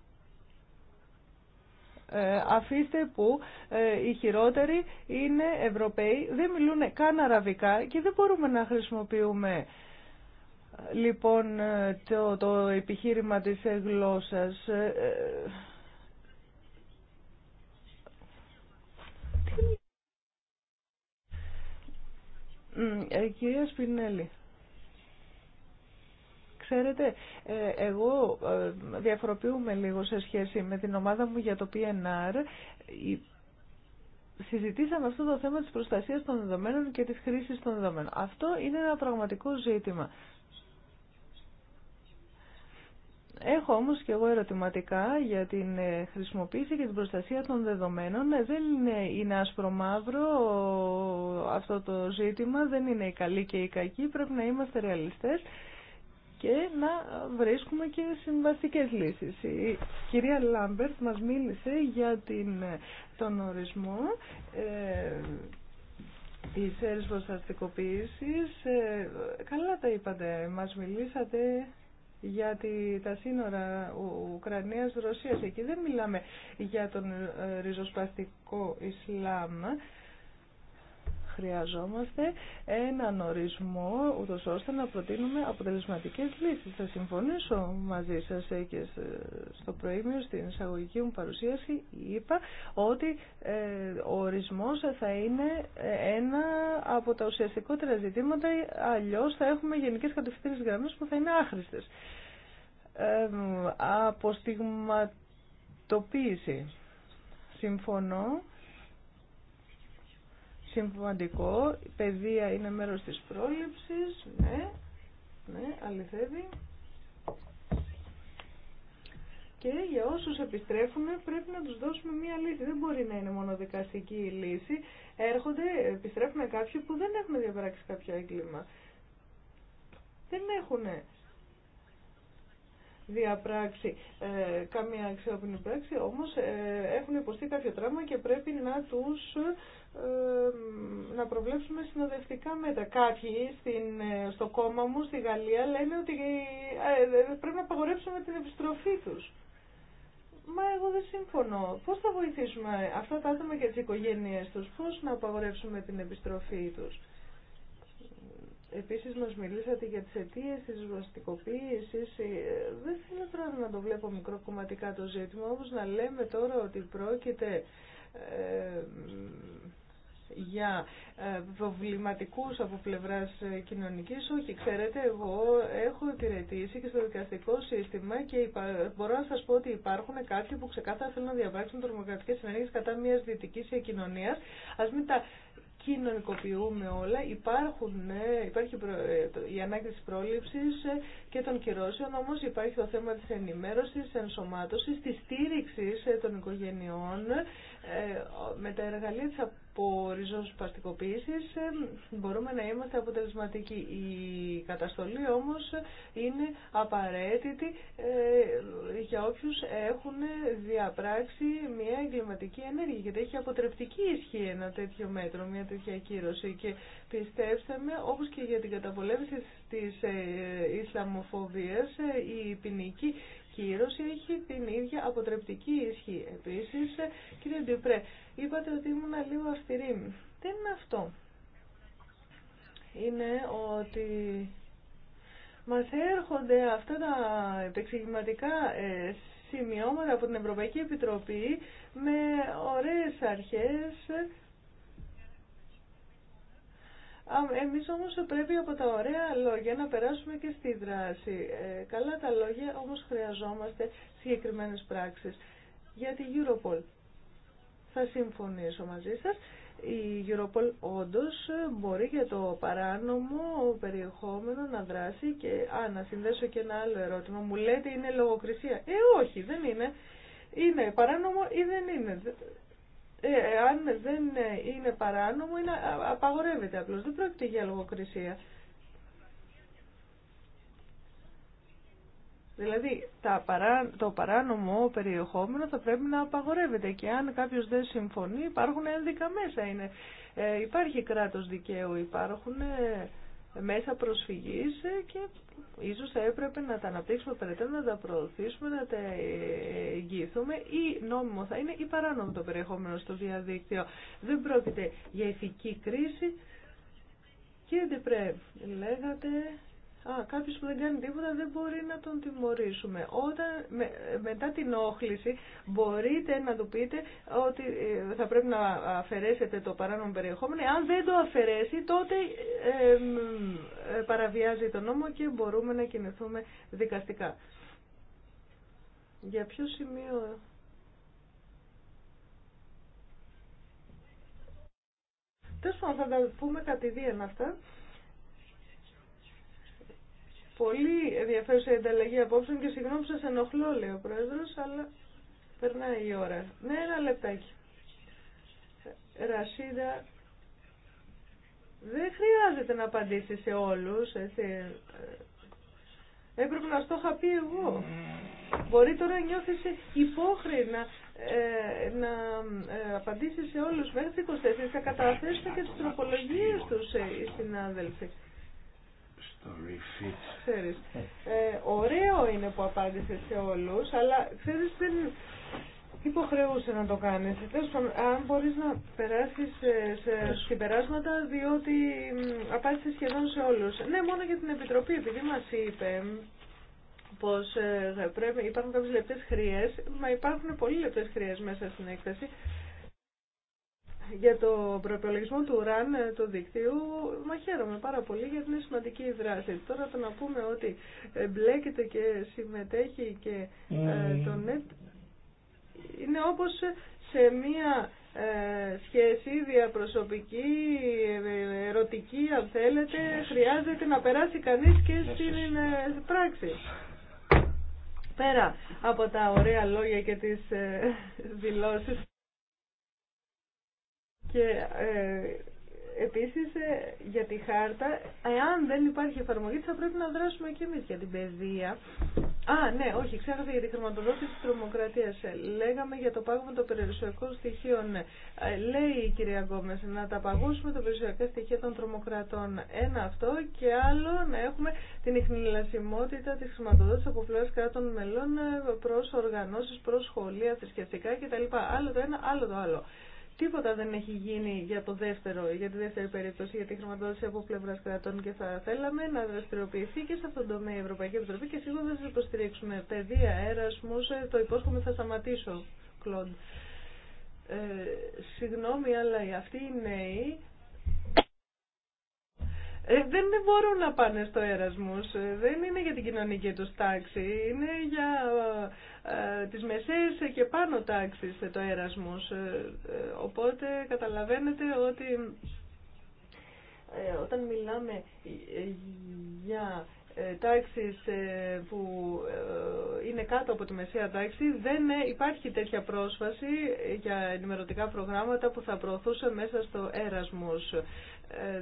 Ε, αφήστε που ε, οι χειρότεροι είναι Ευρωπαίοι, δεν μιλούν καν αραβικά και δεν μπορούμε να χρησιμοποιούμε λοιπόν ε, το, το επιχείρημα της γλώσσας. Ε, κυρία Σπινέλη, Ξέρετε, ε, εγώ ε, διαφοροποιούμε λίγο σε σχέση με την ομάδα μου για το PNR. Συζητήσαμε αυτό το θέμα της προστασίας των δεδομένων και της χρήσης των δεδομένων. Αυτό είναι ένα πραγματικό ζήτημα. Έχω όμως και εγώ ερωτηματικά για την ε, χρησιμοποίηση και την προστασία των δεδομένων. Δεν ειναι είναι άσπρο-μαύρο αυτό το ζήτημα, δεν είναι η καλή και η κακή, πρέπει να είμαστε ρεαλιστές και να βρίσκουμε και συμβαστικές λύσεις. Η κυρία Λάμπερτ μας μίλησε για την, τον ορισμό ε, της αστικοποίησης. Ε, καλά τα είπατε, μας μιλήσατε για τα σύνορα Ουκρανίας-Ρωσίας εκεί δεν μιλάμε για τον ε, ριζοσπαστικό Ισλάμ Χρειαζόμαστε έναν ορισμό, ούτως ώστε να προτείνουμε αποτελεσματικές λύσεις. Θα συμφωνήσω μαζί σας ε, και στο προήμιο, στην εισαγωγική μου παρουσίαση, είπα ότι ε, ο ορισμός θα είναι ε, ένα από τα ουσιαστικότερα ζητήματα, αλλιώς θα έχουμε γενικές κατευθύνες γραμμές που θα είναι άχρηστες. Ε, αποστιγματοποίηση. Συμφωνώ σημαντικό. Η παιδεία είναι μέρος της πρόληψης. Ναι, ναι, αληθεύει. Και για όσους επιστρέφουν πρέπει να τους δώσουμε μία λύση. Δεν μπορεί να είναι μόνο δικαστική η λύση. Έρχονται, επιστρέφουν κάποιοι που δεν έχουν διαπράξει κάποιο έγκλημα. Δεν έχουν διαπράξει ε, καμία αξιόπινη πράξη, όμως ε, έχουν υποστεί κάποιο τραύμα και πρέπει να τους να προβλέψουμε συνοδευτικά μέτα Κάποιοι στην, ε, στο κόμμα μου, στη Γαλλία, λένε ότι ε, ε, πρέπει να απαγορέψουμε την επιστροφή τους. Μα εγώ δεν συμφωνώ Πώς θα βοηθήσουμε αυτά τα άτομα και τις οικογένειές τους, πώς να απαγορέψουμε την επιστροφή τους. Επίσης μας μιλήσατε για τις αιτίες της βαστικοποίησης. Δεν θέλω τώρα να το βλέπω μικροκομματικά το ζήτημα, όπως να λέμε τώρα ότι πρόκειται για ε, προβληματικούς από πλευράς ε, κοινωνικής. Όχι, ξέρετε, εγώ έχω υπηρετήσει και στο δικαστικό σύστημα και μπορώ να σας πω ότι υπάρχουν κάποιοι που ξεκάθαρα θέλουν να διαβάσουν τρομοκρατικές συνέργειε κατά μιας δυτικής κοινωνίας. Ας μην τα κοινωνικοποιούμε όλα. Υπάρχουν, ναι, υπάρχει ε, η ανάγκη της πρόληψης και των κυρώσεων, όμως υπάρχει το θέμα της ενημέρωσης, της ενσωμάτωσης, της στήριξης των οικογενειών ε, με τα εργαλεία της απορριζοσπαστικοποίησης ε, μπορούμε να είμαστε αποτελεσματικοί. Η καταστολή όμως είναι απαραίτητη ε, για όποιους έχουν διαπράξει μια εγκληματική ενέργεια γιατί έχει αποτρεπτική ισχύ ένα τέτοιο μέτρο, μια τέτοια κύρωση και πιστέψτε με όπως και για την καταπολέμηση της Ισλαμοφοβίας η ποινική κύρωση έχει την ίδια αποτρεπτική ισχύ. Επίσης, κύριε Ντιουπρέ, είπατε ότι ήμουν λίγο αυστηρή. Δεν είναι αυτό. Είναι ότι μας έρχονται αυτά τα επεξηγηματικά ε, σημειώματα από την Ευρωπαϊκή Επιτροπή με ωραίες αρχές εμείς όμως πρέπει από τα ωραία λόγια να περάσουμε και στη δράση. Ε, καλά τα λόγια, όμως χρειαζόμαστε συγκεκριμένες πράξεις. Για τη Europol. Θα συμφωνήσω μαζί σα. Η Europol όντως μπορεί για το παράνομο περιεχόμενο να δράσει και α, να συνδέσω και ένα άλλο ερώτημα. Μου λέτε είναι λογοκρισία. Ε, όχι, δεν είναι. Είναι παράνομο ή δεν είναι αν ε, δεν είναι παράνομο, είναι, απαγορεύεται απλώς. Δεν πρόκειται για λογοκρισία. Δηλαδή, τα παρά, το παράνομο περιεχόμενο θα πρέπει να απαγορεύεται και αν κάποιος δεν συμφωνεί υπάρχουν ένδικα μέσα. Είναι, ε, υπάρχει κράτος δικαίου, υπάρχουν... Ε, μέσα προσφυγής ε, και ίσως θα έπρεπε να τα αναπτύξουμε περαιτέρω, να τα προωθήσουμε, να τα εγγυηθούμε ή νόμιμο θα είναι ή παράνομο το περιεχόμενο στο διαδίκτυο. Δεν πρόκειται για ηθική κρίση. Κύριε Ντεπρέ, λέγατε Α, που δεν κάνει τίποτα δεν μπορεί να τον τιμωρήσουμε. Όταν, μετά την όχληση μπορείτε να του πείτε ότι ε, θα πρέπει να αφαιρέσετε το παράνομο περιεχόμενο. Αν δεν το αφαιρέσει τότε ε, παραβιάζει το νόμο και μπορούμε να κινηθούμε δικαστικά. Για ποιο σημείο... Τέλο πάντων θα τα πούμε κατηδίαν αυτά. Πολύ ενδιαφέρουσα η ανταλλαγή απόψεων και συγγνώμη που σας ενοχλώ, λέει ο Πρόεδρος, αλλά περνάει η ώρα. Ναι, ένα λεπτάκι. Ρασίδα, δεν χρειάζεται να απαντήσει σε όλους, ε, Έπρεπε να στο είχα πει εγώ. Μπορεί τώρα να νιώθεις υπόχρη ε, να, ε, απαντήσει σε όλους μέχρι 24. Θα καταθέσετε και τις τροπολογίες τους ε, οι συνάδελφοι. Ξέρεις, ε, ωραίο είναι που απάντησε σε όλους, αλλά ξέρει δεν υποχρεούσε να το κάνεις. αν μπορεί να περάσει σε συμπεράσματα, διότι απάντησε σχεδόν σε όλους. Ναι, μόνο για την Επιτροπή, επειδή μας είπε πω ε, υπάρχουν κάποιε λεπτές χρειές, μα υπάρχουν πολύ λεπτές χρειές μέσα στην έκθεση, για το προπολογισμό του ΡΑΝ του δικτύου, μα χαίρομαι πάρα πολύ γιατί είναι σημαντική η δράση. Τώρα το να πούμε ότι ε, μπλέκεται και συμμετέχει και ε, mm. το ΝΕΤ είναι όπως σε μία ε, σχέση διαπροσωπική, ε, ερωτική αν θέλετε, χρειάζεται να περάσει κανείς και στην πράξη. Πέρα από τα ωραία λόγια και τις δηλώσεις. Και ε, επίσης ε, για τη χάρτα, εάν δεν υπάρχει εφαρμογή θα πρέπει να δράσουμε και εμείς για την παιδεία. Α, ναι, όχι, ξέρετε για τη χρηματοδότηση της τρομοκρατίας. Ε, λέγαμε για το πάγωμα των περιουσιακών στοιχείων. Λέει η κυρία Γκόμες, να τα παγώσουμε τα περιουσιακά στοιχεία των τρομοκρατών. Ένα αυτό και άλλο να έχουμε την ειχνηλασιμότητα της χρηματοδότησης από πλευρά κράτων μελών προς οργανώσεις, προς σχολεία, θρησκευτικά κτλ. Άλλο το ένα, άλλο το άλλο. Τίποτα δεν έχει γίνει για, το δεύτερο, για τη δεύτερη περίπτωση, για τη χρηματοδότηση από πλευρά κρατών και θα θέλαμε να δραστηριοποιηθεί και σε αυτόν τον τομέα η Ευρωπαϊκή Επιτροπή και σίγουρα θα σα υποστηρίξουμε. Παιδεία, έρασμο, ε, το υπόσχομαι θα σταματήσω, Κλοντ. Ε, συγγνώμη, αλλά αυτοί οι νέοι ε, δεν μπορούν να πάνε στο έρασμος, ε, δεν είναι για την κοινωνική του τάξη, είναι για ε, τις μεσαίες και πάνω τάξεις ε, το έρασμος. Ε, οπότε καταλαβαίνετε ότι όταν μιλάμε για τάξεις που είναι κάτω από τη μεσαία τάξη δεν υπάρχει τέτοια πρόσβαση για ενημερωτικά προγράμματα που θα προωθούσε μέσα στο έρασμος.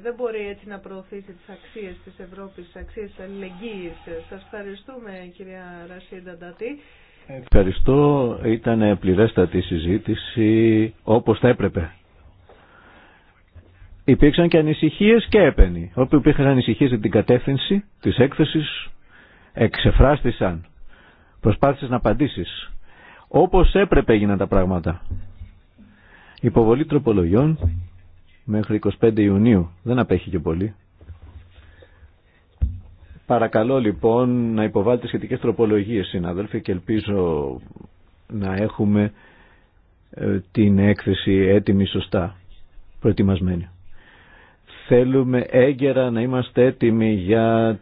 Δεν μπορεί έτσι να προωθήσει τις αξίες της Ευρώπης, τις αξίες της αλληλεγγύης. Σας ευχαριστούμε κυρία Ρασίδα Ευχαριστώ. Ήταν πληρέστατη η συζήτηση όπως θα έπρεπε. Υπήρξαν και ανησυχίες και έπαινοι. Όποιοι υπήρχαν ανησυχίες για την κατεύθυνση της έκθεσης, εξεφράστησαν, προσπάθησες να απαντήσεις. Όπως έπρεπε έγιναν τα πράγματα. Υποβολή τροπολογιών μέχρι 25 Ιουνίου. Δεν απέχει και πολύ. Παρακαλώ λοιπόν να υποβάλλετε σχετικές τροπολογίες συνάδελφοι και ελπίζω να έχουμε ε, την έκθεση έτοιμη σωστά, προετοιμασμένη. Θέλουμε έγκαιρα να είμαστε έτοιμοι για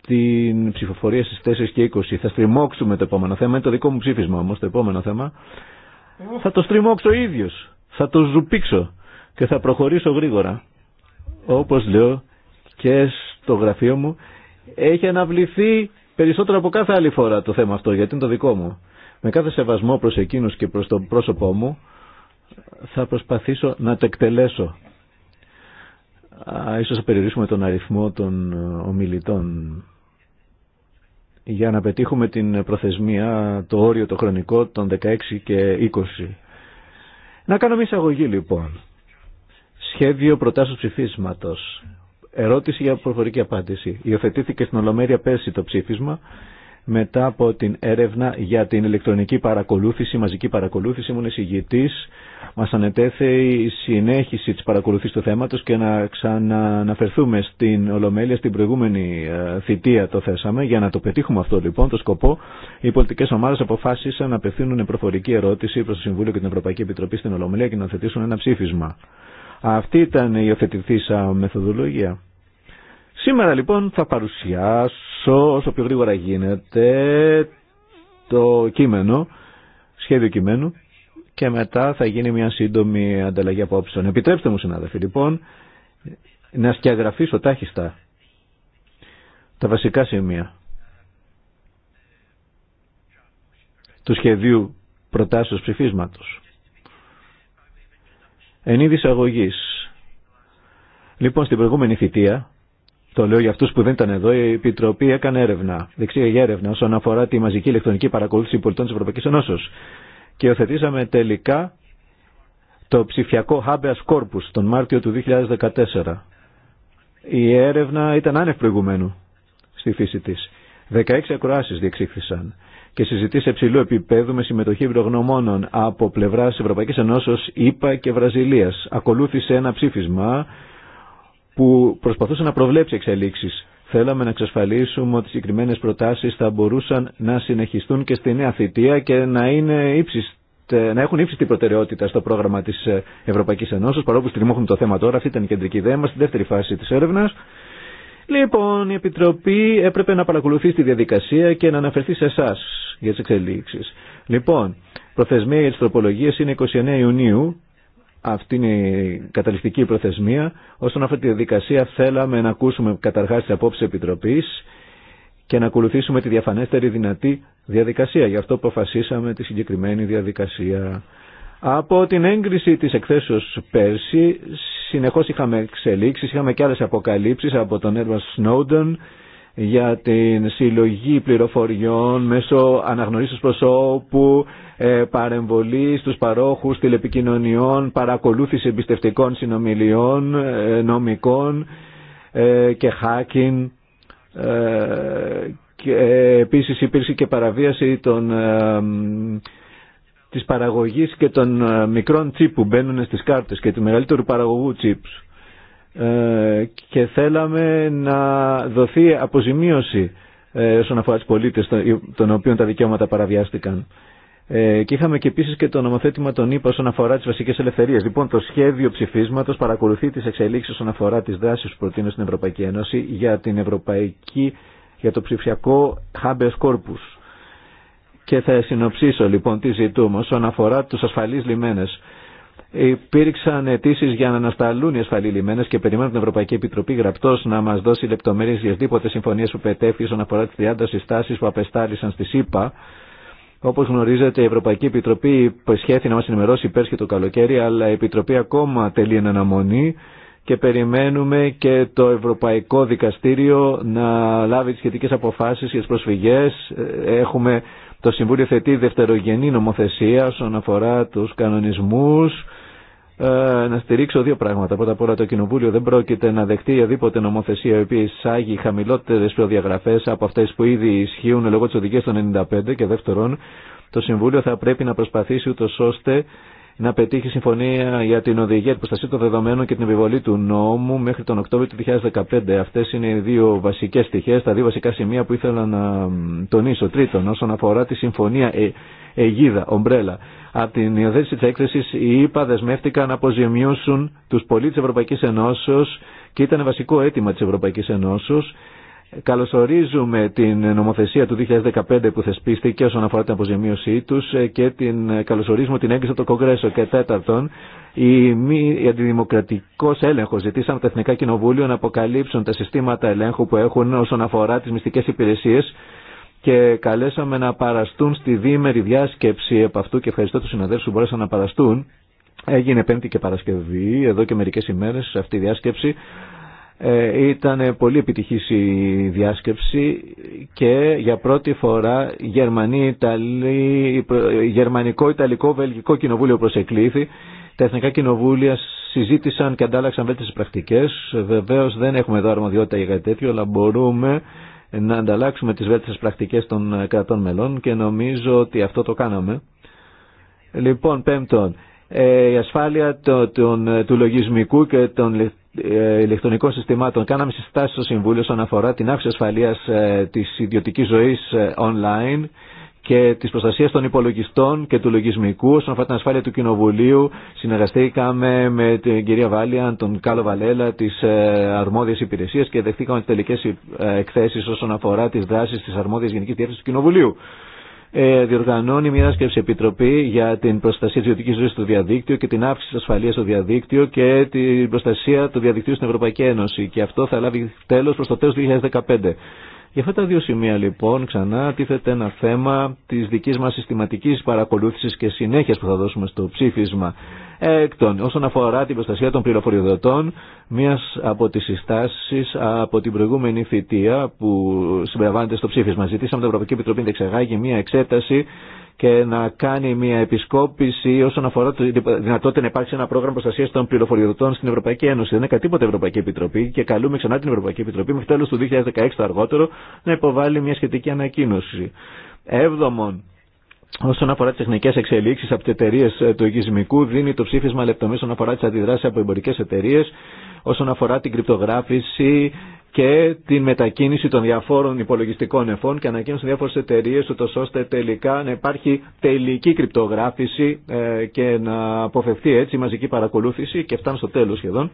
την ψηφοφορία στις 4 και 20. Θα στριμώξουμε το επόμενο θέμα, είναι το δικό μου ψήφισμα όμως το επόμενο θέμα. Θα το στριμώξω ίδιος, θα το ζουπίξω και θα προχωρήσω γρήγορα. Όπως λέω και στο γραφείο μου έχει αναβληθεί περισσότερο από κάθε άλλη φορά το θέμα αυτό, γιατί είναι το δικό μου. Με κάθε σεβασμό προς εκείνους και προς το πρόσωπό μου, θα προσπαθήσω να το εκτελέσω. Ίσως θα περιορίσουμε τον αριθμό των ε, ομιλητών για να πετύχουμε την προθεσμία, το όριο, το χρονικό των 16 και 20. Να κάνω μια εισαγωγή λοιπόν. Σχέδιο προτάσεως ψηφίσματος ερώτηση για προφορική απάντηση. Υιοθετήθηκε στην Ολομέρεια πέρσι το ψήφισμα μετά από την έρευνα για την ηλεκτρονική παρακολούθηση, μαζική παρακολούθηση. Ήμουν εισηγητή. Μα ανετέθε η συνέχιση τη παρακολούθηση του θέματο και να ξανααναφερθούμε στην Ολομέλεια, στην προηγούμενη ε, θητεία το θέσαμε. Για να το πετύχουμε αυτό λοιπόν, το σκοπό, οι πολιτικέ ομάδε αποφάσισαν να απευθύνουν προφορική ερώτηση προ το Συμβούλιο και την Ευρωπαϊκή Επιτροπή στην Ολομέλεια και να θετήσουν ένα ψήφισμα. Αυτή ήταν η υιοθετηθήσα μεθοδολογία. Σήμερα λοιπόν θα παρουσιάσω όσο πιο γρήγορα γίνεται το κείμενο, σχέδιο κειμένου και μετά θα γίνει μια σύντομη ανταλλαγή απόψεων. Επιτρέψτε μου συνάδελφοι λοιπόν να σκιαγραφίσω τάχιστα τα βασικά σημεία του σχεδίου προτάσεως ψηφίσματος εν είδη αγωγής. Λοιπόν, στην προηγούμενη θητεία, το λέω για αυτού που δεν ήταν εδώ, η Επιτροπή έκανε έρευνα, δεξιά έρευνα, όσον αφορά τη μαζική ηλεκτρονική παρακολούθηση πολιτών τη Ευρωπαϊκή Ενώσεω. Και υιοθετήσαμε τελικά το ψηφιακό habeas corpus τον Μάρτιο του 2014. Η έρευνα ήταν άνευ προηγουμένου στη φύση τη. 16 ακροάσει διεξήχθησαν και συζητή σε ψηλού επίπεδου με συμμετοχή ευρωγνωμόνων από πλευρά Ευρωπαϊκή Ενώσεω, ΗΠΑ και Βραζιλία. Ακολούθησε ένα ψήφισμα που προσπαθούσε να προβλέψει εξελίξει. Θέλαμε να εξασφαλίσουμε ότι συγκεκριμένε προτάσει θα μπορούσαν να συνεχιστούν και στη νέα θητεία και να, είναι ύψιστη, να έχουν ύψιστη προτεραιότητα στο πρόγραμμα τη Ευρωπαϊκή Ενώσεω. Παρόλο που στριμώχνουμε το θέμα τώρα, αυτή ήταν η κεντρική ιδέα μα, στη δεύτερη φάση τη έρευνα. Λοιπόν, η Επιτροπή έπρεπε να παρακολουθεί στη διαδικασία και να αναφερθεί σε εσά για τι εξελίξει. Λοιπόν, προθεσμία για τι τροπολογίε είναι 29 Ιουνίου. Αυτή είναι η καταληκτική προθεσμία. Όσον αφορά τη διαδικασία, θέλαμε να ακούσουμε καταρχά τι απόψει Επιτροπή και να ακολουθήσουμε τη διαφανέστερη δυνατή διαδικασία. Γι' αυτό αποφασίσαμε τη συγκεκριμένη διαδικασία. Από την έγκριση της εκθέσεως πέρσι συνεχώς είχαμε εξελίξεις, είχαμε και άλλες αποκαλύψεις από τον Έρβαν Σνόντον για την συλλογή πληροφοριών μέσω αναγνωρίσεως προσώπου, ε, παρεμβολή στους παρόχους τηλεπικοινωνιών, παρακολούθηση εμπιστευτικών συνομιλιών, ε, νομικών ε, και hacking. Και επίσης υπήρξε και παραβίαση των της παραγωγής και των ε, μικρών τσίπ που μπαίνουν στις κάρτες και του μεγαλύτερου παραγωγού τσίπς. Ε, και θέλαμε να δοθεί αποζημίωση ε, όσον αφορά τους πολίτες των οποίων τα δικαιώματα παραβιάστηκαν. Ε, και είχαμε και επίση και το νομοθέτημα των ΥΠΑ όσον αφορά τι βασικέ ελευθερίες. Λοιπόν, το σχέδιο ψηφίσματος παρακολουθεί τις εξελίξει όσον αφορά τι δράσει που προτείνω στην Ευρωπαϊκή Ένωση για, την Ευρωπαϊκή, για το ψηφιακό habeas corpus. Και θα συνοψίσω λοιπόν τι ζητούμε όσον αφορά του ασφαλείς λιμένες. Υπήρξαν αιτήσει για να ανασταλούν οι ασφαλεί λιμένε και περιμένουν την Ευρωπαϊκή Επιτροπή γραπτό να μα δώσει λεπτομέρειε για οποιασδήποτε συμφωνίε που πετέφθη όσον αφορά τι 30 συστάσει που απεστάλησαν στη ΣΥΠΑ. Όπω γνωρίζετε, η Ευρωπαϊκή Επιτροπή υποσχέθη να μα ενημερώσει πέρσι το καλοκαίρι, αλλά η Επιτροπή ακόμα τελεί εν αναμονή και περιμένουμε και το Ευρωπαϊκό Δικαστήριο να λάβει τι σχετικέ αποφάσει για τι ε, Έχουμε το Συμβούλιο θετεί δευτερογενή νομοθεσία όσον αφορά τους κανονισμούς. Ε, να στηρίξω δύο πράγματα. Πρώτα απ' όλα το Κοινοβούλιο δεν πρόκειται να δεχτεί οδήποτε νομοθεσία η οποία εισάγει χαμηλότερε προδιαγραφέ από αυτέ που ήδη ισχύουν λόγω τη οδηγία των 95 και δεύτερον το Συμβούλιο θα πρέπει να προσπαθήσει ούτω ώστε να πετύχει συμφωνία για την οδηγία, την προστασία των δεδομένων και την επιβολή του νόμου μέχρι τον Οκτώβριο του 2015. Αυτέ είναι οι δύο βασικέ στοιχεία, τα δύο βασικά σημεία που ήθελα να τονίσω. Τρίτον, όσον αφορά τη συμφωνία ε, ομπρέλα. Από την υιοθέτηση τη έκθεση, οι ΗΠΑ δεσμεύτηκαν να αποζημιώσουν του πολίτε Ευρωπαϊκή Ενώσεω και ήταν βασικό αίτημα τη Ευρωπαϊκή Ενώσεω Καλωσορίζουμε την νομοθεσία του 2015 που θεσπίστηκε όσον αφορά την αποζημίωσή του ε, και την ε, καλωσορίζουμε την έγκριση από το Κογκρέσο. Και τέταρτον, η, μη, αντιδημοκρατικό έλεγχο. Ζητήσαμε από τα Εθνικά Κοινοβούλια να αποκαλύψουν τα συστήματα ελέγχου που έχουν όσον αφορά τι μυστικέ υπηρεσίε και καλέσαμε να παραστούν στη διήμερη διάσκεψη επ' αυτού και ευχαριστώ του συναδέλφου που μπορέσαν να παραστούν. Έγινε Πέμπτη και Παρασκευή, εδώ και μερικέ ημέρε, αυτή η διάσκεψη ε, ήταν πολύ επιτυχής η διάσκεψη και για πρώτη φορά Γερμανία, Ιταλή, Γερμανικό, Ιταλικό, Βελγικό Κοινοβούλιο προσεκλήθη. Τα Εθνικά Κοινοβούλια συζήτησαν και αντάλλαξαν βέλτιστες πρακτικές. Βεβαίως δεν έχουμε εδώ αρμοδιότητα για κάτι τέτοιο, αλλά μπορούμε να ανταλλάξουμε τις βέλτιστες πρακτικές των κρατών μελών και νομίζω ότι αυτό το κάναμε. Λοιπόν, πέμπτον, ε, η ασφάλεια του λογισμικού και των ε, ηλεκτρονικών συστημάτων. Κάναμε συστάσεις στο Συμβούλιο όσον αφορά την αύξηση ασφαλείας ε, της ιδιωτικής ζωής ε, online και τη προστασία των υπολογιστών και του λογισμικού όσον αφορά την ασφάλεια του Κοινοβουλίου. Συνεργαστήκαμε με την κυρία Βάλιαν, τον Κάλο Βαλέλα, τι αρμόδιε υπηρεσίε και δεχτήκαμε τι τελικέ εκθέσει όσον αφορά τι δράσει τη αρμόδια Γενική Διεύθυνση του Κοινοβουλίου. Ε, διοργανώνει μια σκέψη επιτροπή για την προστασία τη ιδιωτική ζωή στο διαδίκτυο και την αύξηση τη ασφαλεία στο διαδίκτυο και την προστασία του διαδικτύου στην Ευρωπαϊκή Ένωση. Και αυτό θα λάβει τέλο προ το τέλο του 2015. Για αυτά τα δύο σημεία λοιπόν ξανά τίθεται ένα θέμα της δικής μας συστηματικής παρακολούθησης και συνέχειας που θα δώσουμε στο ψήφισμα. Έκτον, όσον αφορά την προστασία των πληροφοριοδοτών, μίας από τις συστάσεις από την προηγούμενη θητεία που συμπεριλαμβάνεται στο ψήφισμα. Ζητήσαμε την Ευρωπαϊκή Επιτροπή να εξεγάγει μία εξέταση και να κάνει μια επισκόπηση όσον αφορά τη δυνατότητα να υπάρξει ένα πρόγραμμα προστασία των πληροφοριοδοτών στην Ευρωπαϊκή Ένωση. Δεν είναι κατήποτε Ευρωπαϊκή Επιτροπή και καλούμε ξανά την Ευρωπαϊκή Επιτροπή μέχρι τέλο του 2016 το αργότερο να υποβάλει μια σχετική ανακοίνωση. Έβδομον, Όσον αφορά τι τεχνικέ εξελίξει από τι εταιρείε ε, του οικισμικού, δίνει το ψήφισμα λεπτομέρειε όσον αφορά τι αντιδράσει από εμπορικέ εταιρείε όσον αφορά την κρυπτογράφηση και την μετακίνηση των διαφόρων υπολογιστικών εφών και ανακοίνωση διάφορε εταιρείε, ώστε τελικά να υπάρχει τελική κρυπτογράφηση ε, και να αποφευθεί έτσι η μαζική παρακολούθηση και φτάνω στο τέλο σχεδόν.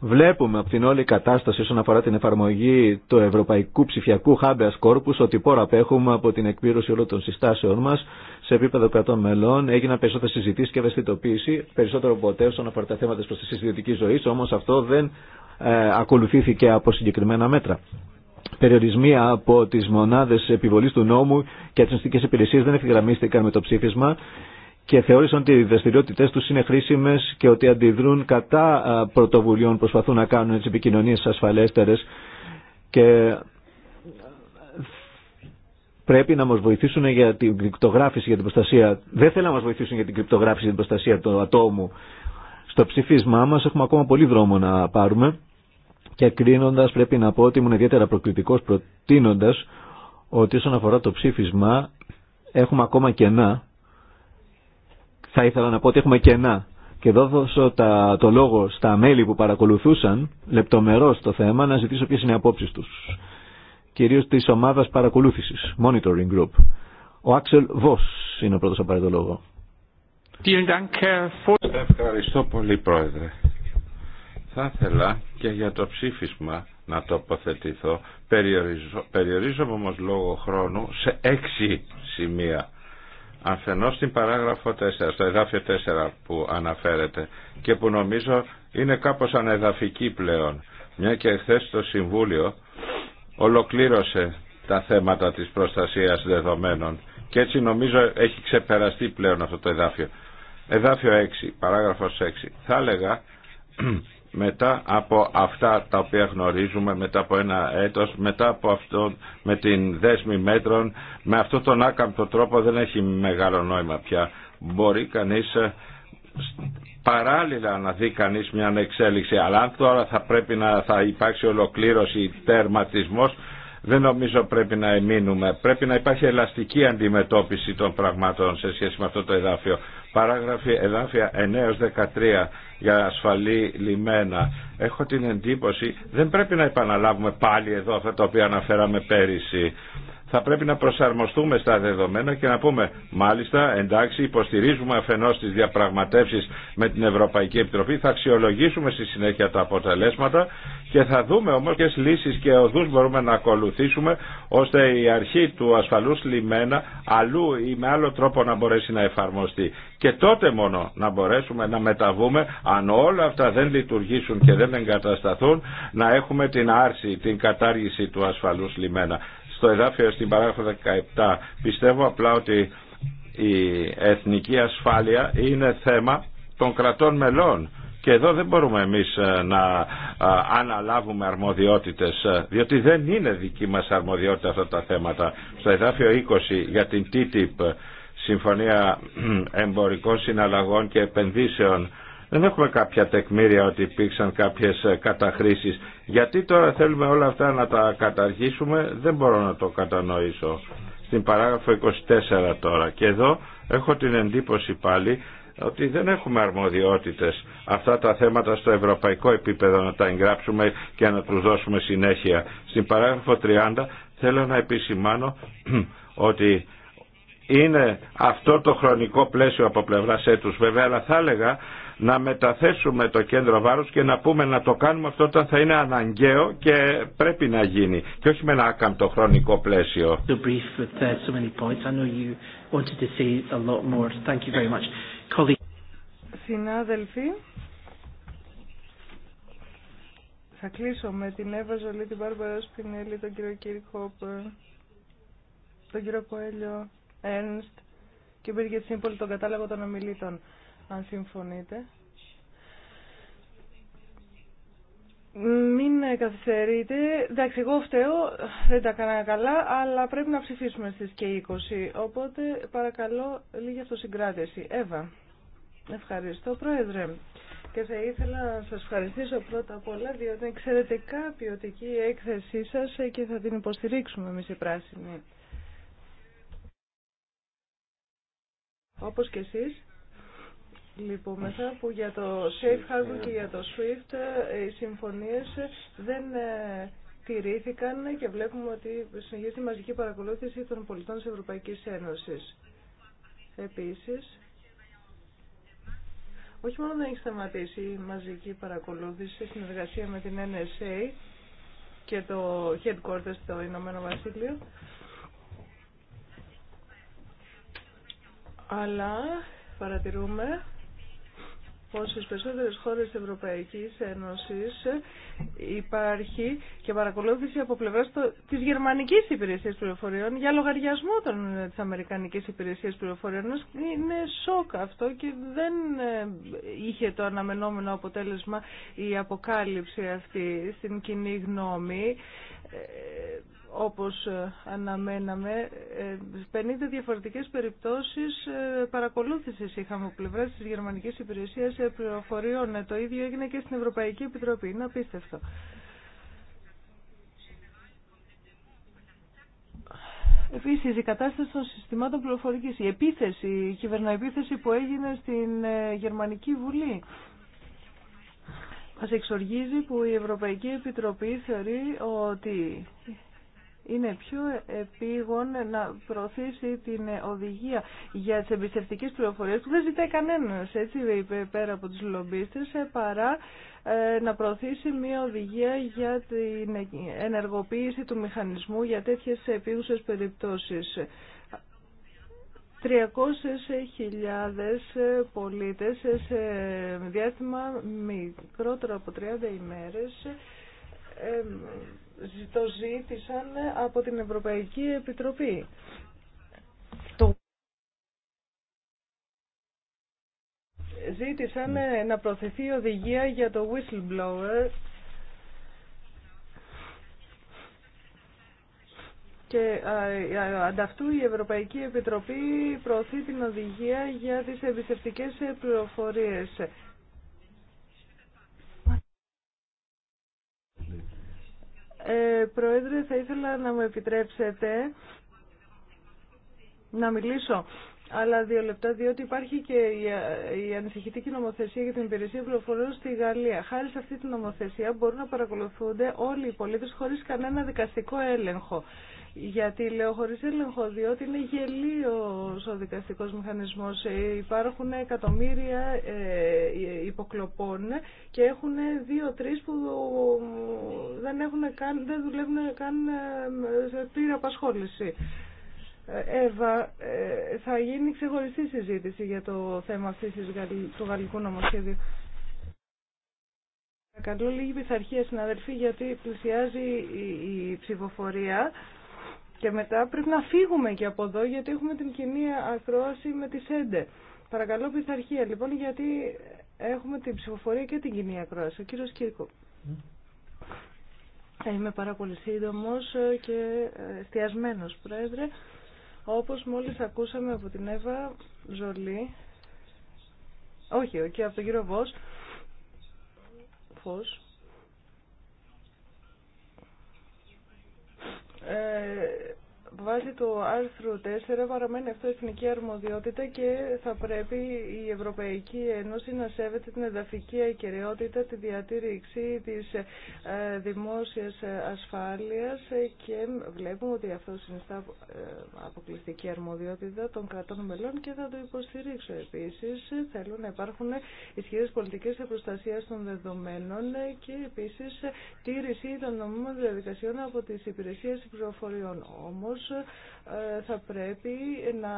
Βλέπουμε από την όλη κατάσταση όσον αφορά την εφαρμογή του Ευρωπαϊκού Ψηφιακού Χάμπεας Κόρπους ότι πόρα απέχουμε από την εκπλήρωση όλων των συστάσεων μας σε επίπεδο κρατών μελών έγιναν περισσότερε συζητήσει και ευαισθητοποίηση, περισσότερο ποτέ όσον αφορά τα θέματα τη προστασία ιδιωτική ζωή, όμω αυτό δεν ε, ακολουθήθηκε από συγκεκριμένα μέτρα. Περιορισμοί από τι μονάδε επιβολή του νόμου και τι αστικέ υπηρεσίε δεν ευθυγραμμίστηκαν με το ψήφισμα και θεώρησαν ότι οι δραστηριότητέ του είναι χρήσιμε και ότι αντιδρούν κατά ε, πρωτοβουλειών, προσπαθούν να κάνουν τι επικοινωνίε ασφαλέστερε και πρέπει να μα βοηθήσουν για την κρυπτογράφηση, για την προστασία. Δεν θέλουν να μα βοηθήσουν για την κρυπτογράφηση, για την προστασία του ατόμου. Στο ψηφίσμά μα έχουμε ακόμα πολύ δρόμο να πάρουμε και κρίνοντας πρέπει να πω ότι ήμουν ιδιαίτερα προκλητικός προτείνοντα ότι όσον αφορά το ψήφισμα έχουμε ακόμα κενά. Θα ήθελα να πω ότι έχουμε κενά και δώσω τα, το λόγο στα μέλη που παρακολουθούσαν λεπτομερώς το θέμα να ζητήσω ποιες είναι οι απόψεις τους κυρίως τη Ομάδα Παρακολούθηση Monitoring Group. Ο Άξελ Βο είναι ο πρώτος απαραίτητο λόγο. Ευχαριστώ πολύ Πρόεδρε. Θα ήθελα και για το ψήφισμα να τοποθετηθώ. Περιορίζω, περιορίζομαι όμως λόγω χρόνου σε έξι σημεία. Αφενό στην παράγραφο 4, στο εδάφιο 4 που αναφέρεται και που νομίζω είναι κάπως ανεδαφική πλέον. Μια και εχθές στο Συμβούλιο ολοκλήρωσε τα θέματα της προστασίας δεδομένων και έτσι νομίζω έχει ξεπεραστεί πλέον αυτό το εδάφιο. Εδάφιο 6, παράγραφος 6. Θα έλεγα μετά από αυτά τα οποία γνωρίζουμε μετά από ένα έτος, μετά από αυτό με την δέσμη μέτρων, με αυτόν τον άκαμπτο τρόπο δεν έχει μεγάλο νόημα πια. Μπορεί κανείς ε, παράλληλα να δει κανεί μια εξέλιξη. Αλλά αν τώρα θα πρέπει να θα υπάρξει ολοκλήρωση, τερματισμό, δεν νομίζω πρέπει να εμείνουμε. Πρέπει να υπάρχει ελαστική αντιμετώπιση των πραγμάτων σε σχέση με αυτό το εδάφιο. Παράγραφη εδάφια 9-13 για ασφαλή λιμένα. Έχω την εντύπωση, δεν πρέπει να επαναλάβουμε πάλι εδώ αυτά τα οποία αναφέραμε πέρυσι θα πρέπει να προσαρμοστούμε στα δεδομένα και να πούμε μάλιστα εντάξει υποστηρίζουμε αφενός τις διαπραγματεύσεις με την Ευρωπαϊκή Επιτροπή θα αξιολογήσουμε στη συνέχεια τα αποτελέσματα και θα δούμε όμως ποιες λύσεις και οδούς μπορούμε να ακολουθήσουμε ώστε η αρχή του ασφαλούς λιμένα αλλού ή με άλλο τρόπο να μπορέσει να εφαρμοστεί και τότε μόνο να μπορέσουμε να μεταβούμε αν όλα αυτά δεν λειτουργήσουν και δεν εγκατασταθούν να έχουμε την άρση, την κατάργηση του ασφαλούς λιμένα στο εδάφιο στην παράγραφο 17. Πιστεύω απλά ότι η εθνική ασφάλεια είναι θέμα των κρατών μελών. Και εδώ δεν μπορούμε εμείς ε, να ε, αναλάβουμε αρμοδιότητες, ε, διότι δεν είναι δική μας αρμοδιότητα αυτά τα θέματα. Στο εδάφιο 20 για την TTIP, Συμφωνία Εμπορικών Συναλλαγών και Επενδύσεων, δεν έχουμε κάποια τεκμήρια ότι υπήρξαν κάποιες ε, καταχρήσεις. Γιατί τώρα θέλουμε όλα αυτά να τα καταργήσουμε, δεν μπορώ να το κατανοήσω. Στην παράγραφο 24 τώρα και εδώ έχω την εντύπωση πάλι ότι δεν έχουμε αρμοδιότητες αυτά τα θέματα στο ευρωπαϊκό επίπεδο να τα εγγράψουμε και να τους δώσουμε συνέχεια. Στην παράγραφο 30 θέλω να επισημάνω ότι είναι αυτό το χρονικό πλαίσιο από πλευρά έτους βέβαια αλλά θα έλεγα να μεταθέσουμε το κέντρο βάρους και να πούμε να το κάνουμε αυτό όταν θα είναι αναγκαίο και πρέπει να γίνει και όχι με ένα άκαμπτο χρονικό πλαίσιο. Συνάδελφοι, θα κλείσω με την Εύα Ζολή, την Μπάρμπαρα Σπινέλη, τον κύριο Χόπερ, τον κύριο Κοέλιο, Έρνστ και μπήκε σύμβολη τον κατάλογο των ομιλήτων αν συμφωνείτε. Μην καθυστερείτε. Εντάξει, εγώ φταίω, δεν τα έκανα καλά, αλλά πρέπει να ψηφίσουμε στις και 20. Οπότε παρακαλώ λίγη αυτοσυγκράτηση. Εύα, ευχαριστώ Πρόεδρε. Και θα ήθελα να σας ευχαριστήσω πρώτα απ' όλα, διότι είναι εξαιρετικά ποιοτική η έκθεσή σας και θα την υποστηρίξουμε εμείς οι πράσινοι. Όπως και εσείς. Λυπούμεθα που για το Safe Harbor και για το SWIFT ε, οι συμφωνίες ε, δεν ε, τηρήθηκαν και βλέπουμε ότι συνεχίζεται η μαζική παρακολούθηση των πολιτών της Ευρωπαϊκής Ένωσης. Επίσης, όχι μόνο δεν έχει σταματήσει η μαζική παρακολούθηση σε συνεργασία με την NSA και το headquarters στο Ηνωμένο Βασίλειο, αλλά παρατηρούμε πως στις περισσότερες χώρες τη Ευρωπαϊκής Ένωσης υπάρχει και παρακολούθηση από πλευράς της Γερμανικής Υπηρεσίας Πληροφοριών για λογαριασμό των, Αμερικανική Αμερικανικής Υπηρεσίας Πληροφοριών. Είναι σοκ αυτό και δεν ε, είχε το αναμενόμενο αποτέλεσμα η αποκάλυψη αυτή στην κοινή γνώμη. Ε, όπως ε, αναμέναμε. 50 ε, διαφορετικές περιπτώσεις ε, παρακολούθησης είχαμε από πλευρά της Γερμανικής Υπηρεσίας Πληροφοριών. Το ίδιο έγινε και στην Ευρωπαϊκή Επιτροπή. Είναι απίστευτο. Επίση, η κατάσταση των συστημάτων πληροφορική, η επίθεση, η κυβερνοεπίθεση που έγινε στην Γερμανική Βουλή. Μα εξοργίζει που η Ευρωπαϊκή Επιτροπή θεωρεί ότι είναι πιο επίγον να προωθήσει την οδηγία για τι εμπιστευτικέ πληροφορίες που δεν ζητάει κανένα έτσι, πέρα από του λομπίστε, παρά ε, να προωθήσει μια οδηγία για την ενεργοποίηση του μηχανισμού για τέτοιε επίγουσε περιπτώσει. 300.000 πολίτες σε διάστημα μικρότερο από 30 ημέρες ε, το ζήτησαν από την Ευρωπαϊκή Επιτροπή. Ζήτησαν να προωθηθεί οδηγία για το whistleblower και ανταυτού η Ευρωπαϊκή Επιτροπή προωθεί την οδηγία για τις εμπιστευτικές πληροφορίες. Ε, Πρόεδρε, θα ήθελα να μου επιτρέψετε να μιλήσω αλλά δύο λεπτά, διότι υπάρχει και η ανησυχητική νομοθεσία για την υπηρεσία πληροφοριών στη Γαλλία. Χάρη σε αυτή τη νομοθεσία μπορούν να παρακολουθούνται όλοι οι πολίτες χωρίς κανένα δικαστικό έλεγχο. Γιατί λέω χωρίς έλεγχο, διότι είναι γελίο ο δικαστικός μηχανισμός. Ε, υπάρχουν εκατομμύρια ε, υποκλοπών και έχουν τρει που δεν, καν, δεν δουλεύουν καν ε, σε πλήρη απασχόληση. Εύα, ε, θα γίνει ξεχωριστή συζήτηση για το θέμα αυτής του γαλλικού νομοσχέδιου. Καλώ λίγη πειθαρχία, συναδελφοί, γιατί πλησιάζει η ψηφοφορία και μετά πρέπει να φύγουμε και από εδώ γιατί έχουμε την κοινή ακρόαση με τη ΣΕΝΤΕ. Παρακαλώ πειθαρχία, λοιπόν, γιατί έχουμε την ψηφοφορία και την κοινή ακρόαση. Ο κύριος Κύρκο. είμαι πάρα πολύ και ε, εστιασμένος, Πρόεδρε. Όπως μόλις ακούσαμε από την Εύα Ζολή, όχι, όχι, από τον κύριο Βος, Φως, ε, Βάσει του άρθρου 4 παραμένει αυτό εθνική αρμοδιότητα και θα πρέπει η Ευρωπαϊκή Ένωση να σέβεται την εδαφική ακαιρεότητα, τη διατήρηξη της ε, δημόσιας ε, ασφάλειας και βλέπουμε ότι αυτό συνιστά ε, αποκλειστική αρμοδιότητα των κρατών μελών και θα το υποστηρίξω επίσης. Θέλω να υπάρχουν ισχυρές πολιτικές προστασίας των δεδομένων και επίσης τήρηση των νομίμων διαδικασιών από τις υπηρεσίες πληροφοριών. Όμως ε, θα πρέπει να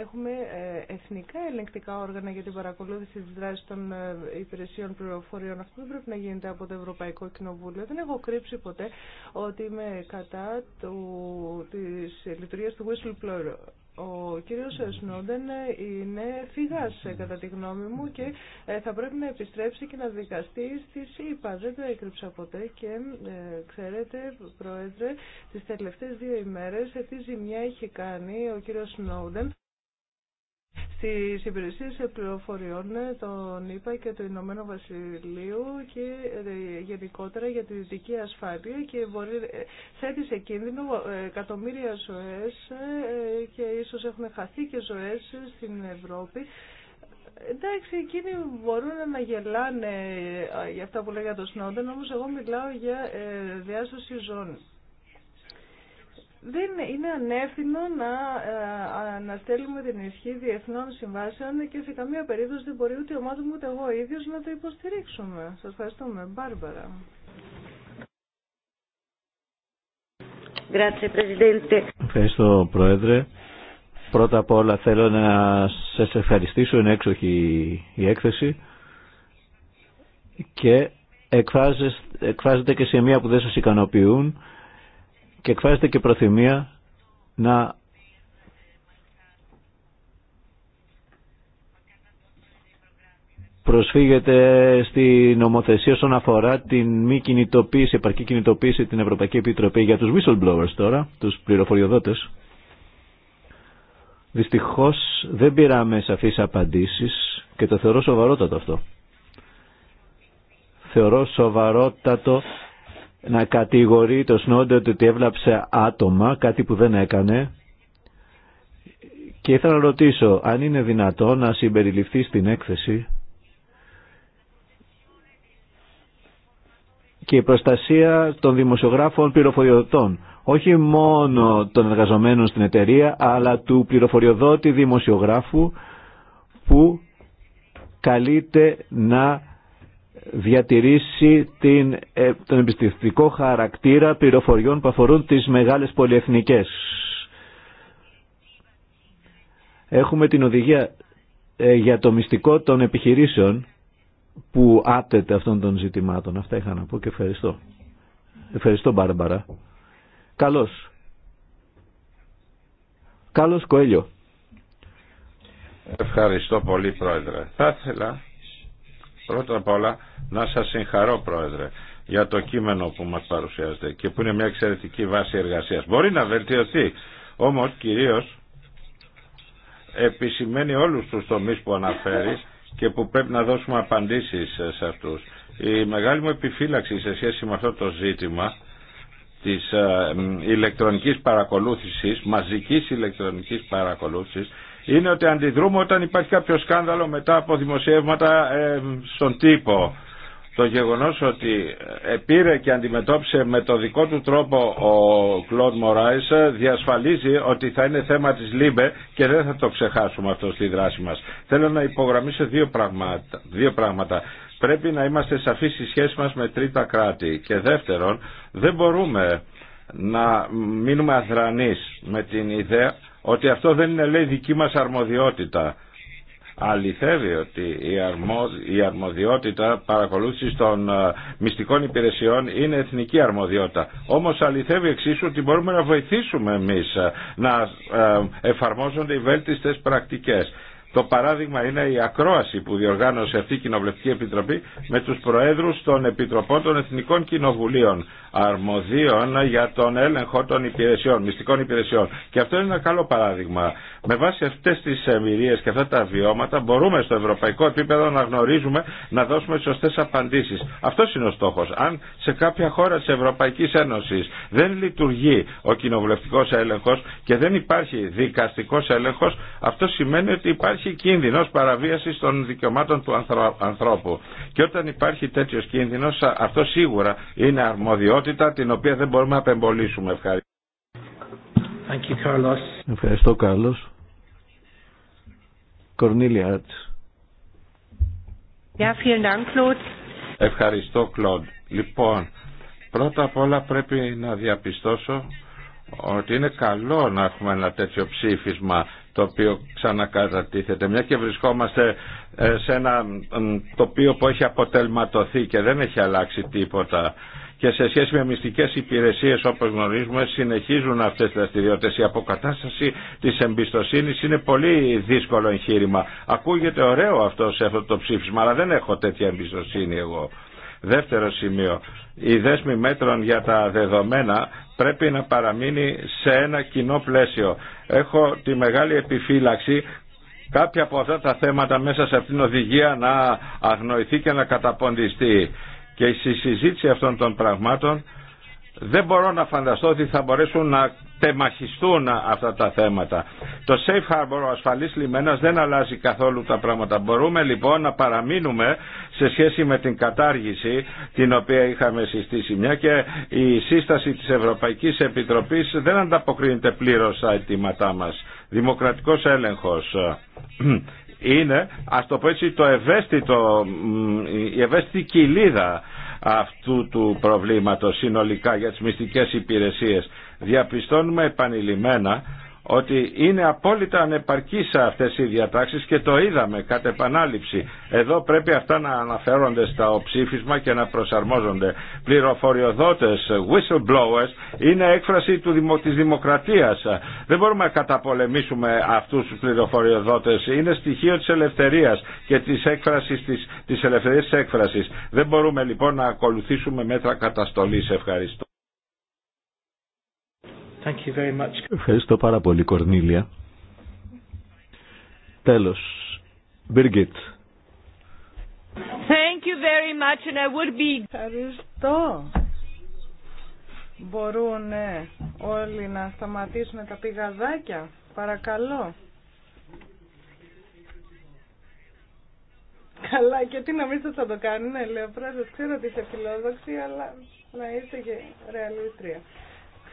έχουμε ε, εθνικά ελεγκτικά όργανα για την παρακολούθηση της δράσης των ε, υπηρεσιών πληροφοριών. Αυτό δεν πρέπει να γίνεται από το Ευρωπαϊκό Κοινοβούλιο. Δεν έχω κρύψει ποτέ ότι είμαι κατά του, της λειτουργίας του whistleblower ο κύριος Σνόντεν είναι φυγάς ε, κατά τη γνώμη μου και ε, θα πρέπει να επιστρέψει και να δικαστεί στη ΣΥΠΑ. Δεν το έκρυψα ποτέ και ε, ξέρετε, Πρόεδρε, τις τελευταίες δύο ημέρες τι ζημιά έχει κάνει ο κύριος Σνόντεν Στι υπηρεσίες πληροφοριών ε, τον ΗΠΑ και του Ηνωμένου Βασιλείου και ε, γενικότερα για τη δυτική ασφάλεια και μπορεί, ε, θέτει σε κίνδυνο εκατομμύρια ζωέ και ίσως έχουν χαθεί και ζωές στην Ευρώπη. Εντάξει, εκείνοι μπορούν να γελάνε για αυτά που λέγεται ο Σνόντεν, όμως εγώ μιλάω για διάσωση ζώνης δεν είναι ανεύθυνο να ε, στέλνουμε την ισχύ διεθνών συμβάσεων και σε καμία περίπτωση δεν μπορεί ούτε η ομάδα μου ούτε εγώ ίδιο να το υποστηρίξουμε. Σα ευχαριστούμε. Μπάρμπαρα. Ευχαριστώ Πρόεδρε. Πρώτα απ' όλα θέλω να σας ευχαριστήσω, είναι έξοχη η έκθεση και εκφράζεται και σε μία που δεν σας ικανοποιούν και εκφράζεται και προθυμία να προσφύγεται στη νομοθεσία όσον αφορά την μη κινητοποίηση, επαρκή κινητοποίηση την Ευρωπαϊκή Επιτροπή για τους whistleblowers τώρα, τους πληροφοριοδότες. Δυστυχώς δεν πήραμε σαφείς απαντήσεις και το θεωρώ σοβαρότατο αυτό. Θεωρώ σοβαρότατο να κατηγορεί το Σνόντερ ότι έβλαψε άτομα, κάτι που δεν έκανε. Και ήθελα να ρωτήσω αν είναι δυνατό να συμπεριληφθεί στην έκθεση και η προστασία των δημοσιογράφων πληροφοριοδοτών. Όχι μόνο των εργαζομένων στην εταιρεία, αλλά του πληροφοριοδότη δημοσιογράφου που καλείται να διατηρήσει την, ε, τον εμπιστευτικό χαρακτήρα πληροφοριών που αφορούν τις μεγάλες πολυεθνικές. Έχουμε την οδηγία ε, για το μυστικό των επιχειρήσεων που άπτεται αυτών των ζητημάτων. Αυτά είχα να πω και ευχαριστώ. Ευχαριστώ Μπάρμπαρα. Καλώς. Καλώς Κοέλιο. Ευχαριστώ πολύ πρόεδρε. Θα ήθελα Πρώτα απ' όλα να σας συγχαρώ Πρόεδρε για το κείμενο που μας παρουσιάζετε και που είναι μια εξαιρετική βάση εργασίας. Μπορεί να βελτιωθεί, όμως κυρίως επισημαίνει όλους τους τομείς που αναφέρεις και που πρέπει να δώσουμε απαντήσεις σε αυτούς. Η μεγάλη μου επιφύλαξη σε σχέση με αυτό το ζήτημα της ε, ηλεκτρονικής παρακολούθησης, μαζικής ηλεκτρονικής παρακολούθησης, είναι ότι αντιδρούμε όταν υπάρχει κάποιο σκάνδαλο μετά από δημοσιεύματα ε, στον τύπο. Το γεγονός ότι ε, επήρε και αντιμετώπισε με το δικό του τρόπο ο Κλοντ Μωράης ε, διασφαλίζει ότι θα είναι θέμα της ΛΥΜΠΕ και δεν θα το ξεχάσουμε αυτό στη δράση μας. Θέλω να υπογραμμίσω δύο πράγματα. Δύο πράγματα. Πρέπει να είμαστε σαφείς στη σχέση μας με τρίτα κράτη. Και δεύτερον, δεν μπορούμε να μείνουμε αδρανείς με την ιδέα ότι αυτό δεν είναι λέει δική μας αρμοδιότητα. Αληθεύει ότι η αρμοδιότητα παρακολούθησης των ε, μυστικών υπηρεσιών είναι εθνική αρμοδιότητα. Όμως αληθεύει εξίσου ότι μπορούμε να βοηθήσουμε εμείς ε, να ε, εφαρμόζονται οι βέλτιστες πρακτικές. Το παράδειγμα είναι η ακρόαση που διοργάνωσε αυτή η Κοινοβουλευτική Επιτροπή με τους Προέδρους των Επιτροπών των Εθνικών Κοινοβουλίων αρμοδίων για τον έλεγχο των υπηρεσιών, μυστικών υπηρεσιών. Και αυτό είναι ένα καλό παράδειγμα. Με βάση αυτές τις εμπειρίες και αυτά τα βιώματα μπορούμε στο ευρωπαϊκό επίπεδο να γνωρίζουμε, να δώσουμε τις σωστές απαντήσεις. Αυτός είναι ο στόχος. Αν σε κάποια χώρα της Ευρωπαϊκής Ένωσης δεν λειτουργεί ο κοινοβουλευτικός έλεγχος και δεν υπάρχει δικαστικός έλεγχος, αυτό σημαίνει ότι υπάρχει υπάρχει κίνδυνος παραβίαση των δικαιωμάτων του ανθρώπου. Και όταν υπάρχει τέτοιος κίνδυνος, αυτό σίγουρα είναι αρμοδιότητα την οποία δεν μπορούμε να απεμπολίσουμε. Ευχαριστώ. Ευχαριστώ, Κάρλος. Κορνίλια Ευχαριστώ, Κλοντ. Λοιπόν, πρώτα απ' όλα πρέπει να διαπιστώσω ότι είναι καλό να έχουμε ένα τέτοιο ψήφισμα το οποίο ξανακατατίθεται. Μια και βρισκόμαστε ε, σε ένα τοπίο που έχει αποτελματωθεί και δεν έχει αλλάξει τίποτα και σε σχέση με μυστικές υπηρεσίες όπως γνωρίζουμε συνεχίζουν αυτές τις δραστηριότητες. Η αποκατάσταση της εμπιστοσύνης είναι πολύ δύσκολο εγχείρημα. Ακούγεται ωραίο αυτό σε αυτό το ψήφισμα αλλά δεν έχω τέτοια εμπιστοσύνη εγώ. Δεύτερο σημείο, οι δέσμοι μέτρων για τα δεδομένα πρέπει να παραμείνει σε ένα κοινό πλαίσιο. Έχω τη μεγάλη επιφύλαξη κάποια από αυτά τα θέματα μέσα σε αυτήν την οδηγία να αγνοηθεί και να καταποντιστεί. Και στη συζήτηση αυτών των πραγμάτων δεν μπορώ να φανταστώ ότι θα μπορέσουν να τεμαχιστούν αυτά τα θέματα. Το safe harbor, ο ασφαλής λιμένας, δεν αλλάζει καθόλου τα πράγματα. Μπορούμε λοιπόν να παραμείνουμε σε σχέση με την κατάργηση την οποία είχαμε συστήσει μια και η σύσταση της Ευρωπαϊκής Επιτροπής δεν ανταποκρίνεται πλήρως στα αιτήματά μας. Δημοκρατικός έλεγχος είναι, ας το πω έτσι, το ευαίσθητο, η ευαίσθητη κοιλίδα αυτού του προβλήματος συνολικά για τις μυστικές υπηρεσίες. Διαπιστώνουμε επανειλημμένα ότι είναι απόλυτα σε αυτές οι διατάξεις και το είδαμε κατ' επανάληψη. Εδώ πρέπει αυτά να αναφέρονται στα ψήφισμα και να προσαρμόζονται. Πληροφοριοδότες, whistleblowers, είναι έκφραση του, της δημοκρατίας. Δεν μπορούμε να καταπολεμήσουμε αυτούς τους πληροφοριοδότες. Είναι στοιχείο της ελευθερίας και της, έκφρασης, της, της ελευθερίας έκφρασης. Δεν μπορούμε λοιπόν να ακολουθήσουμε μέτρα καταστολής. Ευχαριστώ. Ευχαριστώ πάρα πολύ, Κορνίλια. Τέλος, Birgit. Ευχαριστώ. Μπορούν όλοι να σταματήσουν τα πηγαδάκια. Παρακαλώ. Καλά, και τι να μην θα το κάνει, ναι, λέω πρόεδρος, ξέρω ότι είσαι φιλόδοξη, αλλά να είστε και ρεαλίστρια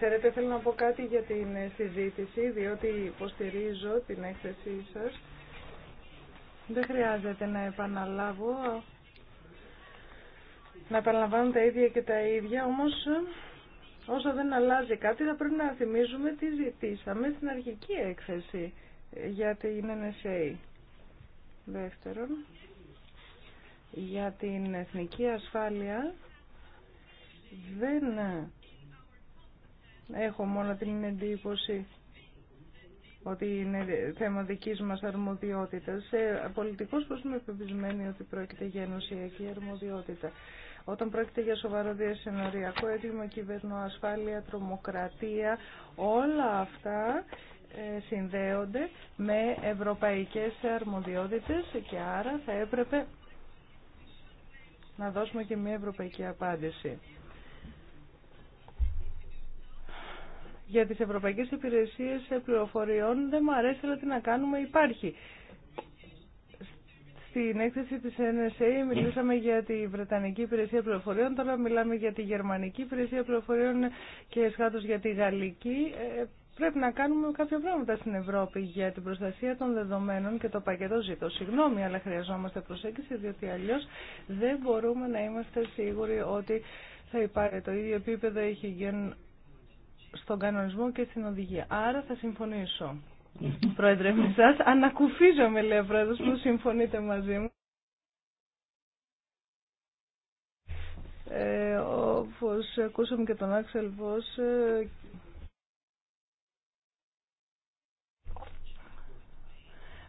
ξέρετε θέλω να πω κάτι για την ε, συζήτηση, διότι υποστηρίζω την έκθεσή σας. Δεν χρειάζεται να επαναλάβω, να επαναλαμβάνω τα ίδια και τα ίδια, όμως ε, όσο δεν αλλάζει κάτι θα πρέπει να θυμίζουμε τι ζητήσαμε στην αρχική έκθεση ε, για την NSA. Δεύτερον, για την εθνική ασφάλεια δεν Έχω μόνο την εντύπωση ότι είναι θέμα δικής μας αρμοδιότητας. Σε πολιτικούς πώς είμαι επιβεβαισμένη ότι πρόκειται για ενωσιακή αρμοδιότητα. Όταν πρόκειται για σοβαρό διασυνοριακό κυβερνό, ασφάλεια, τρομοκρατία, όλα αυτά ε, συνδέονται με ευρωπαϊκές αρμοδιότητες και άρα θα έπρεπε να δώσουμε και μια ευρωπαϊκή απάντηση. για τις ευρωπαϊκές υπηρεσίες πληροφοριών δεν μου αρέσει αλλά τι να κάνουμε υπάρχει. Στην έκθεση της NSA μιλήσαμε για τη Βρετανική Υπηρεσία Πληροφοριών, τώρα μιλάμε για τη Γερμανική Υπηρεσία Πληροφοριών και σχάτως για τη Γαλλική. Ε, πρέπει να κάνουμε κάποια πράγματα στην Ευρώπη για την προστασία των δεδομένων και το πακέτο ζήτω. Συγγνώμη, αλλά χρειαζόμαστε προσέγγιση, διότι αλλιώ δεν μπορούμε να είμαστε σίγουροι ότι θα υπάρχει το ίδιο επίπεδο στον κανονισμό και στην οδηγία. Άρα θα συμφωνήσω. Πρόεδρε, με εσά ανακουφίζομαι, λέει ο πρόεδρο, που συμφωνείτε μαζί μου. Ε, όπως ακούσαμε και τον Άξελ Βος, ε,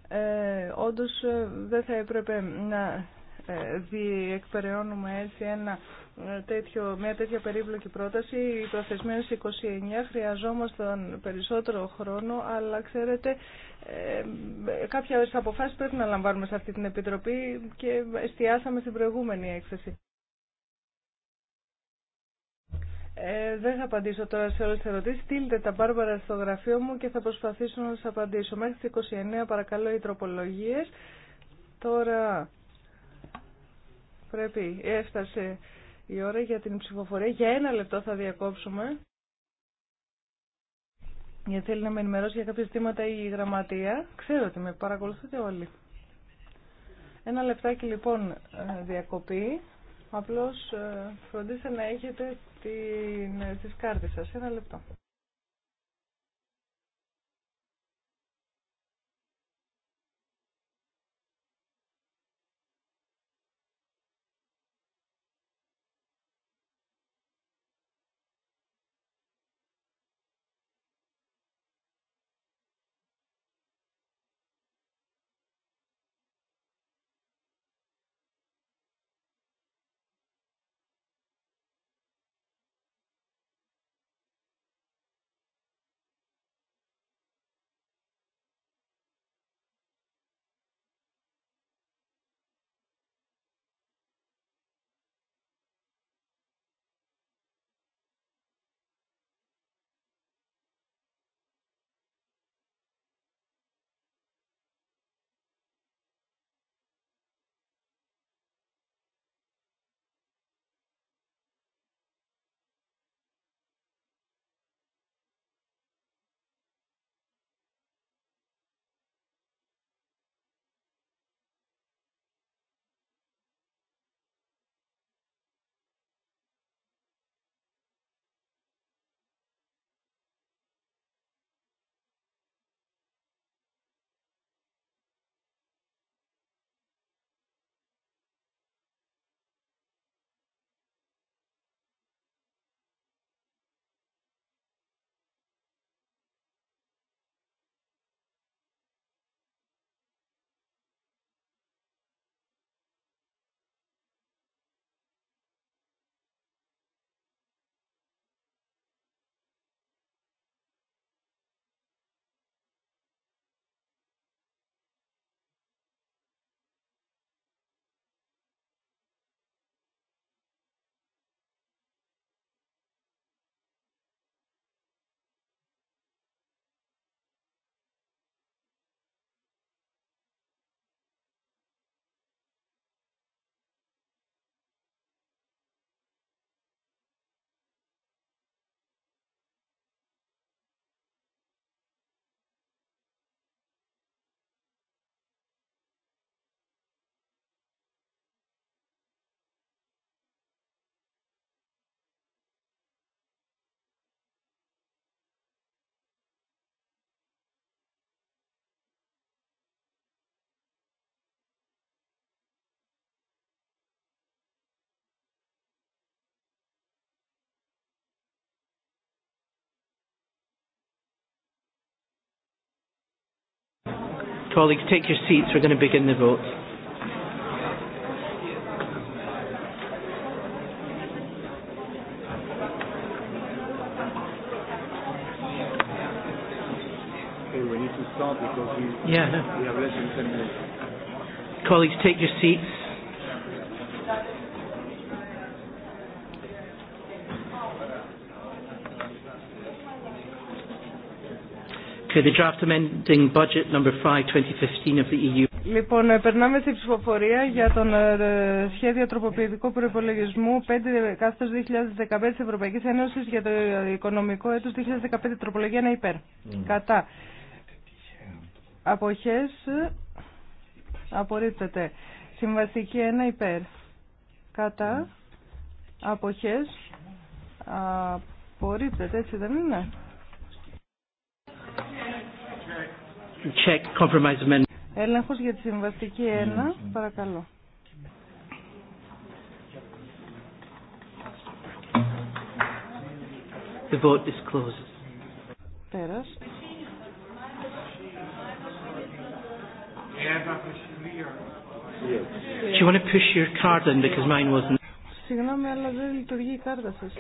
ε όντως ε, δεν θα έπρεπε να ε, διεκπεραιώνουμε έτσι ένα ε, τέτοιο, μια τέτοια περίπλοκη πρόταση. Η προθεσμία 29 χρειαζόμαστε περισσότερο χρόνο, αλλά ξέρετε ε, κάποιες αποφάσεις πρέπει να λαμβάνουμε σε αυτή την Επιτροπή και εστιάσαμε στην προηγούμενη έκθεση. Ε, δεν θα απαντήσω τώρα σε όλες τις ερωτήσεις. Στείλτε τα Μπάρμπαρα στο γραφείο μου και θα προσπαθήσω να σας απαντήσω. Μέχρι τις 29 παρακαλώ οι τροπολογίες. Τώρα πρέπει. Έφτασε η ώρα για την ψηφοφορία. Για ένα λεπτό θα διακόψουμε. Γιατί θέλει να με ενημερώσει για κάποια ζητήματα η γραμματεία. Ξέρω ότι με παρακολουθείτε όλοι. Ένα λεπτάκι λοιπόν ε, διακοπή. Απλώς ε, φροντίστε να έχετε την, ε, τις κάρτες σας. Ένα λεπτό. Colleagues, take your seats. We're going to begin the vote. Okay, we need to start because we, yeah, no. we have less than 10 minutes. Colleagues, take your seats. the draft amending budget number 5 2015 of the EU. Λοιπόν, ε, περνάμε στην ψηφοφορία για τον ε, ε, σχέδιο τροποποιητικού προπολογισμού 5 2015 της Ευρωπαϊκής Ένωσης για το οικονομικό έτος 2015 τροπολογία να υπέρ. Mm. Κατά. Αποχές απορρίπτεται. Συμβαστική ένα υπέρ. Κατά. Mm. Αποχές απορρίπτεται, έτσι δεν είναι. check compromise amendment. Έλεγχος για τη συμβαστική 1, παρακαλώ. The vote is closed. Τέρας. Do you want to push your card in because mine wasn't. Συγγνώμη, αλλά δεν λειτουργεί η κάρτα σας.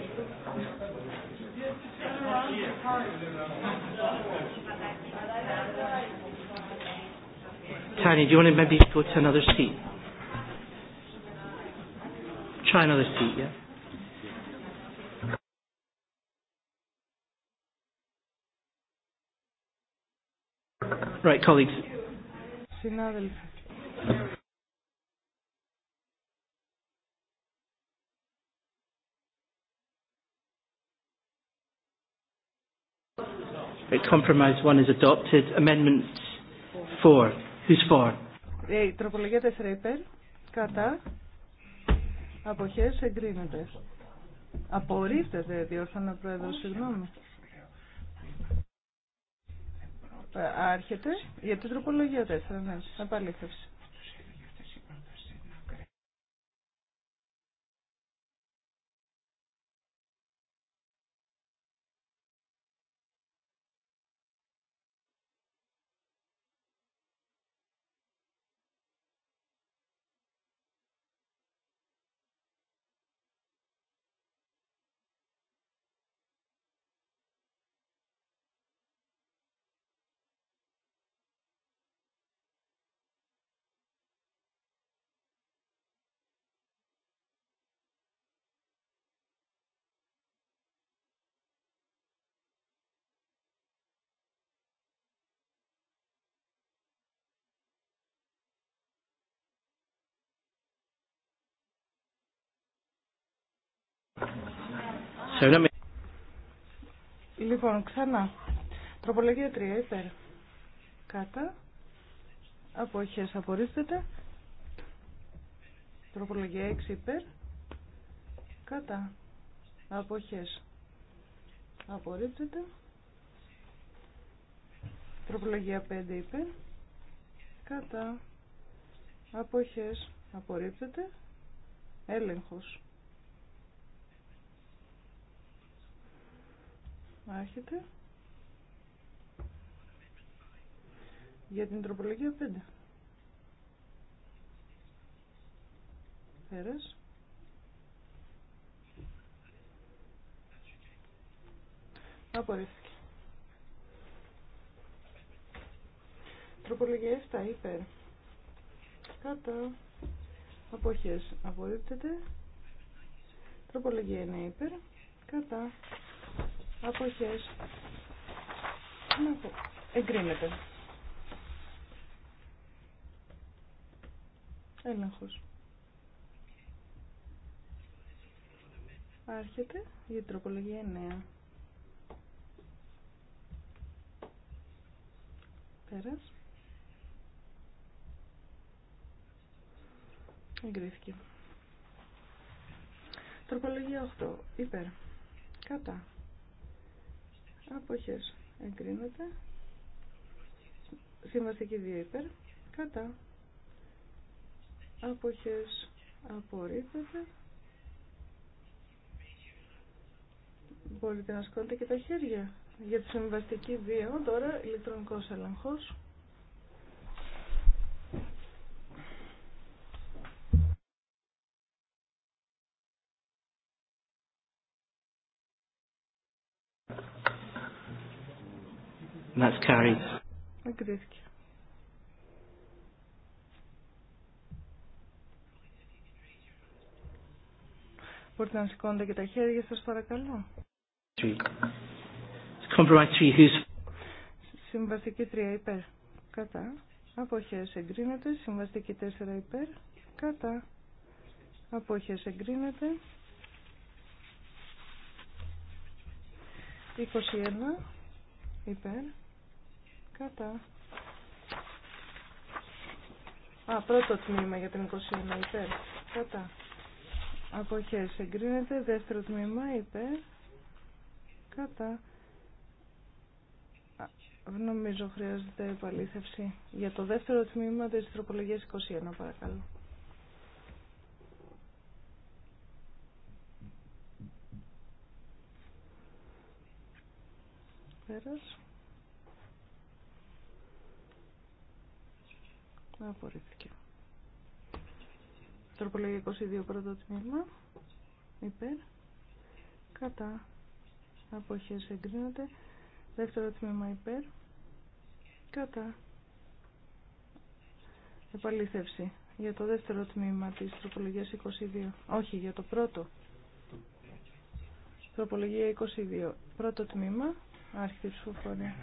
Tanya, do you want to maybe go to another seat? Try another seat, yeah? Right, colleagues. compromise one is adopted. Amendment four. Who's for? Ε, η τροπολογία 4 υπέρ. Κατά. Αποχές εγκρίνεται. Απορρίπτεται, διόρθωνα πρόεδρο, συγγνώμη. Ε, άρχεται για την τροπολογία 4, ναι, επαλήθευση. Λοιπόν, ξανά. Τροπολογία 3, υπέρ. Κάτα. Αποχές απορρίπτεται. Τροπολογία 6, υπέρ. Κάτα. Αποχές απορρίπτεται. Τροπολογία 5, υπέρ. Κάτα. Αποχές απορρίπτεται. Έλεγχος. Άρχεται. Για την τροπολογία 5. Πέρας. Απορρίφθηκε. Τροπολογία 7 υπέρ. Κατά. Αποχές. Απορρίπτεται. Τροπολογία 9 υπέρ. Κατά αποχές εγκρίνεται. Έλεγχος. Άρχεται η τροπολογία 9. Πέρας. Εγκρίθηκε. Τροπολογία 8. Υπέρ. Κατά. Αποχές. Εγκρίνεται. Συμβαστική 2 υπέρ. Κατά. Αποχές. Απορρίπτεται. Μπορείτε να σκόνετε και τα χέρια. Για τη συμβαστική 2 τώρα ηλεκτρονικός έλεγχος. That's Εγκρίθηκε. Μπορείτε να σηκώνετε και τα χέρια σας παρακαλώ. Συμβαστική 3 υπέρ. Κατά. Αποχές εγκρίνεται. Συμβαστική 4 υπέρ. Κατά. Αποχές εγκρίνεται. 21 υπέρ. Κατά. Α, πρώτο τμήμα για την 21 υπέρ. Κατά. Αποχές εγκρίνεται. Δεύτερο τμήμα υπέρ. Κατά. νομίζω χρειάζεται επαλήθευση. Για το δεύτερο τμήμα της τροπολογίας 21 παρακαλώ. Πέρασε. απορρίφθηκε. Τροπολογία 22 πρώτο τμήμα. Υπέρ. Κατά. Αποχές εγκρίνονται. Δεύτερο τμήμα υπέρ. Κατά. Επαλήθευση. Για το δεύτερο τμήμα της τροπολογίας 22. Όχι, για το πρώτο. Τροπολογία 22. Πρώτο τμήμα. Άρχιτη ψηφοφορία.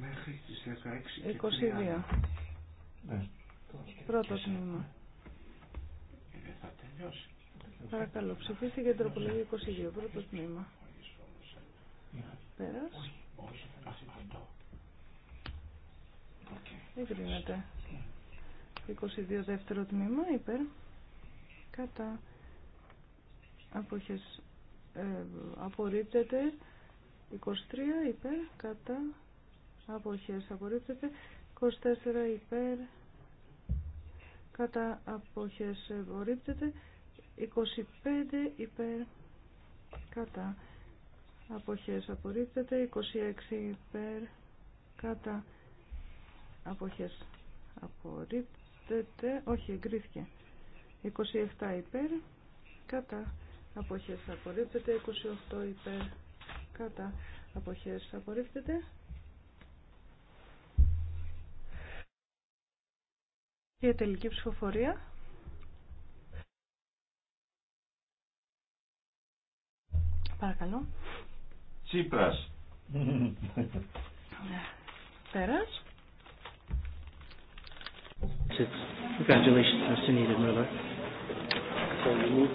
Μέχρι τις 16 22. Ναι. Πρώτο τμήμα. Ε, Παρακαλώ, ψηφίστε για τροπολογία 22, πρώτο τμήμα. Πέρας. Εγκρίνεται. 22 δεύτερο τμήμα, υπέρ. Κατά. Αποχές. Ε, απορρίπτεται. 23 υπέρ. Κατά. Αποχές. Απορρίπτεται. 24 υπέρ κατά αποχές απορρίπτεται 25 υπέρ κατά αποχές απορρίπτεται 26 υπέρ κατά αποχές απορρίπτεται όχι εγκρίθηκε 27 υπέρ κατά αποχές απορρίπτεται 28 υπέρ κατά αποχές απορρίπτεται Για τελική ψηφοφορία. Παρακαλώ. Τσίπρας. Πέρας. Congratulations, Mr. we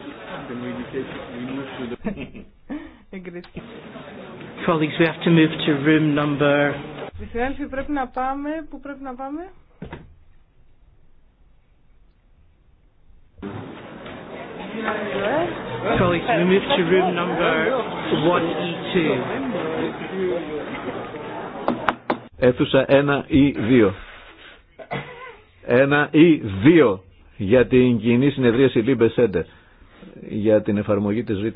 have to move to room number... πρέπει να πάμε. Πού πρέπει να πάμε? Colleagues, we move to room number 1E2. E Αίθουσα 1 ή 2. 1 ή 2 για την κοινή συνεδρίαση Λίμπε Σέντερ για την εφαρμογή της